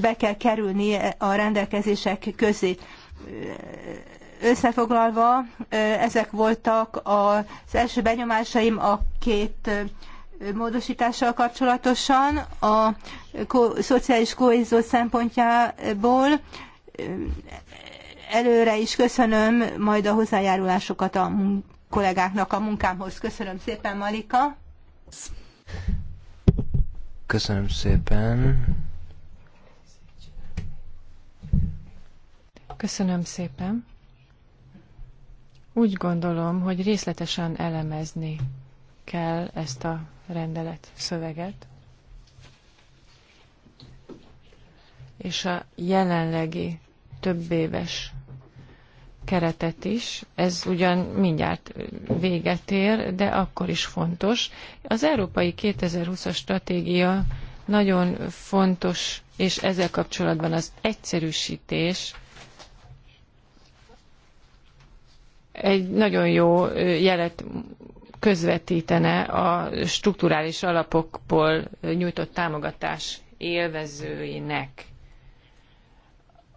be kell kerülni a rendelkezések közé. Összefoglalva, ezek voltak az első benyomásaim a két módosítással kapcsolatosan, a szociális kohézió szempontjából előre is köszönöm majd a hozzájárulásokat a kollégáknak a munkámhoz. Köszönöm szépen, Malika. Köszönöm szépen. Köszönöm szépen. Úgy gondolom, hogy részletesen elemezni kell ezt a rendelet szöveget, és a jelenlegi több éves keretet is. Ez ugyan mindjárt véget ér, de akkor is fontos. Az Európai 2020-as stratégia nagyon fontos, és ezzel kapcsolatban az egyszerűsítés egy nagyon jó jelet közvetítene a strukturális alapokból nyújtott támogatás élvezőinek.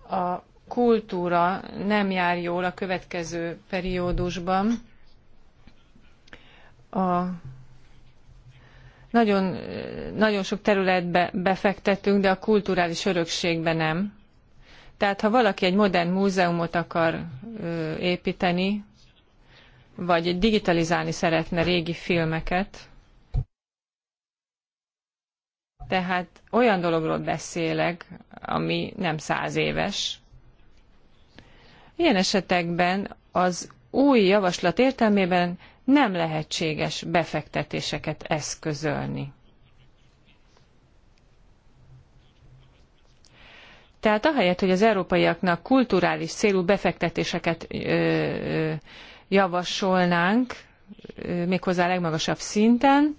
A kultúra nem jár jól a következő periódusban. A nagyon, nagyon sok területbe befektetünk, de a kulturális örökségbe nem. Tehát ha valaki egy modern múzeumot akar ö, építeni, vagy digitalizálni szeretne régi filmeket, tehát olyan dologról beszélek, ami nem száz éves, Ilyen esetekben az új javaslat értelmében nem lehetséges befektetéseket eszközölni. Tehát ahelyett, hogy az európaiaknak kulturális célú befektetéseket ö, javasolnánk, ö, méghozzá a legmagasabb szinten,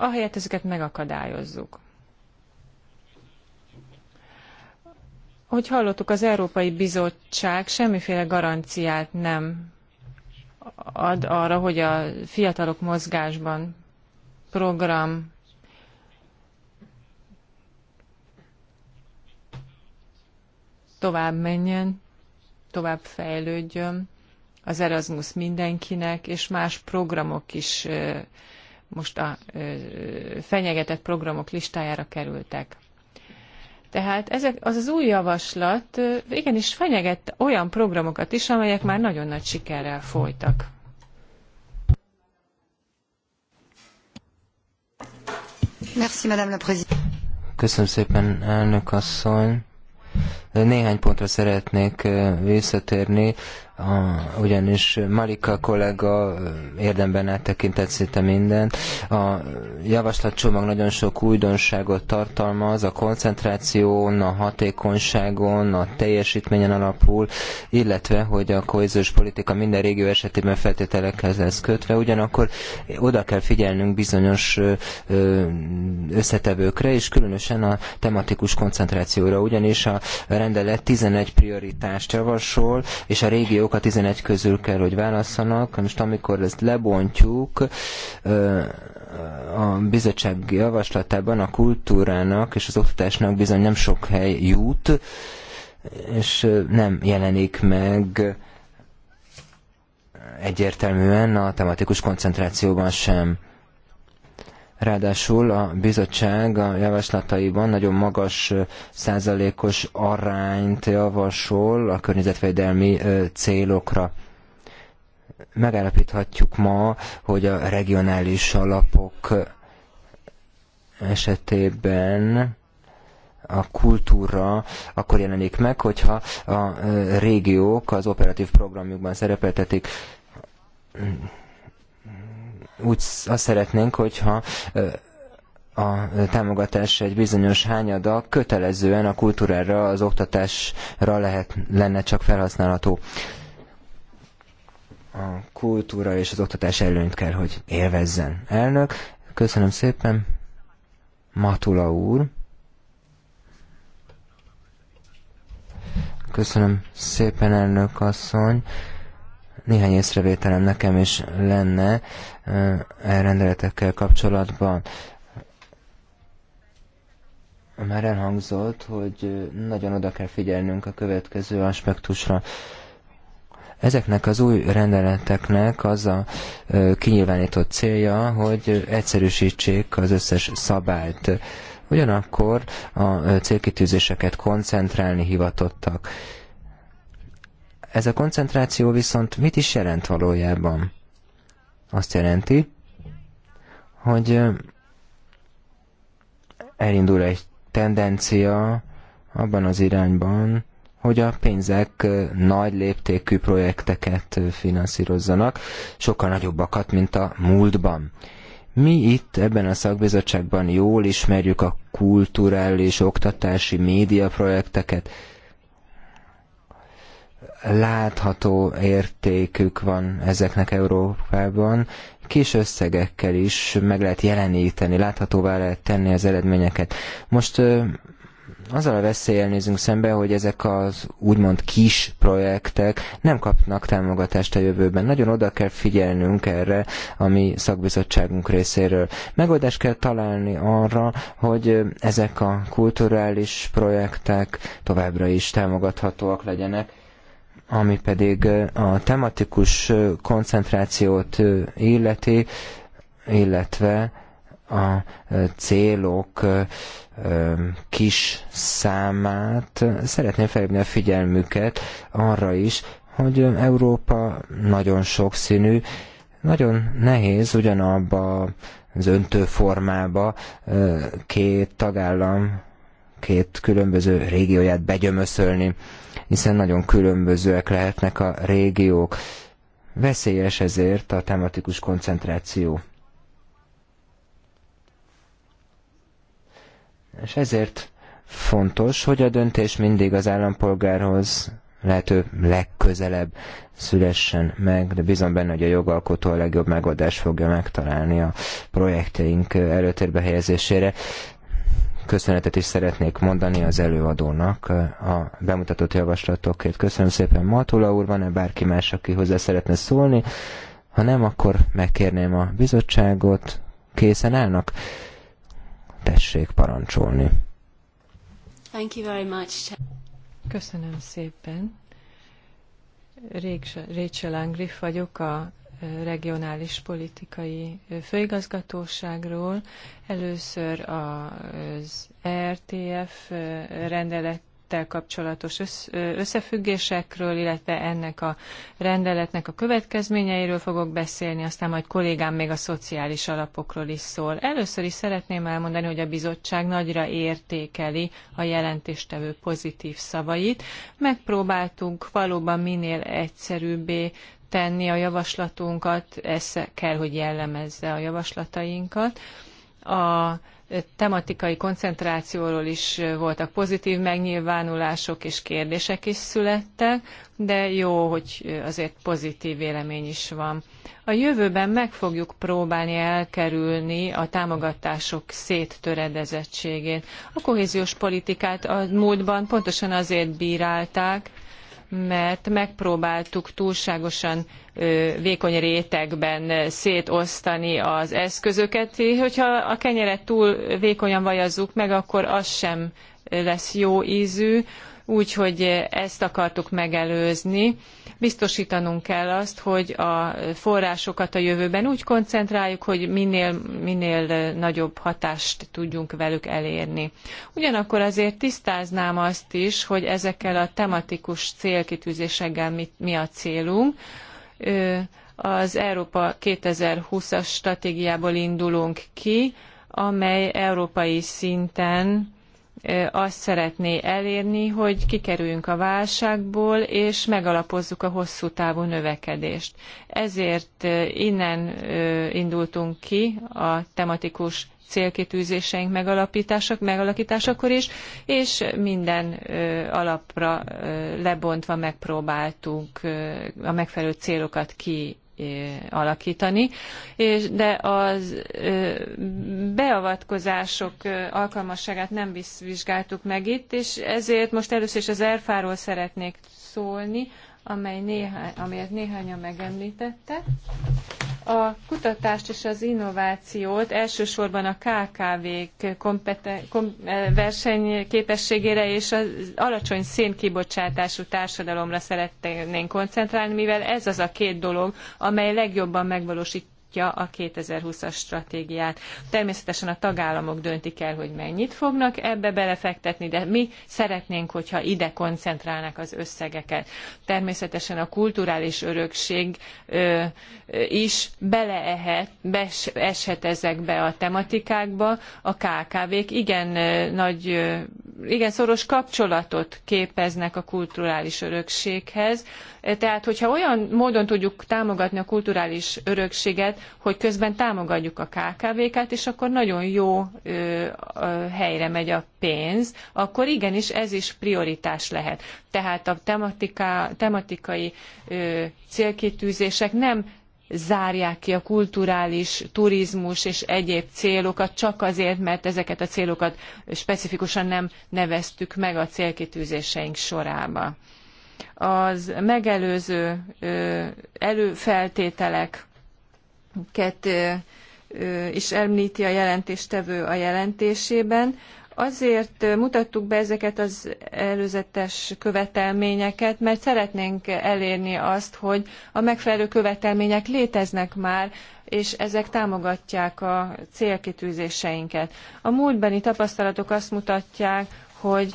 ahelyett ezeket megakadályozzuk. ahogy hallottuk, az Európai Bizottság semmiféle garanciát nem ad arra, hogy a fiatalok mozgásban program tovább menjen, tovább fejlődjön. Az Erasmus mindenkinek, és más programok is most a fenyegetett programok listájára kerültek. Tehát ezek, az az új javaslat igenis fenyeget olyan programokat is, amelyek már nagyon nagy sikerrel folytak. Merci, Madame la Köszönöm szépen, elnök asszony. Néhány pontra szeretnék visszatérni a, ugyanis Marika kollega érdemben áttekintett szinte mindent. A javaslatcsomag nagyon sok újdonságot tartalmaz, a koncentráción, a hatékonyságon, a teljesítményen alapul, illetve, hogy a kohéziós politika minden régió esetében feltételekhez lesz kötve, ugyanakkor oda kell figyelnünk bizonyos összetevőkre, és különösen a tematikus koncentrációra, ugyanis a rendelet 11 prioritást javasol, és a régió opciók, a 11 közül kell, hogy válaszanak. Most amikor ezt lebontjuk, a bizottság javaslatában a kultúrának és az oktatásnak bizony nem sok hely jut, és nem jelenik meg egyértelműen a tematikus koncentrációban sem. Ráadásul a bizottság a javaslataiban nagyon magas százalékos arányt javasol a környezetvédelmi célokra. Megállapíthatjuk ma, hogy a regionális alapok esetében a kultúra akkor jelenik meg, hogyha a régiók az operatív programjukban szerepeltetik úgy azt szeretnénk, hogyha a támogatás egy bizonyos hányada kötelezően a kultúrára, az oktatásra lehet, lenne csak felhasználható. A kultúra és az oktatás előnyt kell, hogy élvezzen. Elnök, köszönöm szépen. Matula úr. Köszönöm szépen, elnök asszony. Néhány észrevételem nekem is lenne elrendeletekkel kapcsolatban. Már elhangzott, hogy nagyon oda kell figyelnünk a következő aspektusra. Ezeknek az új rendeleteknek az a kinyilvánított célja, hogy egyszerűsítsék az összes szabályt. Ugyanakkor a célkitűzéseket koncentrálni hivatottak ez a koncentráció viszont mit is jelent valójában? Azt jelenti, hogy elindul egy tendencia abban az irányban, hogy a pénzek nagy léptékű projekteket finanszírozzanak, sokkal nagyobbakat, mint a múltban. Mi itt ebben a szakbizottságban jól ismerjük a kulturális, oktatási média projekteket látható értékük van ezeknek Európában, kis összegekkel is meg lehet jeleníteni, láthatóvá lehet tenni az eredményeket. Most azzal a veszélyel nézünk szembe, hogy ezek az úgymond kis projektek nem kapnak támogatást a jövőben. Nagyon oda kell figyelnünk erre a mi szakbizottságunk részéről. Megoldást kell találni arra, hogy ezek a kulturális projektek továbbra is támogathatóak legyenek, ami pedig a tematikus koncentrációt illeti, illetve a célok kis számát, szeretném felhívni a figyelmüket arra is, hogy Európa nagyon sokszínű, nagyon nehéz ugyanabba az öntő formába két tagállam, két különböző régióját begyömöszölni hiszen nagyon különbözőek lehetnek a régiók. Veszélyes ezért a tematikus koncentráció. És ezért fontos, hogy a döntés mindig az állampolgárhoz lehető legközelebb szülessen meg, de bizony benne, hogy a jogalkotó a legjobb megoldást fogja megtalálni a projekteink előtérbe helyezésére. Köszönetet is szeretnék mondani az előadónak a bemutatott javaslatokért. Köszönöm szépen, Matula úr, van-e bárki más, aki hozzá szeretne szólni? Ha nem, akkor megkérném a bizottságot. Készen állnak? Tessék parancsolni. Thank you very much. Köszönöm szépen. Rachel Angriff vagyok, a regionális politikai főigazgatóságról. Először az RTF rendelet rendelettel kapcsolatos összefüggésekről, illetve ennek a rendeletnek a következményeiről fogok beszélni, aztán majd kollégám még a szociális alapokról is szól. Először is szeretném elmondani, hogy a bizottság nagyra értékeli a jelentéstevő pozitív szavait. Megpróbáltunk valóban minél egyszerűbbé tenni a javaslatunkat, ez kell, hogy jellemezze a javaslatainkat. A tematikai koncentrációról is voltak pozitív megnyilvánulások és kérdések is születtek, de jó, hogy azért pozitív vélemény is van. A jövőben meg fogjuk próbálni elkerülni a támogatások széttöredezettségét. A kohéziós politikát a múltban pontosan azért bírálták, mert megpróbáltuk túlságosan vékony rétegben szétosztani az eszközöket. Hogyha a kenyeret túl vékonyan vajazzuk meg, akkor az sem lesz jó ízű, úgyhogy ezt akartuk megelőzni biztosítanunk kell azt, hogy a forrásokat a jövőben úgy koncentráljuk, hogy minél, minél nagyobb hatást tudjunk velük elérni. Ugyanakkor azért tisztáznám azt is, hogy ezekkel a tematikus célkitűzésekkel mi, mi a célunk az Európa 2020-as stratégiából indulunk ki, amely európai szinten azt szeretné elérni, hogy kikerüljünk a válságból, és megalapozzuk a hosszú távú növekedést. Ezért innen indultunk ki a tematikus célkitűzéseink megalapítások, megalakításakor is, és minden alapra lebontva megpróbáltunk a megfelelő célokat ki alakítani, és, de az beavatkozások alkalmasságát nem vizsgáltuk meg itt, és ezért most először is az erfáról szeretnék szólni, amely néhány, amelyet néhányan megemlítette a kutatást és az innovációt elsősorban a KKV-k eh, versenyképességére és az alacsony szénkibocsátású társadalomra szeretnénk koncentrálni, mivel ez az a két dolog, amely legjobban megvalósít támogatja a 2020-as stratégiát. Természetesen a tagállamok döntik el, hogy mennyit fognak ebbe belefektetni, de mi szeretnénk, hogyha ide koncentrálnak az összegeket. Természetesen a kulturális örökség ö, ö, is beleehet, beeshet ezekbe a tematikákba. A KKV-k igen ö, nagy igen szoros kapcsolatot képeznek a kulturális örökséghez. Tehát, hogyha olyan módon tudjuk támogatni a kulturális örökséget, hogy közben támogatjuk a KKV-kat, és akkor nagyon jó ö, ö, helyre megy a pénz, akkor igenis ez is prioritás lehet. Tehát a tematika, tematikai ö, célkitűzések nem zárják ki a kulturális, turizmus és egyéb célokat, csak azért, mert ezeket a célokat specifikusan nem neveztük meg a célkitűzéseink sorába. Az megelőző előfeltételeket is említi a jelentéstevő a jelentésében, Azért mutattuk be ezeket az előzetes követelményeket, mert szeretnénk elérni azt, hogy a megfelelő követelmények léteznek már, és ezek támogatják a célkitűzéseinket. A múltbeni tapasztalatok azt mutatják, hogy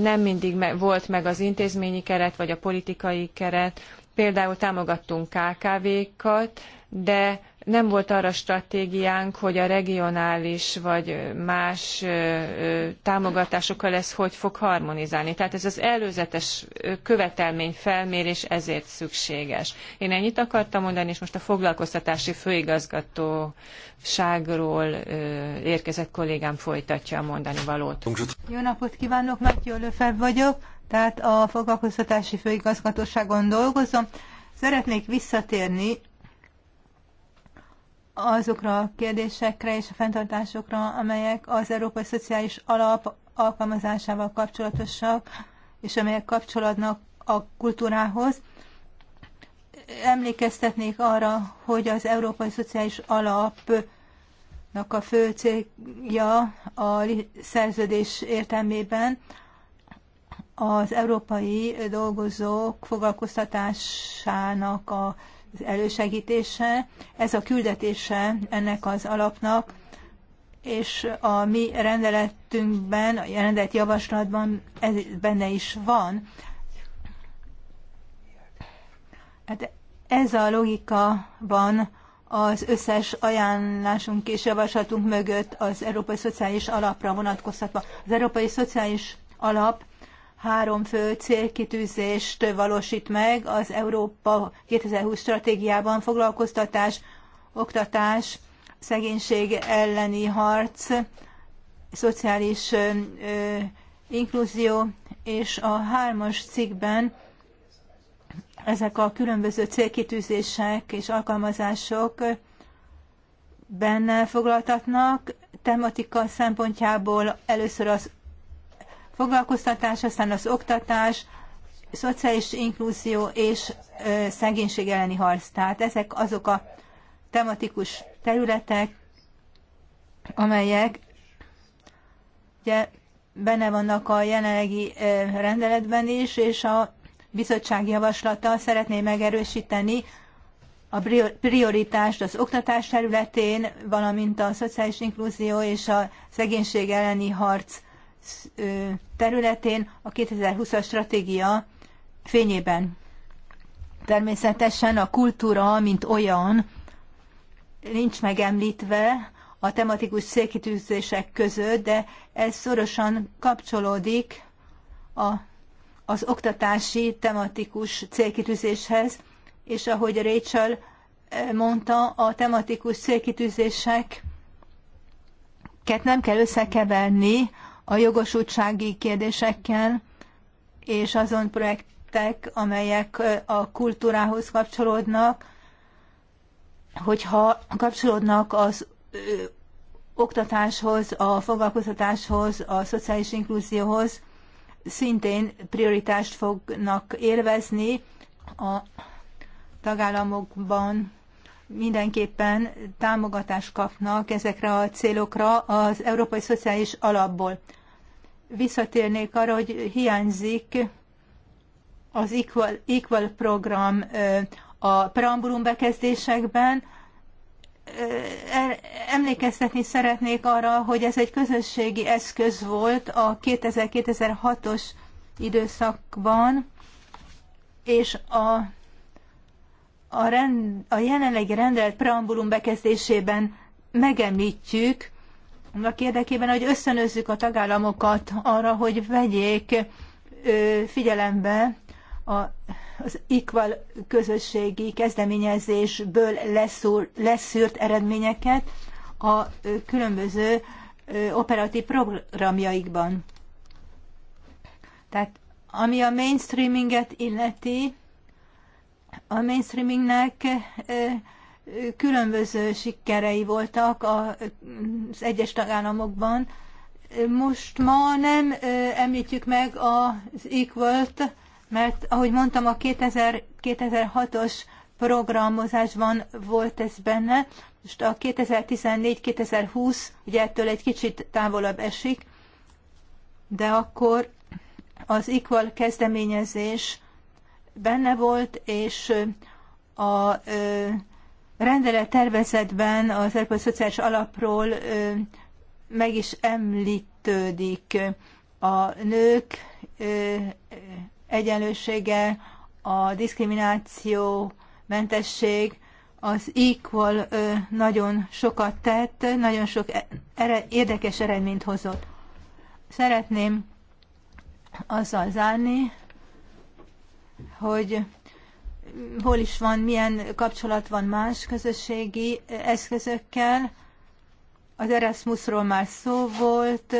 nem mindig volt meg az intézményi keret, vagy a politikai keret. Például támogattunk KKV-kat, de nem volt arra stratégiánk, hogy a regionális vagy más támogatásokkal ez hogy fog harmonizálni. Tehát ez az előzetes követelményfelmérés ezért szükséges. Én ennyit akartam mondani, és most a foglalkoztatási főigazgatóságról érkezett kollégám folytatja a mondani valót. Jó napot kívánok, Mátyó Löfev vagyok, tehát a foglalkoztatási főigazgatóságon dolgozom. Szeretnék visszatérni azokra a kérdésekre és a fenntartásokra, amelyek az Európai Szociális Alap alkalmazásával kapcsolatosak, és amelyek kapcsolódnak a kultúrához. Emlékeztetnék arra, hogy az Európai Szociális Alapnak a fő célja a szerződés értelmében az európai dolgozók foglalkoztatásának a elősegítése, ez a küldetése ennek az alapnak, és a mi rendeletünkben, a rendelet javaslatban ez benne is van. Hát ez a logika van az összes ajánlásunk és javaslatunk mögött az Európai Szociális Alapra vonatkoztatva. Az Európai Szociális Alap három fő célkitűzést valósít meg az Európa 2020 stratégiában foglalkoztatás, oktatás, szegénység elleni harc, szociális ö, ö, inkluzió, és a hármas cikkben ezek a különböző célkitűzések és alkalmazások benne foglaltatnak. Tematika szempontjából először az foglalkoztatás, aztán az oktatás, szociális inkluzió és szegénység elleni harc. Tehát ezek azok a tematikus területek, amelyek ugye benne vannak a jelenlegi rendeletben is, és a bizottság javaslata szeretné megerősíteni a prioritást az oktatás területén, valamint a szociális inkluzió és a szegénység elleni harc területén a 2020-as stratégia fényében. Természetesen a kultúra, mint olyan, nincs megemlítve a tematikus célkitűzések között, de ez szorosan kapcsolódik a, az oktatási tematikus célkitűzéshez, és ahogy Rachel mondta, a tematikus célkitűzéseket nem kell összekeverni a jogosultsági kérdésekkel, és azon projektek, amelyek a kultúrához kapcsolódnak, hogyha kapcsolódnak az ö, oktatáshoz, a foglalkoztatáshoz, a szociális inkluzióhoz, szintén prioritást fognak élvezni a tagállamokban mindenképpen támogatást kapnak ezekre a célokra az Európai Szociális Alapból visszatérnék arra, hogy hiányzik az Equal, Equal program a preambulum bekezdésekben. E, emlékeztetni szeretnék arra, hogy ez egy közösségi eszköz volt a 2000-2006-os időszakban, és a, a, rend, a jelenlegi rendelt preambulum bekezdésében megemlítjük annak érdekében, hogy ösztönözzük a tagállamokat arra, hogy vegyék figyelembe a, az Equal közösségi kezdeményezésből leszúr, leszűrt eredményeket a különböző operatív programjaikban. Tehát ami a mainstreaminget illeti, a mainstreamingnek különböző sikerei voltak az egyes tagállamokban. Most ma nem említjük meg az Equal-t, mert ahogy mondtam, a 2006-os programozásban volt ez benne, most a 2014-2020, ugye ettől egy kicsit távolabb esik, de akkor az Equal kezdeményezés benne volt, és a rendelet tervezetben az Európai Szociális Alapról meg is említődik a nők egyenlősége, a diszkrimináció, mentesség, az Equal nagyon sokat tett, nagyon sok e- érdekes eredményt hozott. Szeretném azzal zárni, hogy hol is van, milyen kapcsolat van más közösségi eh, eszközökkel. Az Erasmusról már szó volt,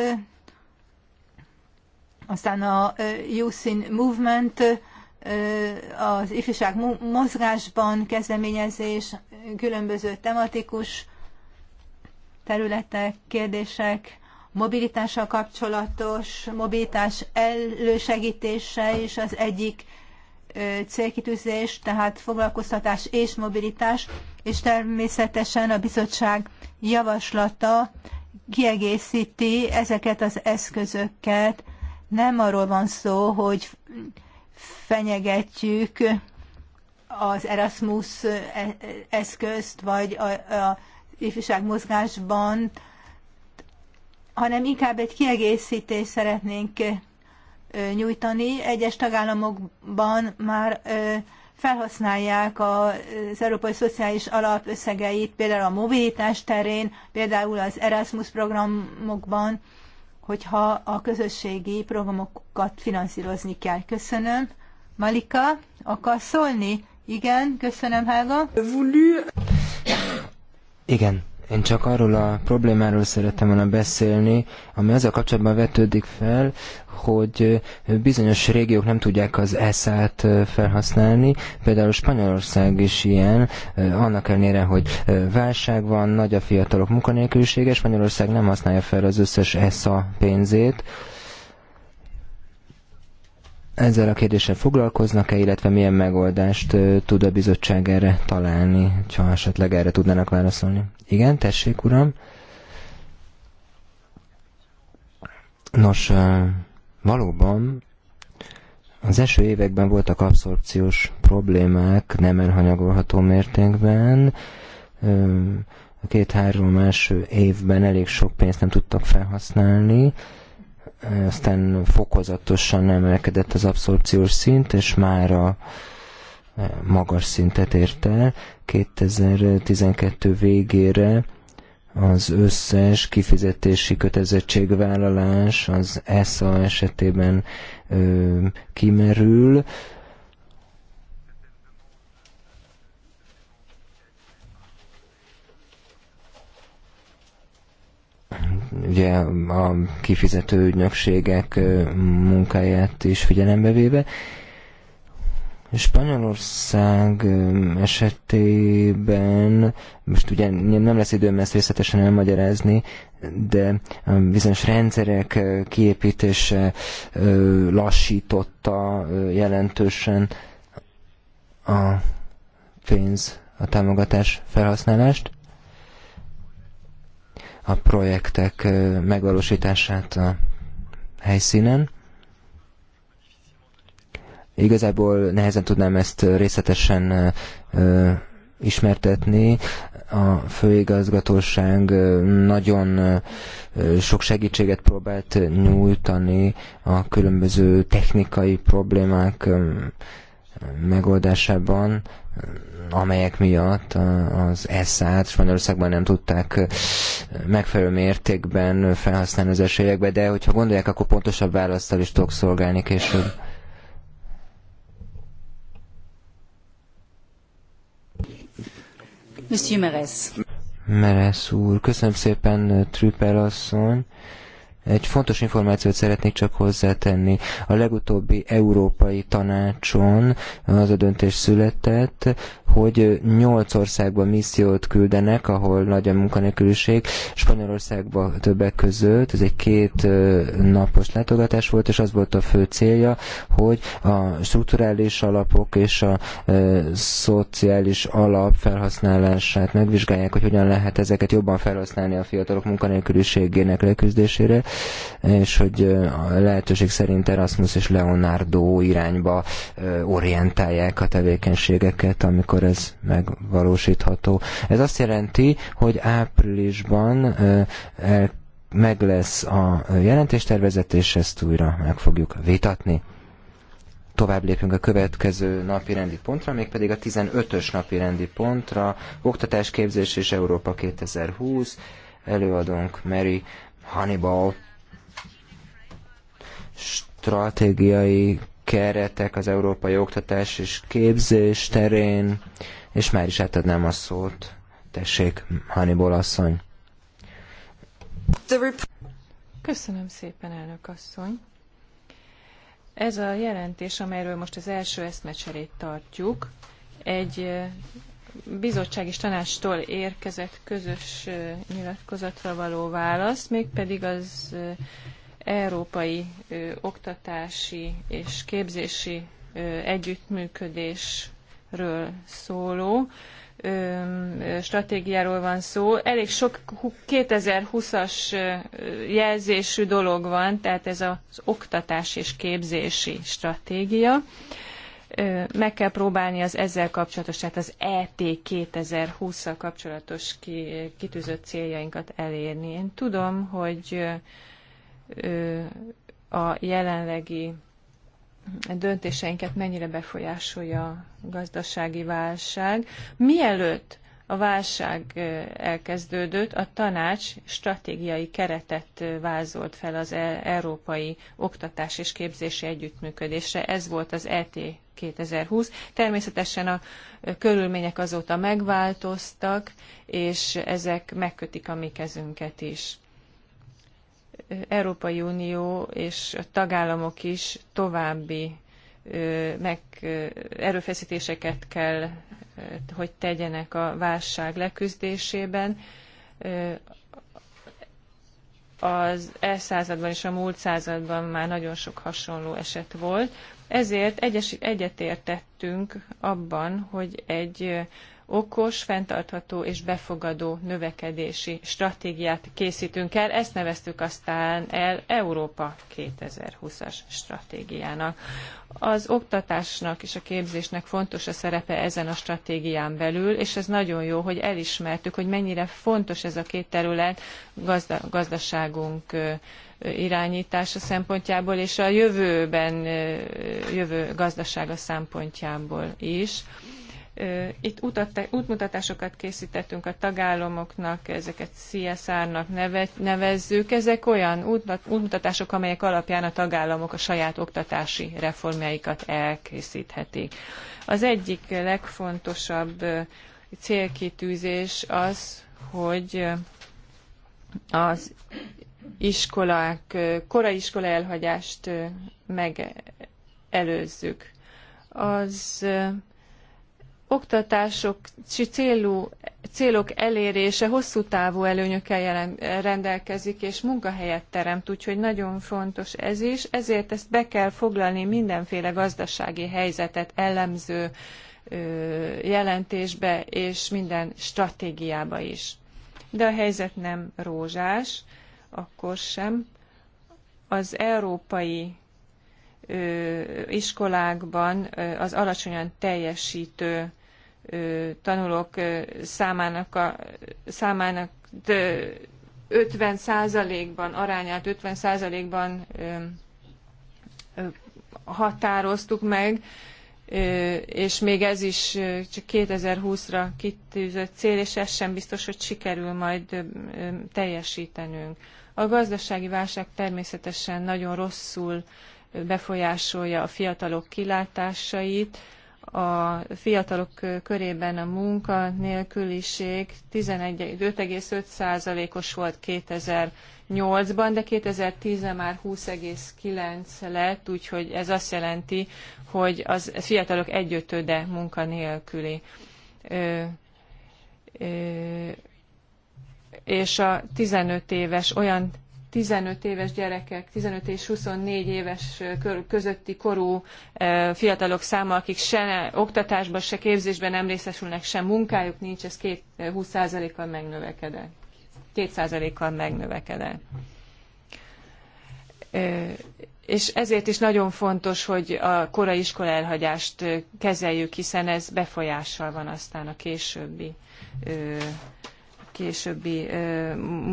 aztán a eh, Youth in Movement, eh, az ifjúság mozgásban kezdeményezés, különböző tematikus területek, kérdések, mobilitással kapcsolatos, mobilitás elősegítése is az egyik célkitűzés, tehát foglalkoztatás és mobilitás, és természetesen a bizottság javaslata kiegészíti ezeket az eszközöket. Nem arról van szó, hogy fenyegetjük az Erasmus eszközt, vagy a, a ifjúság mozgásban, hanem inkább egy kiegészítést szeretnénk nyújtani. Egyes tagállamokban már felhasználják az Európai Szociális Alap összegeit, például a mobilitás terén, például az Erasmus programokban, hogyha a közösségi programokat finanszírozni kell. Köszönöm. Malika, akar szólni? Igen, köszönöm, Helga. Igen, én csak arról a problémáról szerettem volna beszélni, ami a kapcsolatban vetődik fel, hogy bizonyos régiók nem tudják az ESZ-át felhasználni, például Spanyolország is ilyen, annak ellenére, hogy válság van, nagy a fiatalok munkanélkülisége, Spanyolország nem használja fel az összes ESZA pénzét, ezzel a kérdéssel foglalkoznak-e, illetve milyen megoldást tud a bizottság erre találni, ha esetleg erre tudnának válaszolni. Igen, tessék, uram. Nos, valóban az eső években voltak abszorpciós problémák, nem elhanyagolható mértékben. A két-három első évben elég sok pénzt nem tudtak felhasználni, aztán fokozatosan emelkedett az abszorpciós szint, és már a e, magas szintet ért el. 2012 végére az összes kifizetési kötelezettségvállalás az ESA esetében ö, kimerül, ugye a kifizető ügynökségek munkáját is figyelembe véve. Spanyolország esetében, most ugye nem lesz időm ezt részletesen elmagyarázni, de bizonyos rendszerek kiépítése lassította jelentősen a pénz, a támogatás felhasználást a projektek megvalósítását a helyszínen. Igazából nehezen tudnám ezt részletesen ismertetni. A főigazgatóság nagyon sok segítséget próbált nyújtani a különböző technikai problémák megoldásában, amelyek miatt az ESZ-át Spanyolországban nem tudták megfelelő mértékben felhasználni az esélyekbe, de hogyha gondolják, akkor pontosabb választal is tudok szolgálni később. Monsieur Meres. Meres úr, köszönöm szépen, Trüppel asszony. Egy fontos információt szeretnék csak hozzátenni. A legutóbbi Európai Tanácson az a döntés született, hogy nyolc országba missziót küldenek, ahol nagy a munkanélküliség, Spanyolországban többek között, ez egy két napos látogatás volt, és az volt a fő célja, hogy a strukturális alapok és a e, szociális alap felhasználását megvizsgálják, hogy hogyan lehet ezeket jobban felhasználni a fiatalok munkanélküliségének leküzdésére, és hogy a lehetőség szerint Erasmus és Leonardo irányba orientálják a tevékenységeket, amikor ez megvalósítható. Ez azt jelenti, hogy áprilisban el meg lesz a jelentéstervezet, és ezt újra meg fogjuk vitatni. Tovább lépünk a következő napi rendi pontra, mégpedig a 15-ös napi rendi pontra, oktatásképzés Képzés és Európa 2020, előadónk Mary Hannibal stratégiai keretek az európai oktatás és képzés terén, és már is átadnám a szót. Tessék, Hannibal asszony. Köszönöm szépen, elnök asszony. Ez a jelentés, amelyről most az első eszmecserét tartjuk, egy bizottság és érkezett közös nyilatkozatra való válasz, mégpedig az európai oktatási és képzési együttműködésről szóló stratégiáról van szó. Elég sok 2020-as jelzésű dolog van, tehát ez az oktatás és képzési stratégia. Meg kell próbálni az ezzel kapcsolatos, tehát az ET 2020-szal kapcsolatos kitűzött céljainkat elérni. Én tudom, hogy a jelenlegi döntéseinket mennyire befolyásolja a gazdasági válság. Mielőtt a válság elkezdődött, a tanács stratégiai keretet vázolt fel az e, európai oktatás és képzési együttműködésre. Ez volt az ET 2020. Természetesen a körülmények azóta megváltoztak, és ezek megkötik a mi kezünket is. Európai Unió és a tagállamok is további meg erőfeszítéseket kell, hogy tegyenek a válság leküzdésében. Az e században és a múlt században már nagyon sok hasonló eset volt, ezért egyetértettünk abban, hogy egy okos, fenntartható és befogadó növekedési stratégiát készítünk el. Ezt neveztük aztán el Európa 2020-as stratégiának. Az oktatásnak és a képzésnek fontos a szerepe ezen a stratégián belül, és ez nagyon jó, hogy elismertük, hogy mennyire fontos ez a két terület gazda gazdaságunk irányítása szempontjából, és a jövőben, jövő gazdasága szempontjából is itt útmutatásokat készítettünk a tagállamoknak, ezeket CSR-nak nevezzük. Ezek olyan útmutatások, amelyek alapján a tagállamok a saját oktatási reformjaikat elkészíthetik. Az egyik legfontosabb célkitűzés az, hogy az iskolák, korai iskola elhagyást megelőzzük. Az oktatási célú, célok elérése hosszú távú előnyökkel jelent, rendelkezik, és munkahelyet teremt, úgyhogy nagyon fontos ez is. Ezért ezt be kell foglalni mindenféle gazdasági helyzetet elemző ö, jelentésbe, és minden stratégiába is. De a helyzet nem rózsás, akkor sem. Az európai ö, iskolákban ö, az alacsonyan teljesítő tanulók számának, a, számának 50%-ban, arányát 50%-ban határoztuk meg, és még ez is csak 2020-ra kitűzött cél, és ez sem biztos, hogy sikerül majd teljesítenünk. A gazdasági válság természetesen nagyon rosszul befolyásolja a fiatalok kilátásait, a fiatalok körében a munkanélküliség 5,5%-os volt 2008-ban, de 2010-ben már 20,9 lett, úgyhogy ez azt jelenti, hogy az fiatalok egyötöde munkanélküli. Ö, ö, és a 15 éves olyan 15 éves gyerekek, 15 és 24 éves közötti korú fiatalok száma, akik se oktatásban, se képzésben nem részesülnek, sem munkájuk nincs, ez 20%-kal megnövekedett. 2%-kal megnövekedett. És ezért is nagyon fontos, hogy a korai iskola elhagyást kezeljük, hiszen ez befolyással van aztán a későbbi későbbi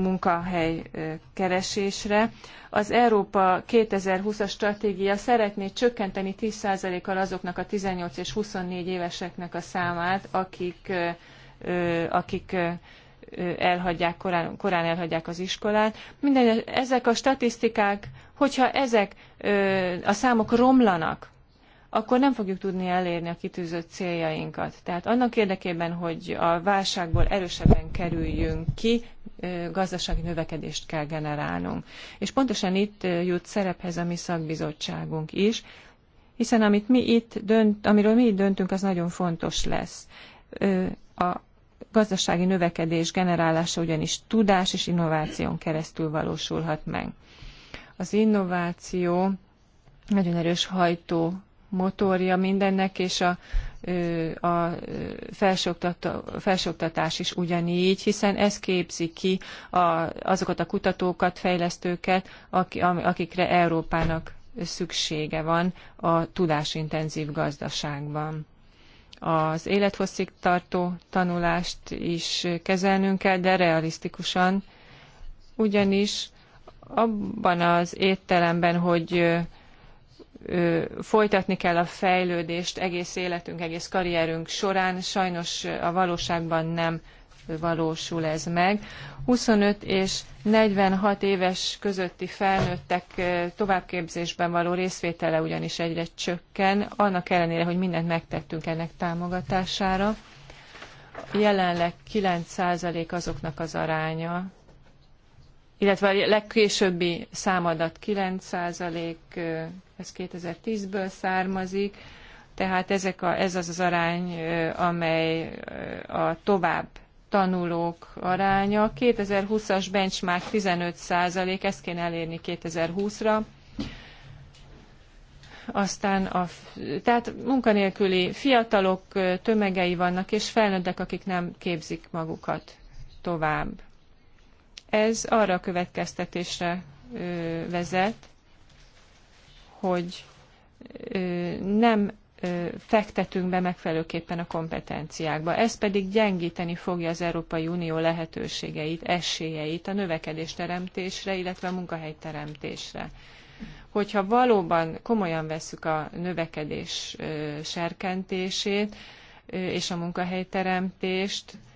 munkahely keresésre. Az Európa 2020-as stratégia szeretné csökkenteni 10%-kal azoknak a 18 és 24 éveseknek a számát, akik, akik elhagyják, korán, korán elhagyják az iskolát. Minden, ezek a statisztikák, hogyha ezek a számok romlanak, akkor nem fogjuk tudni elérni a kitűzött céljainkat. Tehát annak érdekében, hogy a válságból erősebben kerüljünk ki, gazdasági növekedést kell generálnunk. És pontosan itt jut szerephez a mi szakbizottságunk is, hiszen amit mi itt dönt, amiről mi itt döntünk, az nagyon fontos lesz. A gazdasági növekedés generálása ugyanis tudás és innováción keresztül valósulhat meg. Az innováció nagyon erős hajtó motorja mindennek, és a, a felsőoktatás is ugyanígy, hiszen ez képzi ki a, azokat a kutatókat, fejlesztőket, akikre Európának szüksége van a tudásintenzív gazdaságban. Az élethosszig tartó tanulást is kezelnünk kell, de realisztikusan, ugyanis abban az étteremben, hogy folytatni kell a fejlődést egész életünk, egész karrierünk során. Sajnos a valóságban nem valósul ez meg. 25 és 46 éves közötti felnőttek továbbképzésben való részvétele ugyanis egyre csökken, annak ellenére, hogy mindent megtettünk ennek támogatására. Jelenleg 9% azoknak az aránya, illetve a legkésőbbi számadat 9%, ez 2010-ből származik, tehát ezek a, ez az az arány, amely a tovább tanulók aránya. 2020-as benchmark 15%, ezt kéne elérni 2020-ra. Aztán a, tehát munkanélküli fiatalok tömegei vannak, és felnőttek, akik nem képzik magukat tovább. Ez arra a következtetésre vezet, hogy nem fektetünk be megfelelőképpen a kompetenciákba. Ez pedig gyengíteni fogja az Európai Unió lehetőségeit, esélyeit a növekedés teremtésre, illetve a munkahely teremtésre. Hogyha valóban komolyan vesszük a növekedés serkentését és a munkahelyteremtést, teremtést,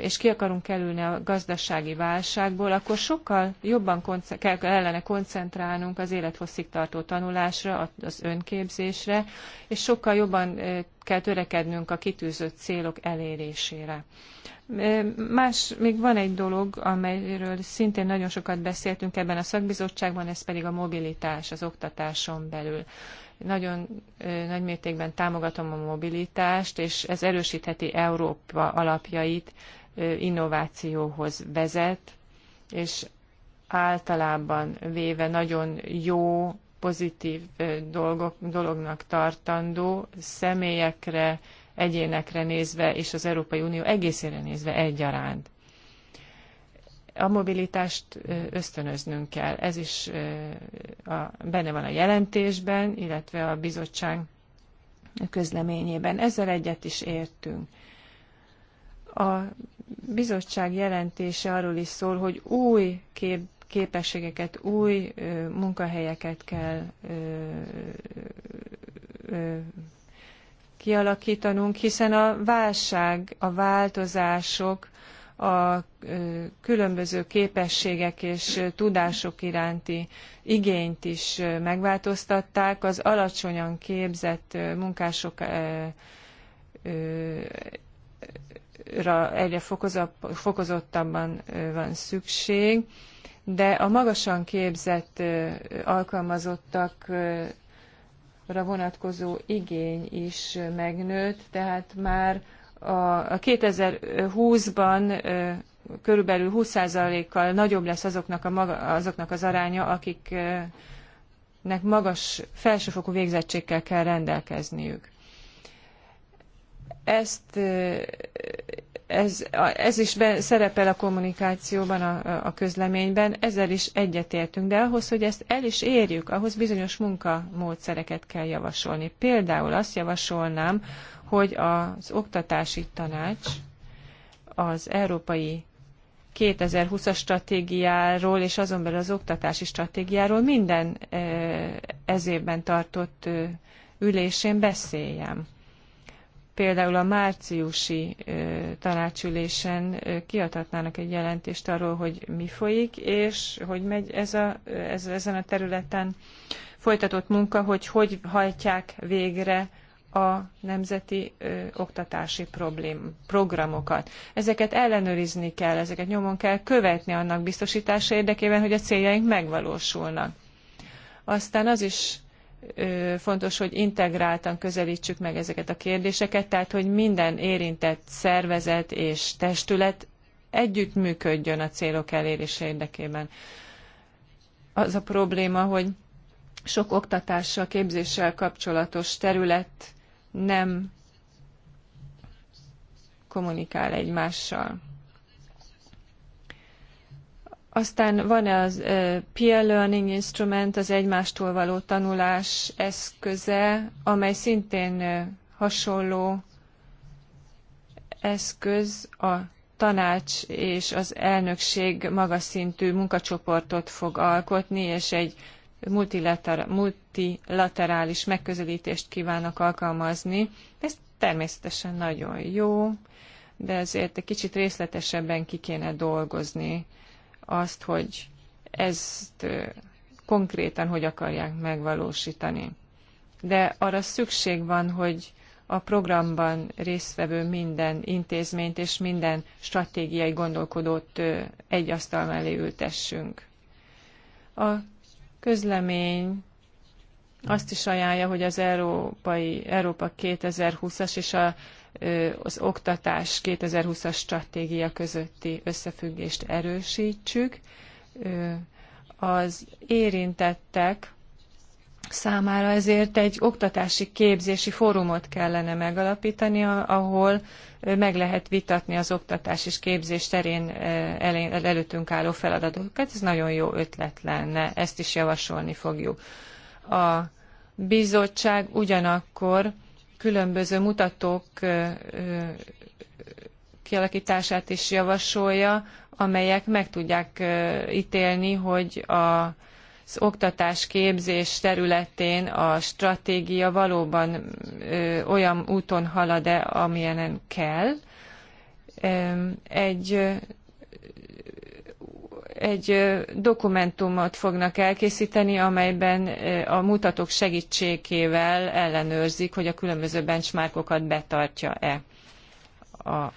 és ki akarunk kerülni a gazdasági válságból, akkor sokkal jobban kell, kellene koncentrálnunk az élethosszígtartó tanulásra, az önképzésre, és sokkal jobban kell törekednünk a kitűzött célok elérésére. Más, még van egy dolog, amelyről szintén nagyon sokat beszéltünk ebben a szakbizottságban, ez pedig a mobilitás az oktatáson belül nagyon nagy mértékben támogatom a mobilitást, és ez erősítheti Európa alapjait, innovációhoz vezet, és általában véve nagyon jó, pozitív dolgok, dolognak tartandó személyekre, egyénekre nézve és az Európai Unió egészére nézve egyaránt a mobilitást ösztönöznünk kell. Ez is a, benne van a jelentésben, illetve a bizottság közleményében. Ezzel egyet is értünk. A bizottság jelentése arról is szól, hogy új kép, képességeket, új ö, munkahelyeket kell ö, ö, kialakítanunk, hiszen a válság, a változások a különböző képességek és tudások iránti igényt is megváltoztatták, az alacsonyan képzett munkások egyre fokozottabban van szükség, de a magasan képzett alkalmazottak vonatkozó igény is megnőtt, tehát már a 2020-ban körülbelül 20%-kal nagyobb lesz azoknak, a maga, azoknak az aránya, akiknek magas felsőfokú végzettséggel kell rendelkezniük. Ezt, ez, ez is be, szerepel a kommunikációban, a, a közleményben, ezzel is egyetértünk, de ahhoz, hogy ezt el is érjük, ahhoz bizonyos munkamódszereket kell javasolni. Például azt javasolnám, hogy az oktatási tanács az európai 2020-as stratégiáról és azon belül az oktatási stratégiáról minden ez évben tartott ülésén beszéljem. Például a márciusi tanácsülésen kiadhatnának egy jelentést arról, hogy mi folyik, és hogy megy ez a, ez, ezen a területen folytatott munka, hogy hogy hajtják végre a nemzeti ö, oktatási problém, programokat. Ezeket ellenőrizni kell, ezeket nyomon kell követni annak biztosítása érdekében, hogy a céljaink megvalósulnak. Aztán az is ö, fontos, hogy integráltan közelítsük meg ezeket a kérdéseket, tehát hogy minden érintett szervezet és testület együttműködjön a célok elérése érdekében. Az a probléma, hogy sok oktatással, képzéssel kapcsolatos terület nem kommunikál egymással. Aztán van az peer learning instrument, az egymástól való tanulás eszköze, amely szintén hasonló eszköz a tanács és az elnökség magas szintű munkacsoportot fog alkotni, és egy multilaterális megközelítést kívánnak alkalmazni. Ez természetesen nagyon jó, de ezért egy kicsit részletesebben ki kéne dolgozni azt, hogy ezt konkrétan hogy akarják megvalósítani. De arra szükség van, hogy a programban résztvevő minden intézményt és minden stratégiai gondolkodót egy asztal mellé ültessünk. A közlemény azt is ajánlja, hogy az Európai, Európa 2020-as és a, az oktatás 2020-as stratégia közötti összefüggést erősítsük. Az érintettek számára ezért egy oktatási képzési fórumot kellene megalapítani, ahol meg lehet vitatni az oktatás és képzés terén előttünk álló feladatokat. Ez nagyon jó ötlet lenne, ezt is javasolni fogjuk. A bizottság ugyanakkor különböző mutatók kialakítását is javasolja, amelyek meg tudják ítélni, hogy a az oktatás képzés területén a stratégia valóban olyan úton halad-e, amilyenen kell. Egy egy dokumentumot fognak elkészíteni, amelyben a mutatók segítségével ellenőrzik, hogy a különböző benchmarkokat betartja-e a, a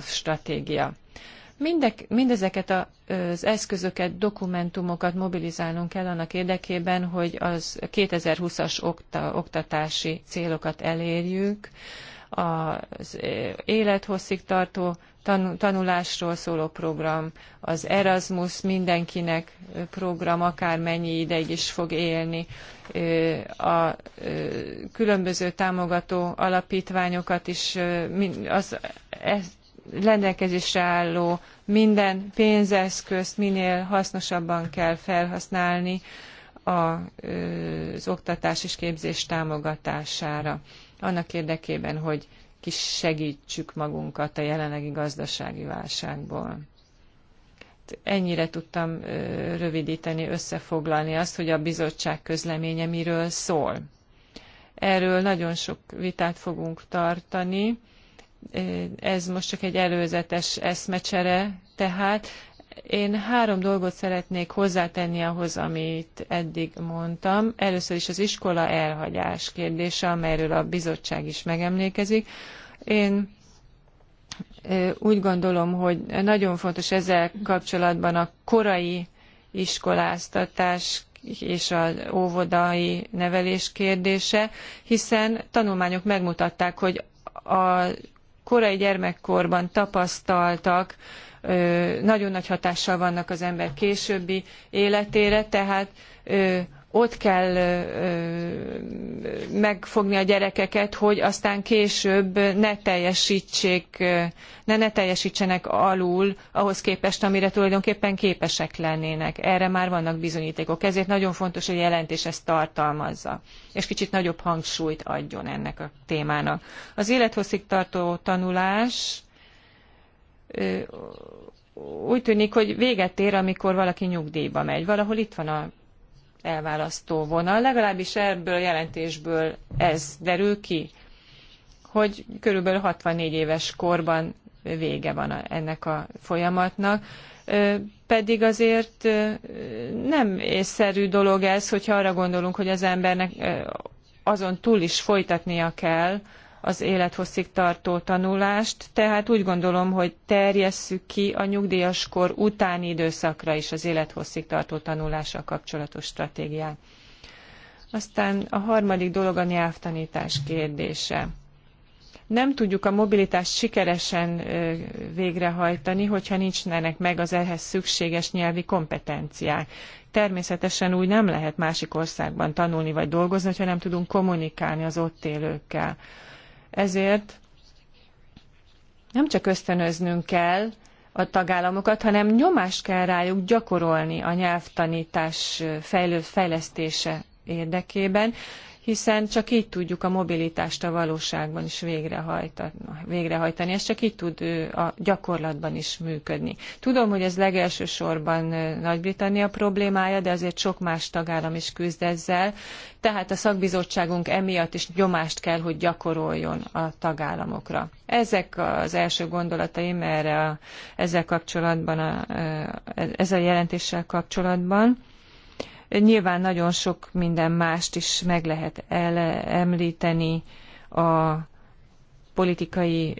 stratégia. Mindek, mindezeket az eszközöket, dokumentumokat mobilizálnunk kell annak érdekében, hogy az 2020-as okta, oktatási célokat elérjük, az élethosszig tartó tanulásról szóló program, az Erasmus mindenkinek program, akármennyi ideig is fog élni, a különböző támogató alapítványokat is, az e, rendelkezésre álló minden pénzeszközt minél hasznosabban kell felhasználni az oktatás és képzés támogatására. Annak érdekében, hogy kisegítsük magunkat a jelenlegi gazdasági válságból. Ennyire tudtam rövidíteni, összefoglalni azt, hogy a bizottság közleménye miről szól. Erről nagyon sok vitát fogunk tartani ez most csak egy előzetes eszmecsere, tehát én három dolgot szeretnék hozzátenni ahhoz, amit eddig mondtam. Először is az iskola elhagyás kérdése, amelyről a bizottság is megemlékezik. Én úgy gondolom, hogy nagyon fontos ezzel kapcsolatban a korai iskoláztatás és az óvodai nevelés kérdése, hiszen tanulmányok megmutatták, hogy a korai gyermekkorban tapasztaltak, nagyon nagy hatással vannak az ember későbbi életére, tehát ott kell megfogni a gyerekeket, hogy aztán később ne teljesítsék, ne, ne teljesítsenek alul ahhoz képest, amire tulajdonképpen képesek lennének. Erre már vannak bizonyítékok. Ezért nagyon fontos, hogy a jelentés ezt tartalmazza, és kicsit nagyobb hangsúlyt adjon ennek a témának. Az tartó tanulás úgy tűnik, hogy véget ér, amikor valaki nyugdíjba megy. Valahol itt van a elválasztó vonal. Legalábbis ebből a jelentésből ez derül ki, hogy körülbelül 64 éves korban vége van ennek a folyamatnak. Pedig azért nem észszerű dolog ez, hogyha arra gondolunk, hogy az embernek azon túl is folytatnia kell, az élethosszig tartó tanulást, tehát úgy gondolom, hogy terjesszük ki a kor utáni időszakra is az élethosszig tartó tanulással kapcsolatos stratégiát. Aztán a harmadik dolog a nyelvtanítás kérdése. Nem tudjuk a mobilitást sikeresen végrehajtani, hogyha nincsenek meg az ehhez szükséges nyelvi kompetenciák. Természetesen úgy nem lehet másik országban tanulni vagy dolgozni, hogyha nem tudunk kommunikálni az ott élőkkel. Ezért nem csak ösztönöznünk kell a tagállamokat, hanem nyomást kell rájuk gyakorolni a nyelvtanítás fejlesztése érdekében, hiszen csak így tudjuk a mobilitást a valóságban is végrehajtani. Ez csak így tud a gyakorlatban is működni. Tudom, hogy ez legelsősorban Nagy-Britannia problémája, de azért sok más tagállam is küzd ezzel, tehát a szakbizottságunk emiatt is nyomást kell, hogy gyakoroljon a tagállamokra. Ezek az első gondolataim erre a, ezzel kapcsolatban, a, ezzel a jelentéssel kapcsolatban. Nyilván nagyon sok minden mást is meg lehet említeni a politikai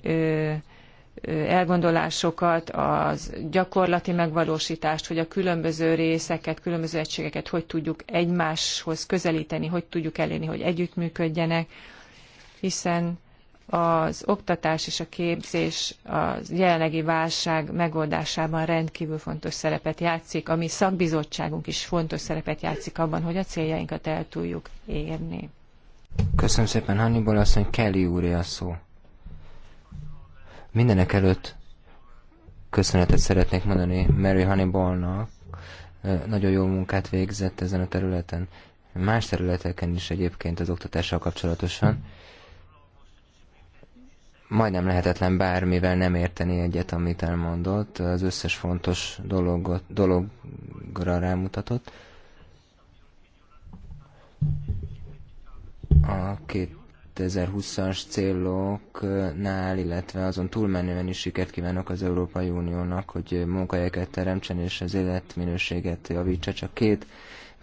elgondolásokat, az gyakorlati megvalósítást, hogy a különböző részeket, különböző egységeket hogy tudjuk egymáshoz közelíteni, hogy tudjuk elérni, hogy együttműködjenek, hiszen az oktatás és a képzés a jelenlegi válság megoldásában rendkívül fontos szerepet játszik, ami szakbizottságunk is fontos szerepet játszik abban, hogy a céljainkat el tudjuk érni. Köszönöm szépen, Hannibal asszony, Kelly a szó. Mindenek előtt köszönetet szeretnék mondani Mary Hannibalnak, nagyon jó munkát végzett ezen a területen, más területeken is egyébként az oktatással kapcsolatosan. Mm majdnem lehetetlen bármivel nem érteni egyet, amit elmondott, az összes fontos dologot, dologra rámutatott. A 2020-as céloknál, illetve azon túlmenően is sikert kívánok az Európai Uniónak, hogy munkahelyeket teremtsen és az életminőséget javítsa. Csak két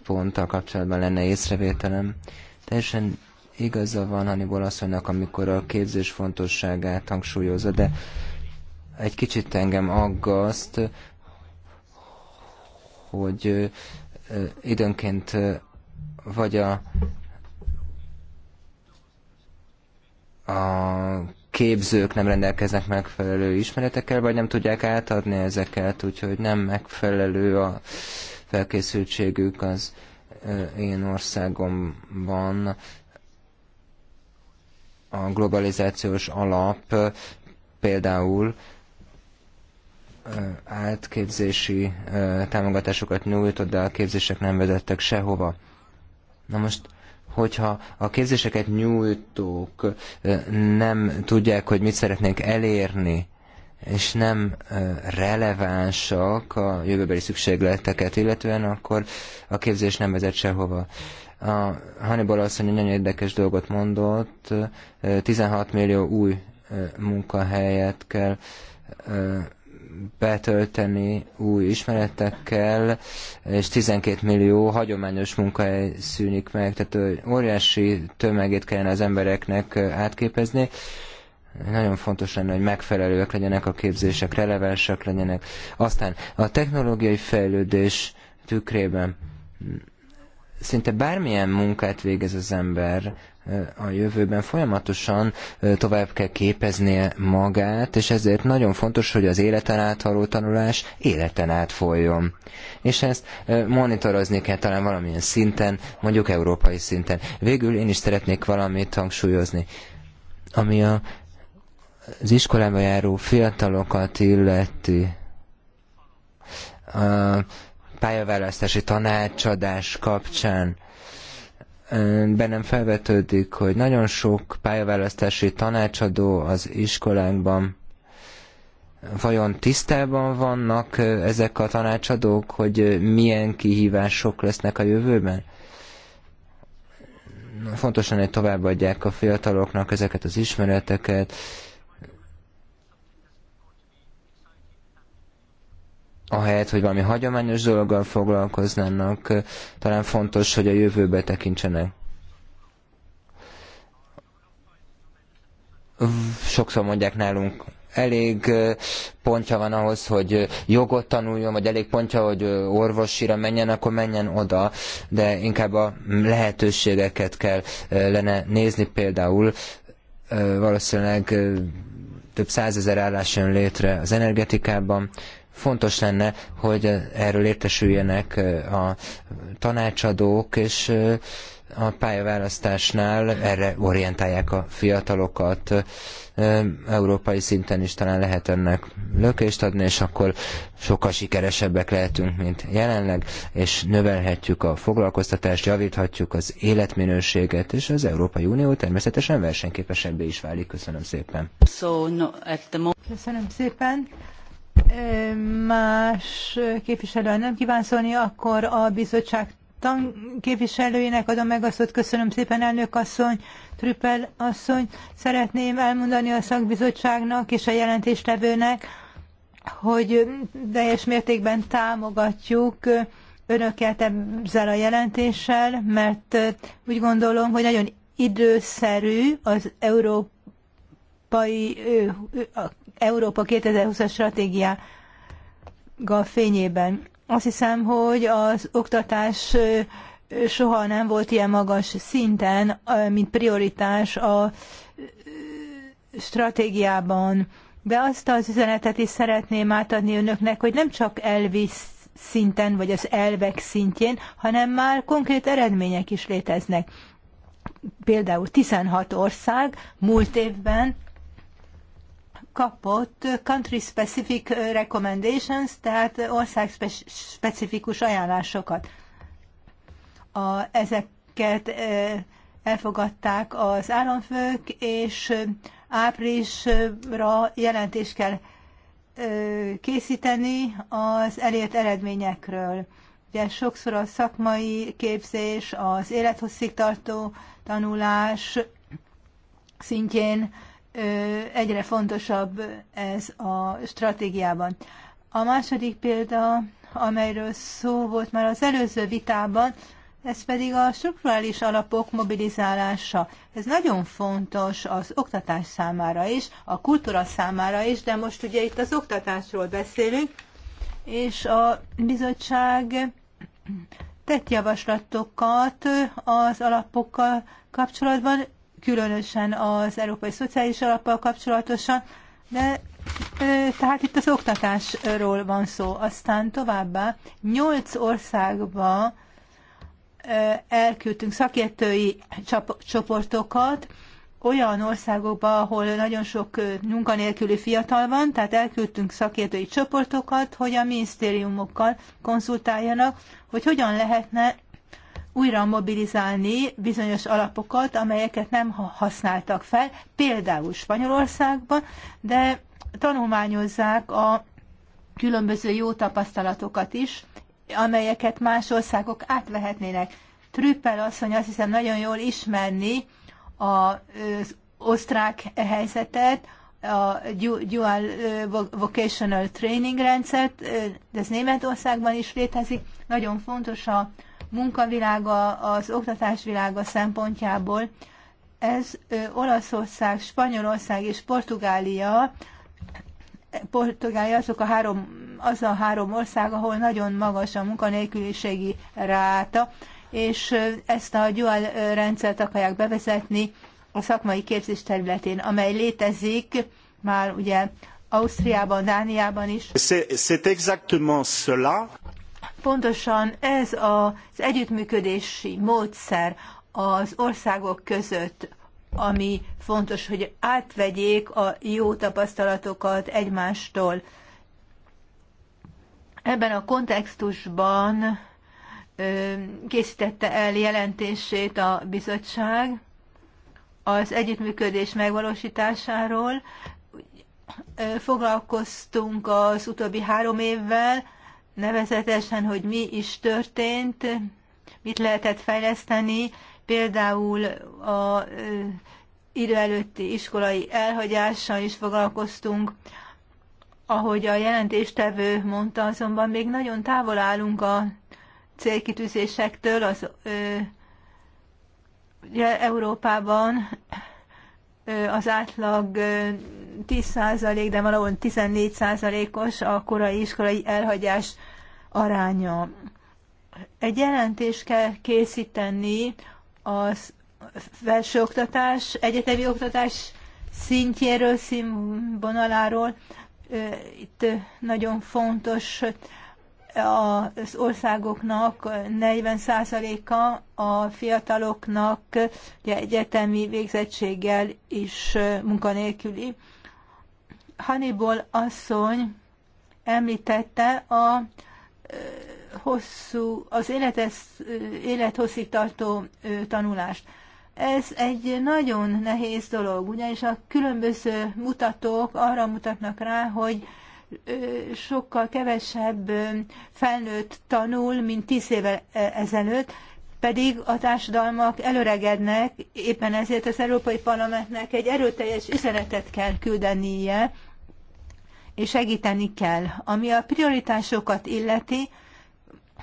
ponttal kapcsolatban lenne észrevételem. Teljesen Igaza van Hannibal asszonynak, amikor a képzés fontosságát hangsúlyozza, de egy kicsit engem aggaszt, hogy időnként vagy a, a képzők nem rendelkeznek megfelelő ismeretekkel, vagy nem tudják átadni ezeket, úgyhogy nem megfelelő a felkészültségük az én országomban a globalizációs alap például átképzési támogatásokat nyújtott, de a képzések nem vezettek sehova. Na most, hogyha a képzéseket nyújtók nem tudják, hogy mit szeretnénk elérni, és nem relevánsak a jövőbeli szükségleteket illetően, akkor a képzés nem vezet sehova. A Hannibal asszony nagyon érdekes dolgot mondott, 16 millió új munkahelyet kell betölteni új ismeretekkel, és 12 millió hagyományos munkahely szűnik meg, tehát óriási tömegét kellene az embereknek átképezni. Nagyon fontos lenne, hogy megfelelőek legyenek a képzések, relevánsak legyenek. Aztán a technológiai fejlődés tükrében szinte bármilyen munkát végez az ember a jövőben, folyamatosan tovább kell képeznie magát, és ezért nagyon fontos, hogy az életen át való tanulás életen át folyjon. És ezt monitorozni kell talán valamilyen szinten, mondjuk európai szinten. Végül én is szeretnék valamit hangsúlyozni, ami a, az iskolába járó fiatalokat illeti. A, pályaválasztási tanácsadás kapcsán bennem felvetődik, hogy nagyon sok pályaválasztási tanácsadó az iskolánkban vajon tisztában vannak ezek a tanácsadók, hogy milyen kihívások lesznek a jövőben? Fontosan, hogy továbbadják a fiataloknak ezeket az ismereteket, ahelyett, hogy valami hagyományos dologgal foglalkoznának, talán fontos, hogy a jövőbe tekintsenek. Sokszor mondják nálunk, elég pontja van ahhoz, hogy jogot tanuljon, vagy elég pontja, hogy orvosira menjen, akkor menjen oda, de inkább a lehetőségeket kell lenne nézni például, valószínűleg több százezer állás jön létre az energetikában, Fontos lenne, hogy eh, erről értesüljenek eh, a tanácsadók, és eh, a pályaválasztásnál erre orientálják a fiatalokat. Európai szinten is talán lehet ennek lökést adni, és akkor sokkal sikeresebbek lehetünk, mint jelenleg, és növelhetjük a foglalkoztatást, javíthatjuk az életminőséget, és az Európai Unió természetesen versenyképesebbé is válik. Köszönöm szépen. Köszönöm szépen más képviselő nem kíván szólni, akkor a bizottság képviselőinek képviselőjének adom meg a szót. Köszönöm szépen, elnök asszony, Trüppel asszony. Szeretném elmondani a szakbizottságnak és a jelentéstevőnek, hogy teljes mértékben támogatjuk önöket ezzel a jelentéssel, mert úgy gondolom, hogy nagyon időszerű az európai Európa 2020-as stratégia fényében. Azt hiszem, hogy az oktatás soha nem volt ilyen magas szinten, mint prioritás a stratégiában. De azt az üzenetet is szeretném átadni önöknek, hogy nem csak elvisz szinten, vagy az elvek szintjén, hanem már konkrét eredmények is léteznek. Például 16 ország múlt évben kapott country specific recommendations, tehát országspecifikus ajánlásokat. A, ezeket elfogadták az államfők, és áprilisra jelentés kell készíteni az elért eredményekről. Ugye sokszor a szakmai képzés, az élethosszígtartó tanulás szintjén egyre fontosabb ez a stratégiában. A második példa, amelyről szó volt már az előző vitában, ez pedig a strukturális alapok mobilizálása. Ez nagyon fontos az oktatás számára is, a kultúra számára is, de most ugye itt az oktatásról beszélünk, és a bizottság tett javaslatokat az alapokkal kapcsolatban, különösen az Európai Szociális Alappal kapcsolatosan, de tehát itt az oktatásról van szó. Aztán továbbá nyolc országba elküldtünk szakértői csoportokat, olyan országokba, ahol nagyon sok munkanélküli fiatal van, tehát elküldtünk szakértői csoportokat, hogy a minisztériumokkal konzultáljanak, hogy hogyan lehetne újra mobilizálni bizonyos alapokat, amelyeket nem használtak fel, például Spanyolországban, de tanulmányozzák a különböző jó tapasztalatokat is, amelyeket más országok átvehetnének. Trüppel asszony azt hiszem nagyon jól ismerni az osztrák helyzetet, a dual vocational training rendszert, de ez Németországban is létezik. Nagyon fontos a munkavilága, az oktatás világa szempontjából. Ez Olaszország, Spanyolország és Portugália, Portugália azok a három, az a három ország, ahol nagyon magas a munkanélküliségi ráta, és ezt a dual rendszert akarják bevezetni a szakmai képzés területén, amely létezik már ugye Ausztriában, Dániában is. C'est exactement cela. Pontosan ez az együttműködési módszer az országok között, ami fontos, hogy átvegyék a jó tapasztalatokat egymástól. Ebben a kontextusban készítette el jelentését a bizottság az együttműködés megvalósításáról. Foglalkoztunk az utóbbi három évvel, nevezetesen, hogy mi is történt, mit lehetett fejleszteni, például a idő előtti iskolai elhagyással is foglalkoztunk. Ahogy a jelentéstevő mondta, azonban még nagyon távol állunk a célkitűzésektől, az ö, ugye Európában az átlag 10%, de valahol 14%-os a korai iskolai elhagyás aránya. Egy jelentést kell készíteni az felsőoktatás, egyetemi oktatás szintjéről, színvonaláról. Itt nagyon fontos az országoknak 40%-a a fiataloknak ugye, egyetemi végzettséggel is munkanélküli. Hannibal asszony említette a hosszú, az életes, élethosszígtartó tanulást. Ez egy nagyon nehéz dolog, ugyanis a különböző mutatók arra mutatnak rá, hogy sokkal kevesebb felnőtt tanul, mint tíz évvel ezelőtt, pedig a társadalmak előregednek, éppen ezért az Európai Parlamentnek egy erőteljes üzenetet kell küldenie, és segíteni kell. Ami a prioritásokat illeti,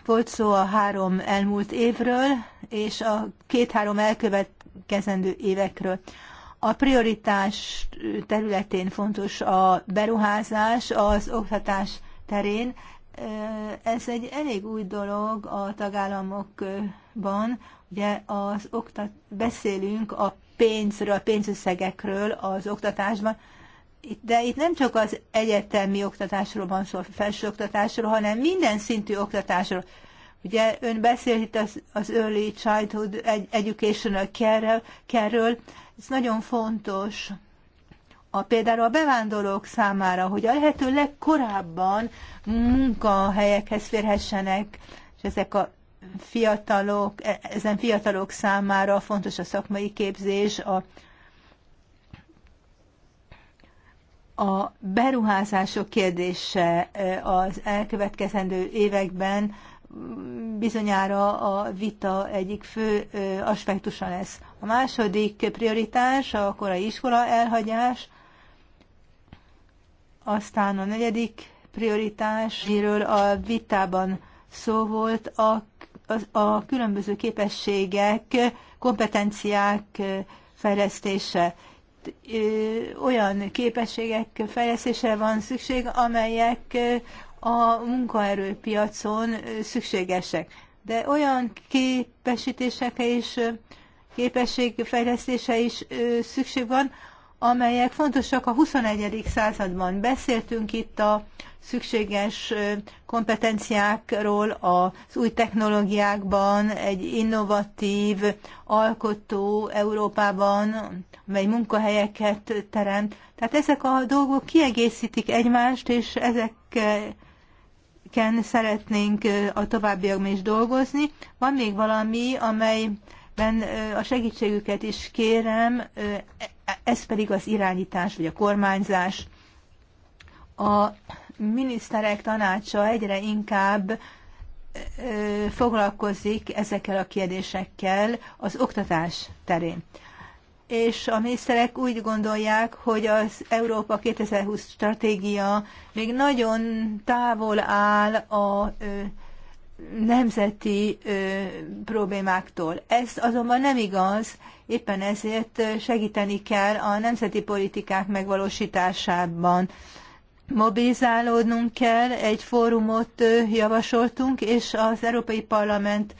volt szó a három elmúlt évről, és a két-három elkövetkezendő évekről. A prioritás területén fontos a beruházás az oktatás terén. Ez egy elég új dolog a tagállamokban. Ugye az oktat, beszélünk a pénzről, a pénzösszegekről az oktatásban, de itt nem csak az egyetemi oktatásról van szó, felsőoktatásról, hanem minden szintű oktatásról. Ugye ön beszélt itt az, az Early Childhood Educational Care-ről, ez nagyon fontos a, például a bevándorlók számára, hogy a lehető legkorábban munkahelyekhez férhessenek, és ezek a fiatalok, e, ezen fiatalok számára fontos a szakmai képzés, a, a beruházások kérdése e, az elkövetkezendő években bizonyára a vita egyik fő e, aspektusa lesz. A második prioritás a korai iskola elhagyás, aztán a negyedik prioritás, miről a vitában szó volt, a, a, a különböző képességek, kompetenciák fejlesztése. Olyan képességek fejlesztése van szükség, amelyek a munkaerőpiacon szükségesek. De olyan képesítések is képességfejlesztése is szükség van, amelyek fontosak a 21. században. Beszéltünk itt a szükséges kompetenciákról az új technológiákban, egy innovatív, alkotó Európában, amely munkahelyeket teremt. Tehát ezek a dolgok kiegészítik egymást, és ezeken szeretnénk a továbbiakban is dolgozni. Van még valami, amely ben a segítségüket is kérem, ez pedig az irányítás vagy a kormányzás. A miniszterek tanácsa egyre inkább foglalkozik ezekkel a kérdésekkel az oktatás terén. És a miniszterek úgy gondolják, hogy az Európa 2020 stratégia még nagyon távol áll a nemzeti ö, problémáktól. Ez azonban nem igaz, éppen ezért segíteni kell a nemzeti politikák megvalósításában. Mobilizálódnunk kell, egy fórumot ö, javasoltunk, és az Európai Parlament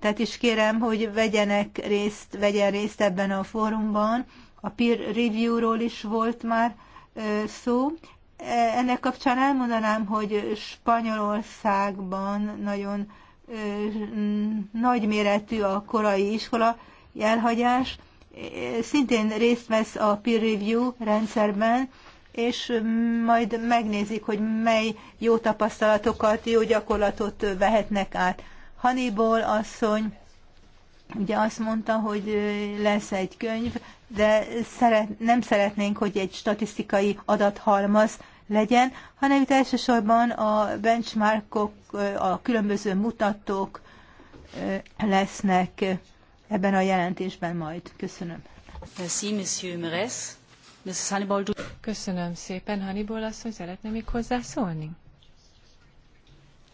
tehát is kérem, hogy vegyenek részt, vegyen részt ebben a fórumban. A peer review-ról is volt már ö, szó. Ennek kapcsán elmondanám, hogy Spanyolországban nagyon nagyméretű a korai iskola elhagyás, szintén részt vesz a peer review rendszerben, és majd megnézik, hogy mely jó tapasztalatokat, jó gyakorlatot vehetnek át. Hannibal asszony ugye azt mondta, hogy lesz egy könyv, de szeret, nem szeretnénk, hogy egy statisztikai adathalmaz legyen, hanem itt elsősorban a benchmarkok, a különböző mutatók lesznek ebben a jelentésben majd. Köszönöm. Merci, Monsieur Meres. Mrs. Hannibal, Köszönöm szépen, Hannibal asszony, szeretném még hozzászólni?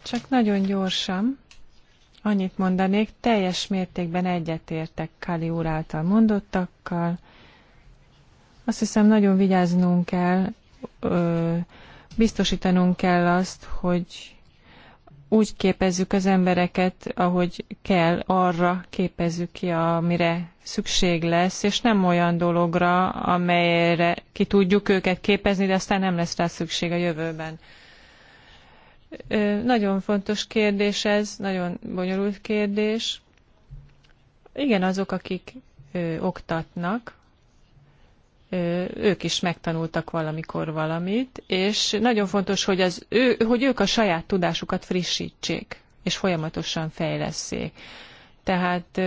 Csak nagyon gyorsan, annyit mondanék, teljes mértékben egyetértek Kali úr által mondottakkal, azt hiszem, nagyon vigyáznunk kell, biztosítanunk kell azt, hogy úgy képezzük az embereket, ahogy kell, arra képezzük ki, amire szükség lesz, és nem olyan dologra, amelyre ki tudjuk őket képezni, de aztán nem lesz rá szükség a jövőben. Nagyon fontos kérdés ez, nagyon bonyolult kérdés. Igen, azok, akik ö, oktatnak, ők is megtanultak valamikor valamit, és nagyon fontos, hogy, az ő, hogy ők a saját tudásukat frissítsék, és folyamatosan fejleszék. Tehát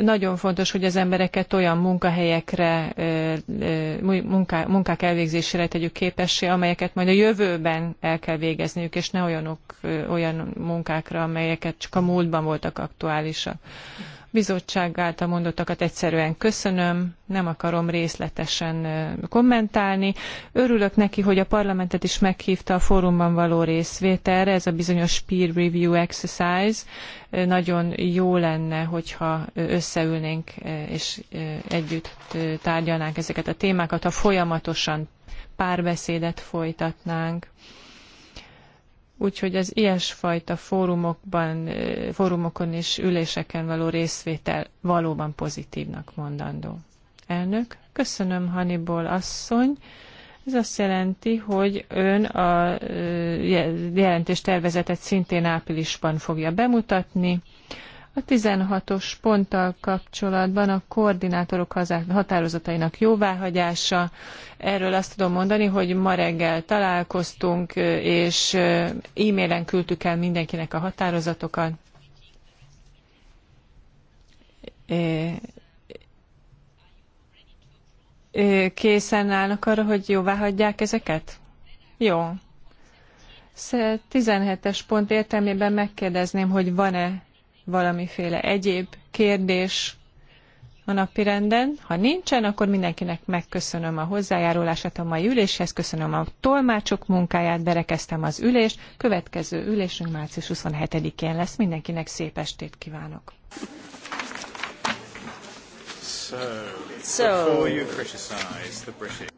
nagyon fontos, hogy az embereket olyan munkahelyekre, munká, munkák elvégzésére tegyük képessé, amelyeket majd a jövőben el kell végezniük, és ne olyanok, olyan munkákra, amelyeket csak a múltban voltak aktuálisak bizottság által mondottakat egyszerűen köszönöm, nem akarom részletesen kommentálni. Örülök neki, hogy a parlamentet is meghívta a fórumban való részvételre, ez a bizonyos peer review exercise. Nagyon jó lenne, hogyha összeülnénk és együtt tárgyalnánk ezeket a témákat, ha folyamatosan párbeszédet folytatnánk. Úgyhogy az ilyesfajta fórumokban, fórumokon és üléseken való részvétel valóban pozitívnak mondandó. Elnök, köszönöm Haniból asszony. Ez azt jelenti, hogy ön a jelentéstervezetet szintén áprilisban fogja bemutatni. A 16-os ponttal kapcsolatban a koordinátorok határozatainak jóváhagyása. Erről azt tudom mondani, hogy ma reggel találkoztunk, és e-mailen küldtük el mindenkinek a határozatokat. Készen állnak arra, hogy jóváhagyják ezeket? Jó. 17-es pont értelmében megkérdezném, hogy van-e valamiféle egyéb kérdés a napirenden. Ha nincsen, akkor mindenkinek megköszönöm a hozzájárulását a mai üléshez, köszönöm a tolmácsok munkáját, berekeztem az ülést. Következő ülésünk március 27-én lesz. Mindenkinek szép estét kívánok. So, so before you criticize the British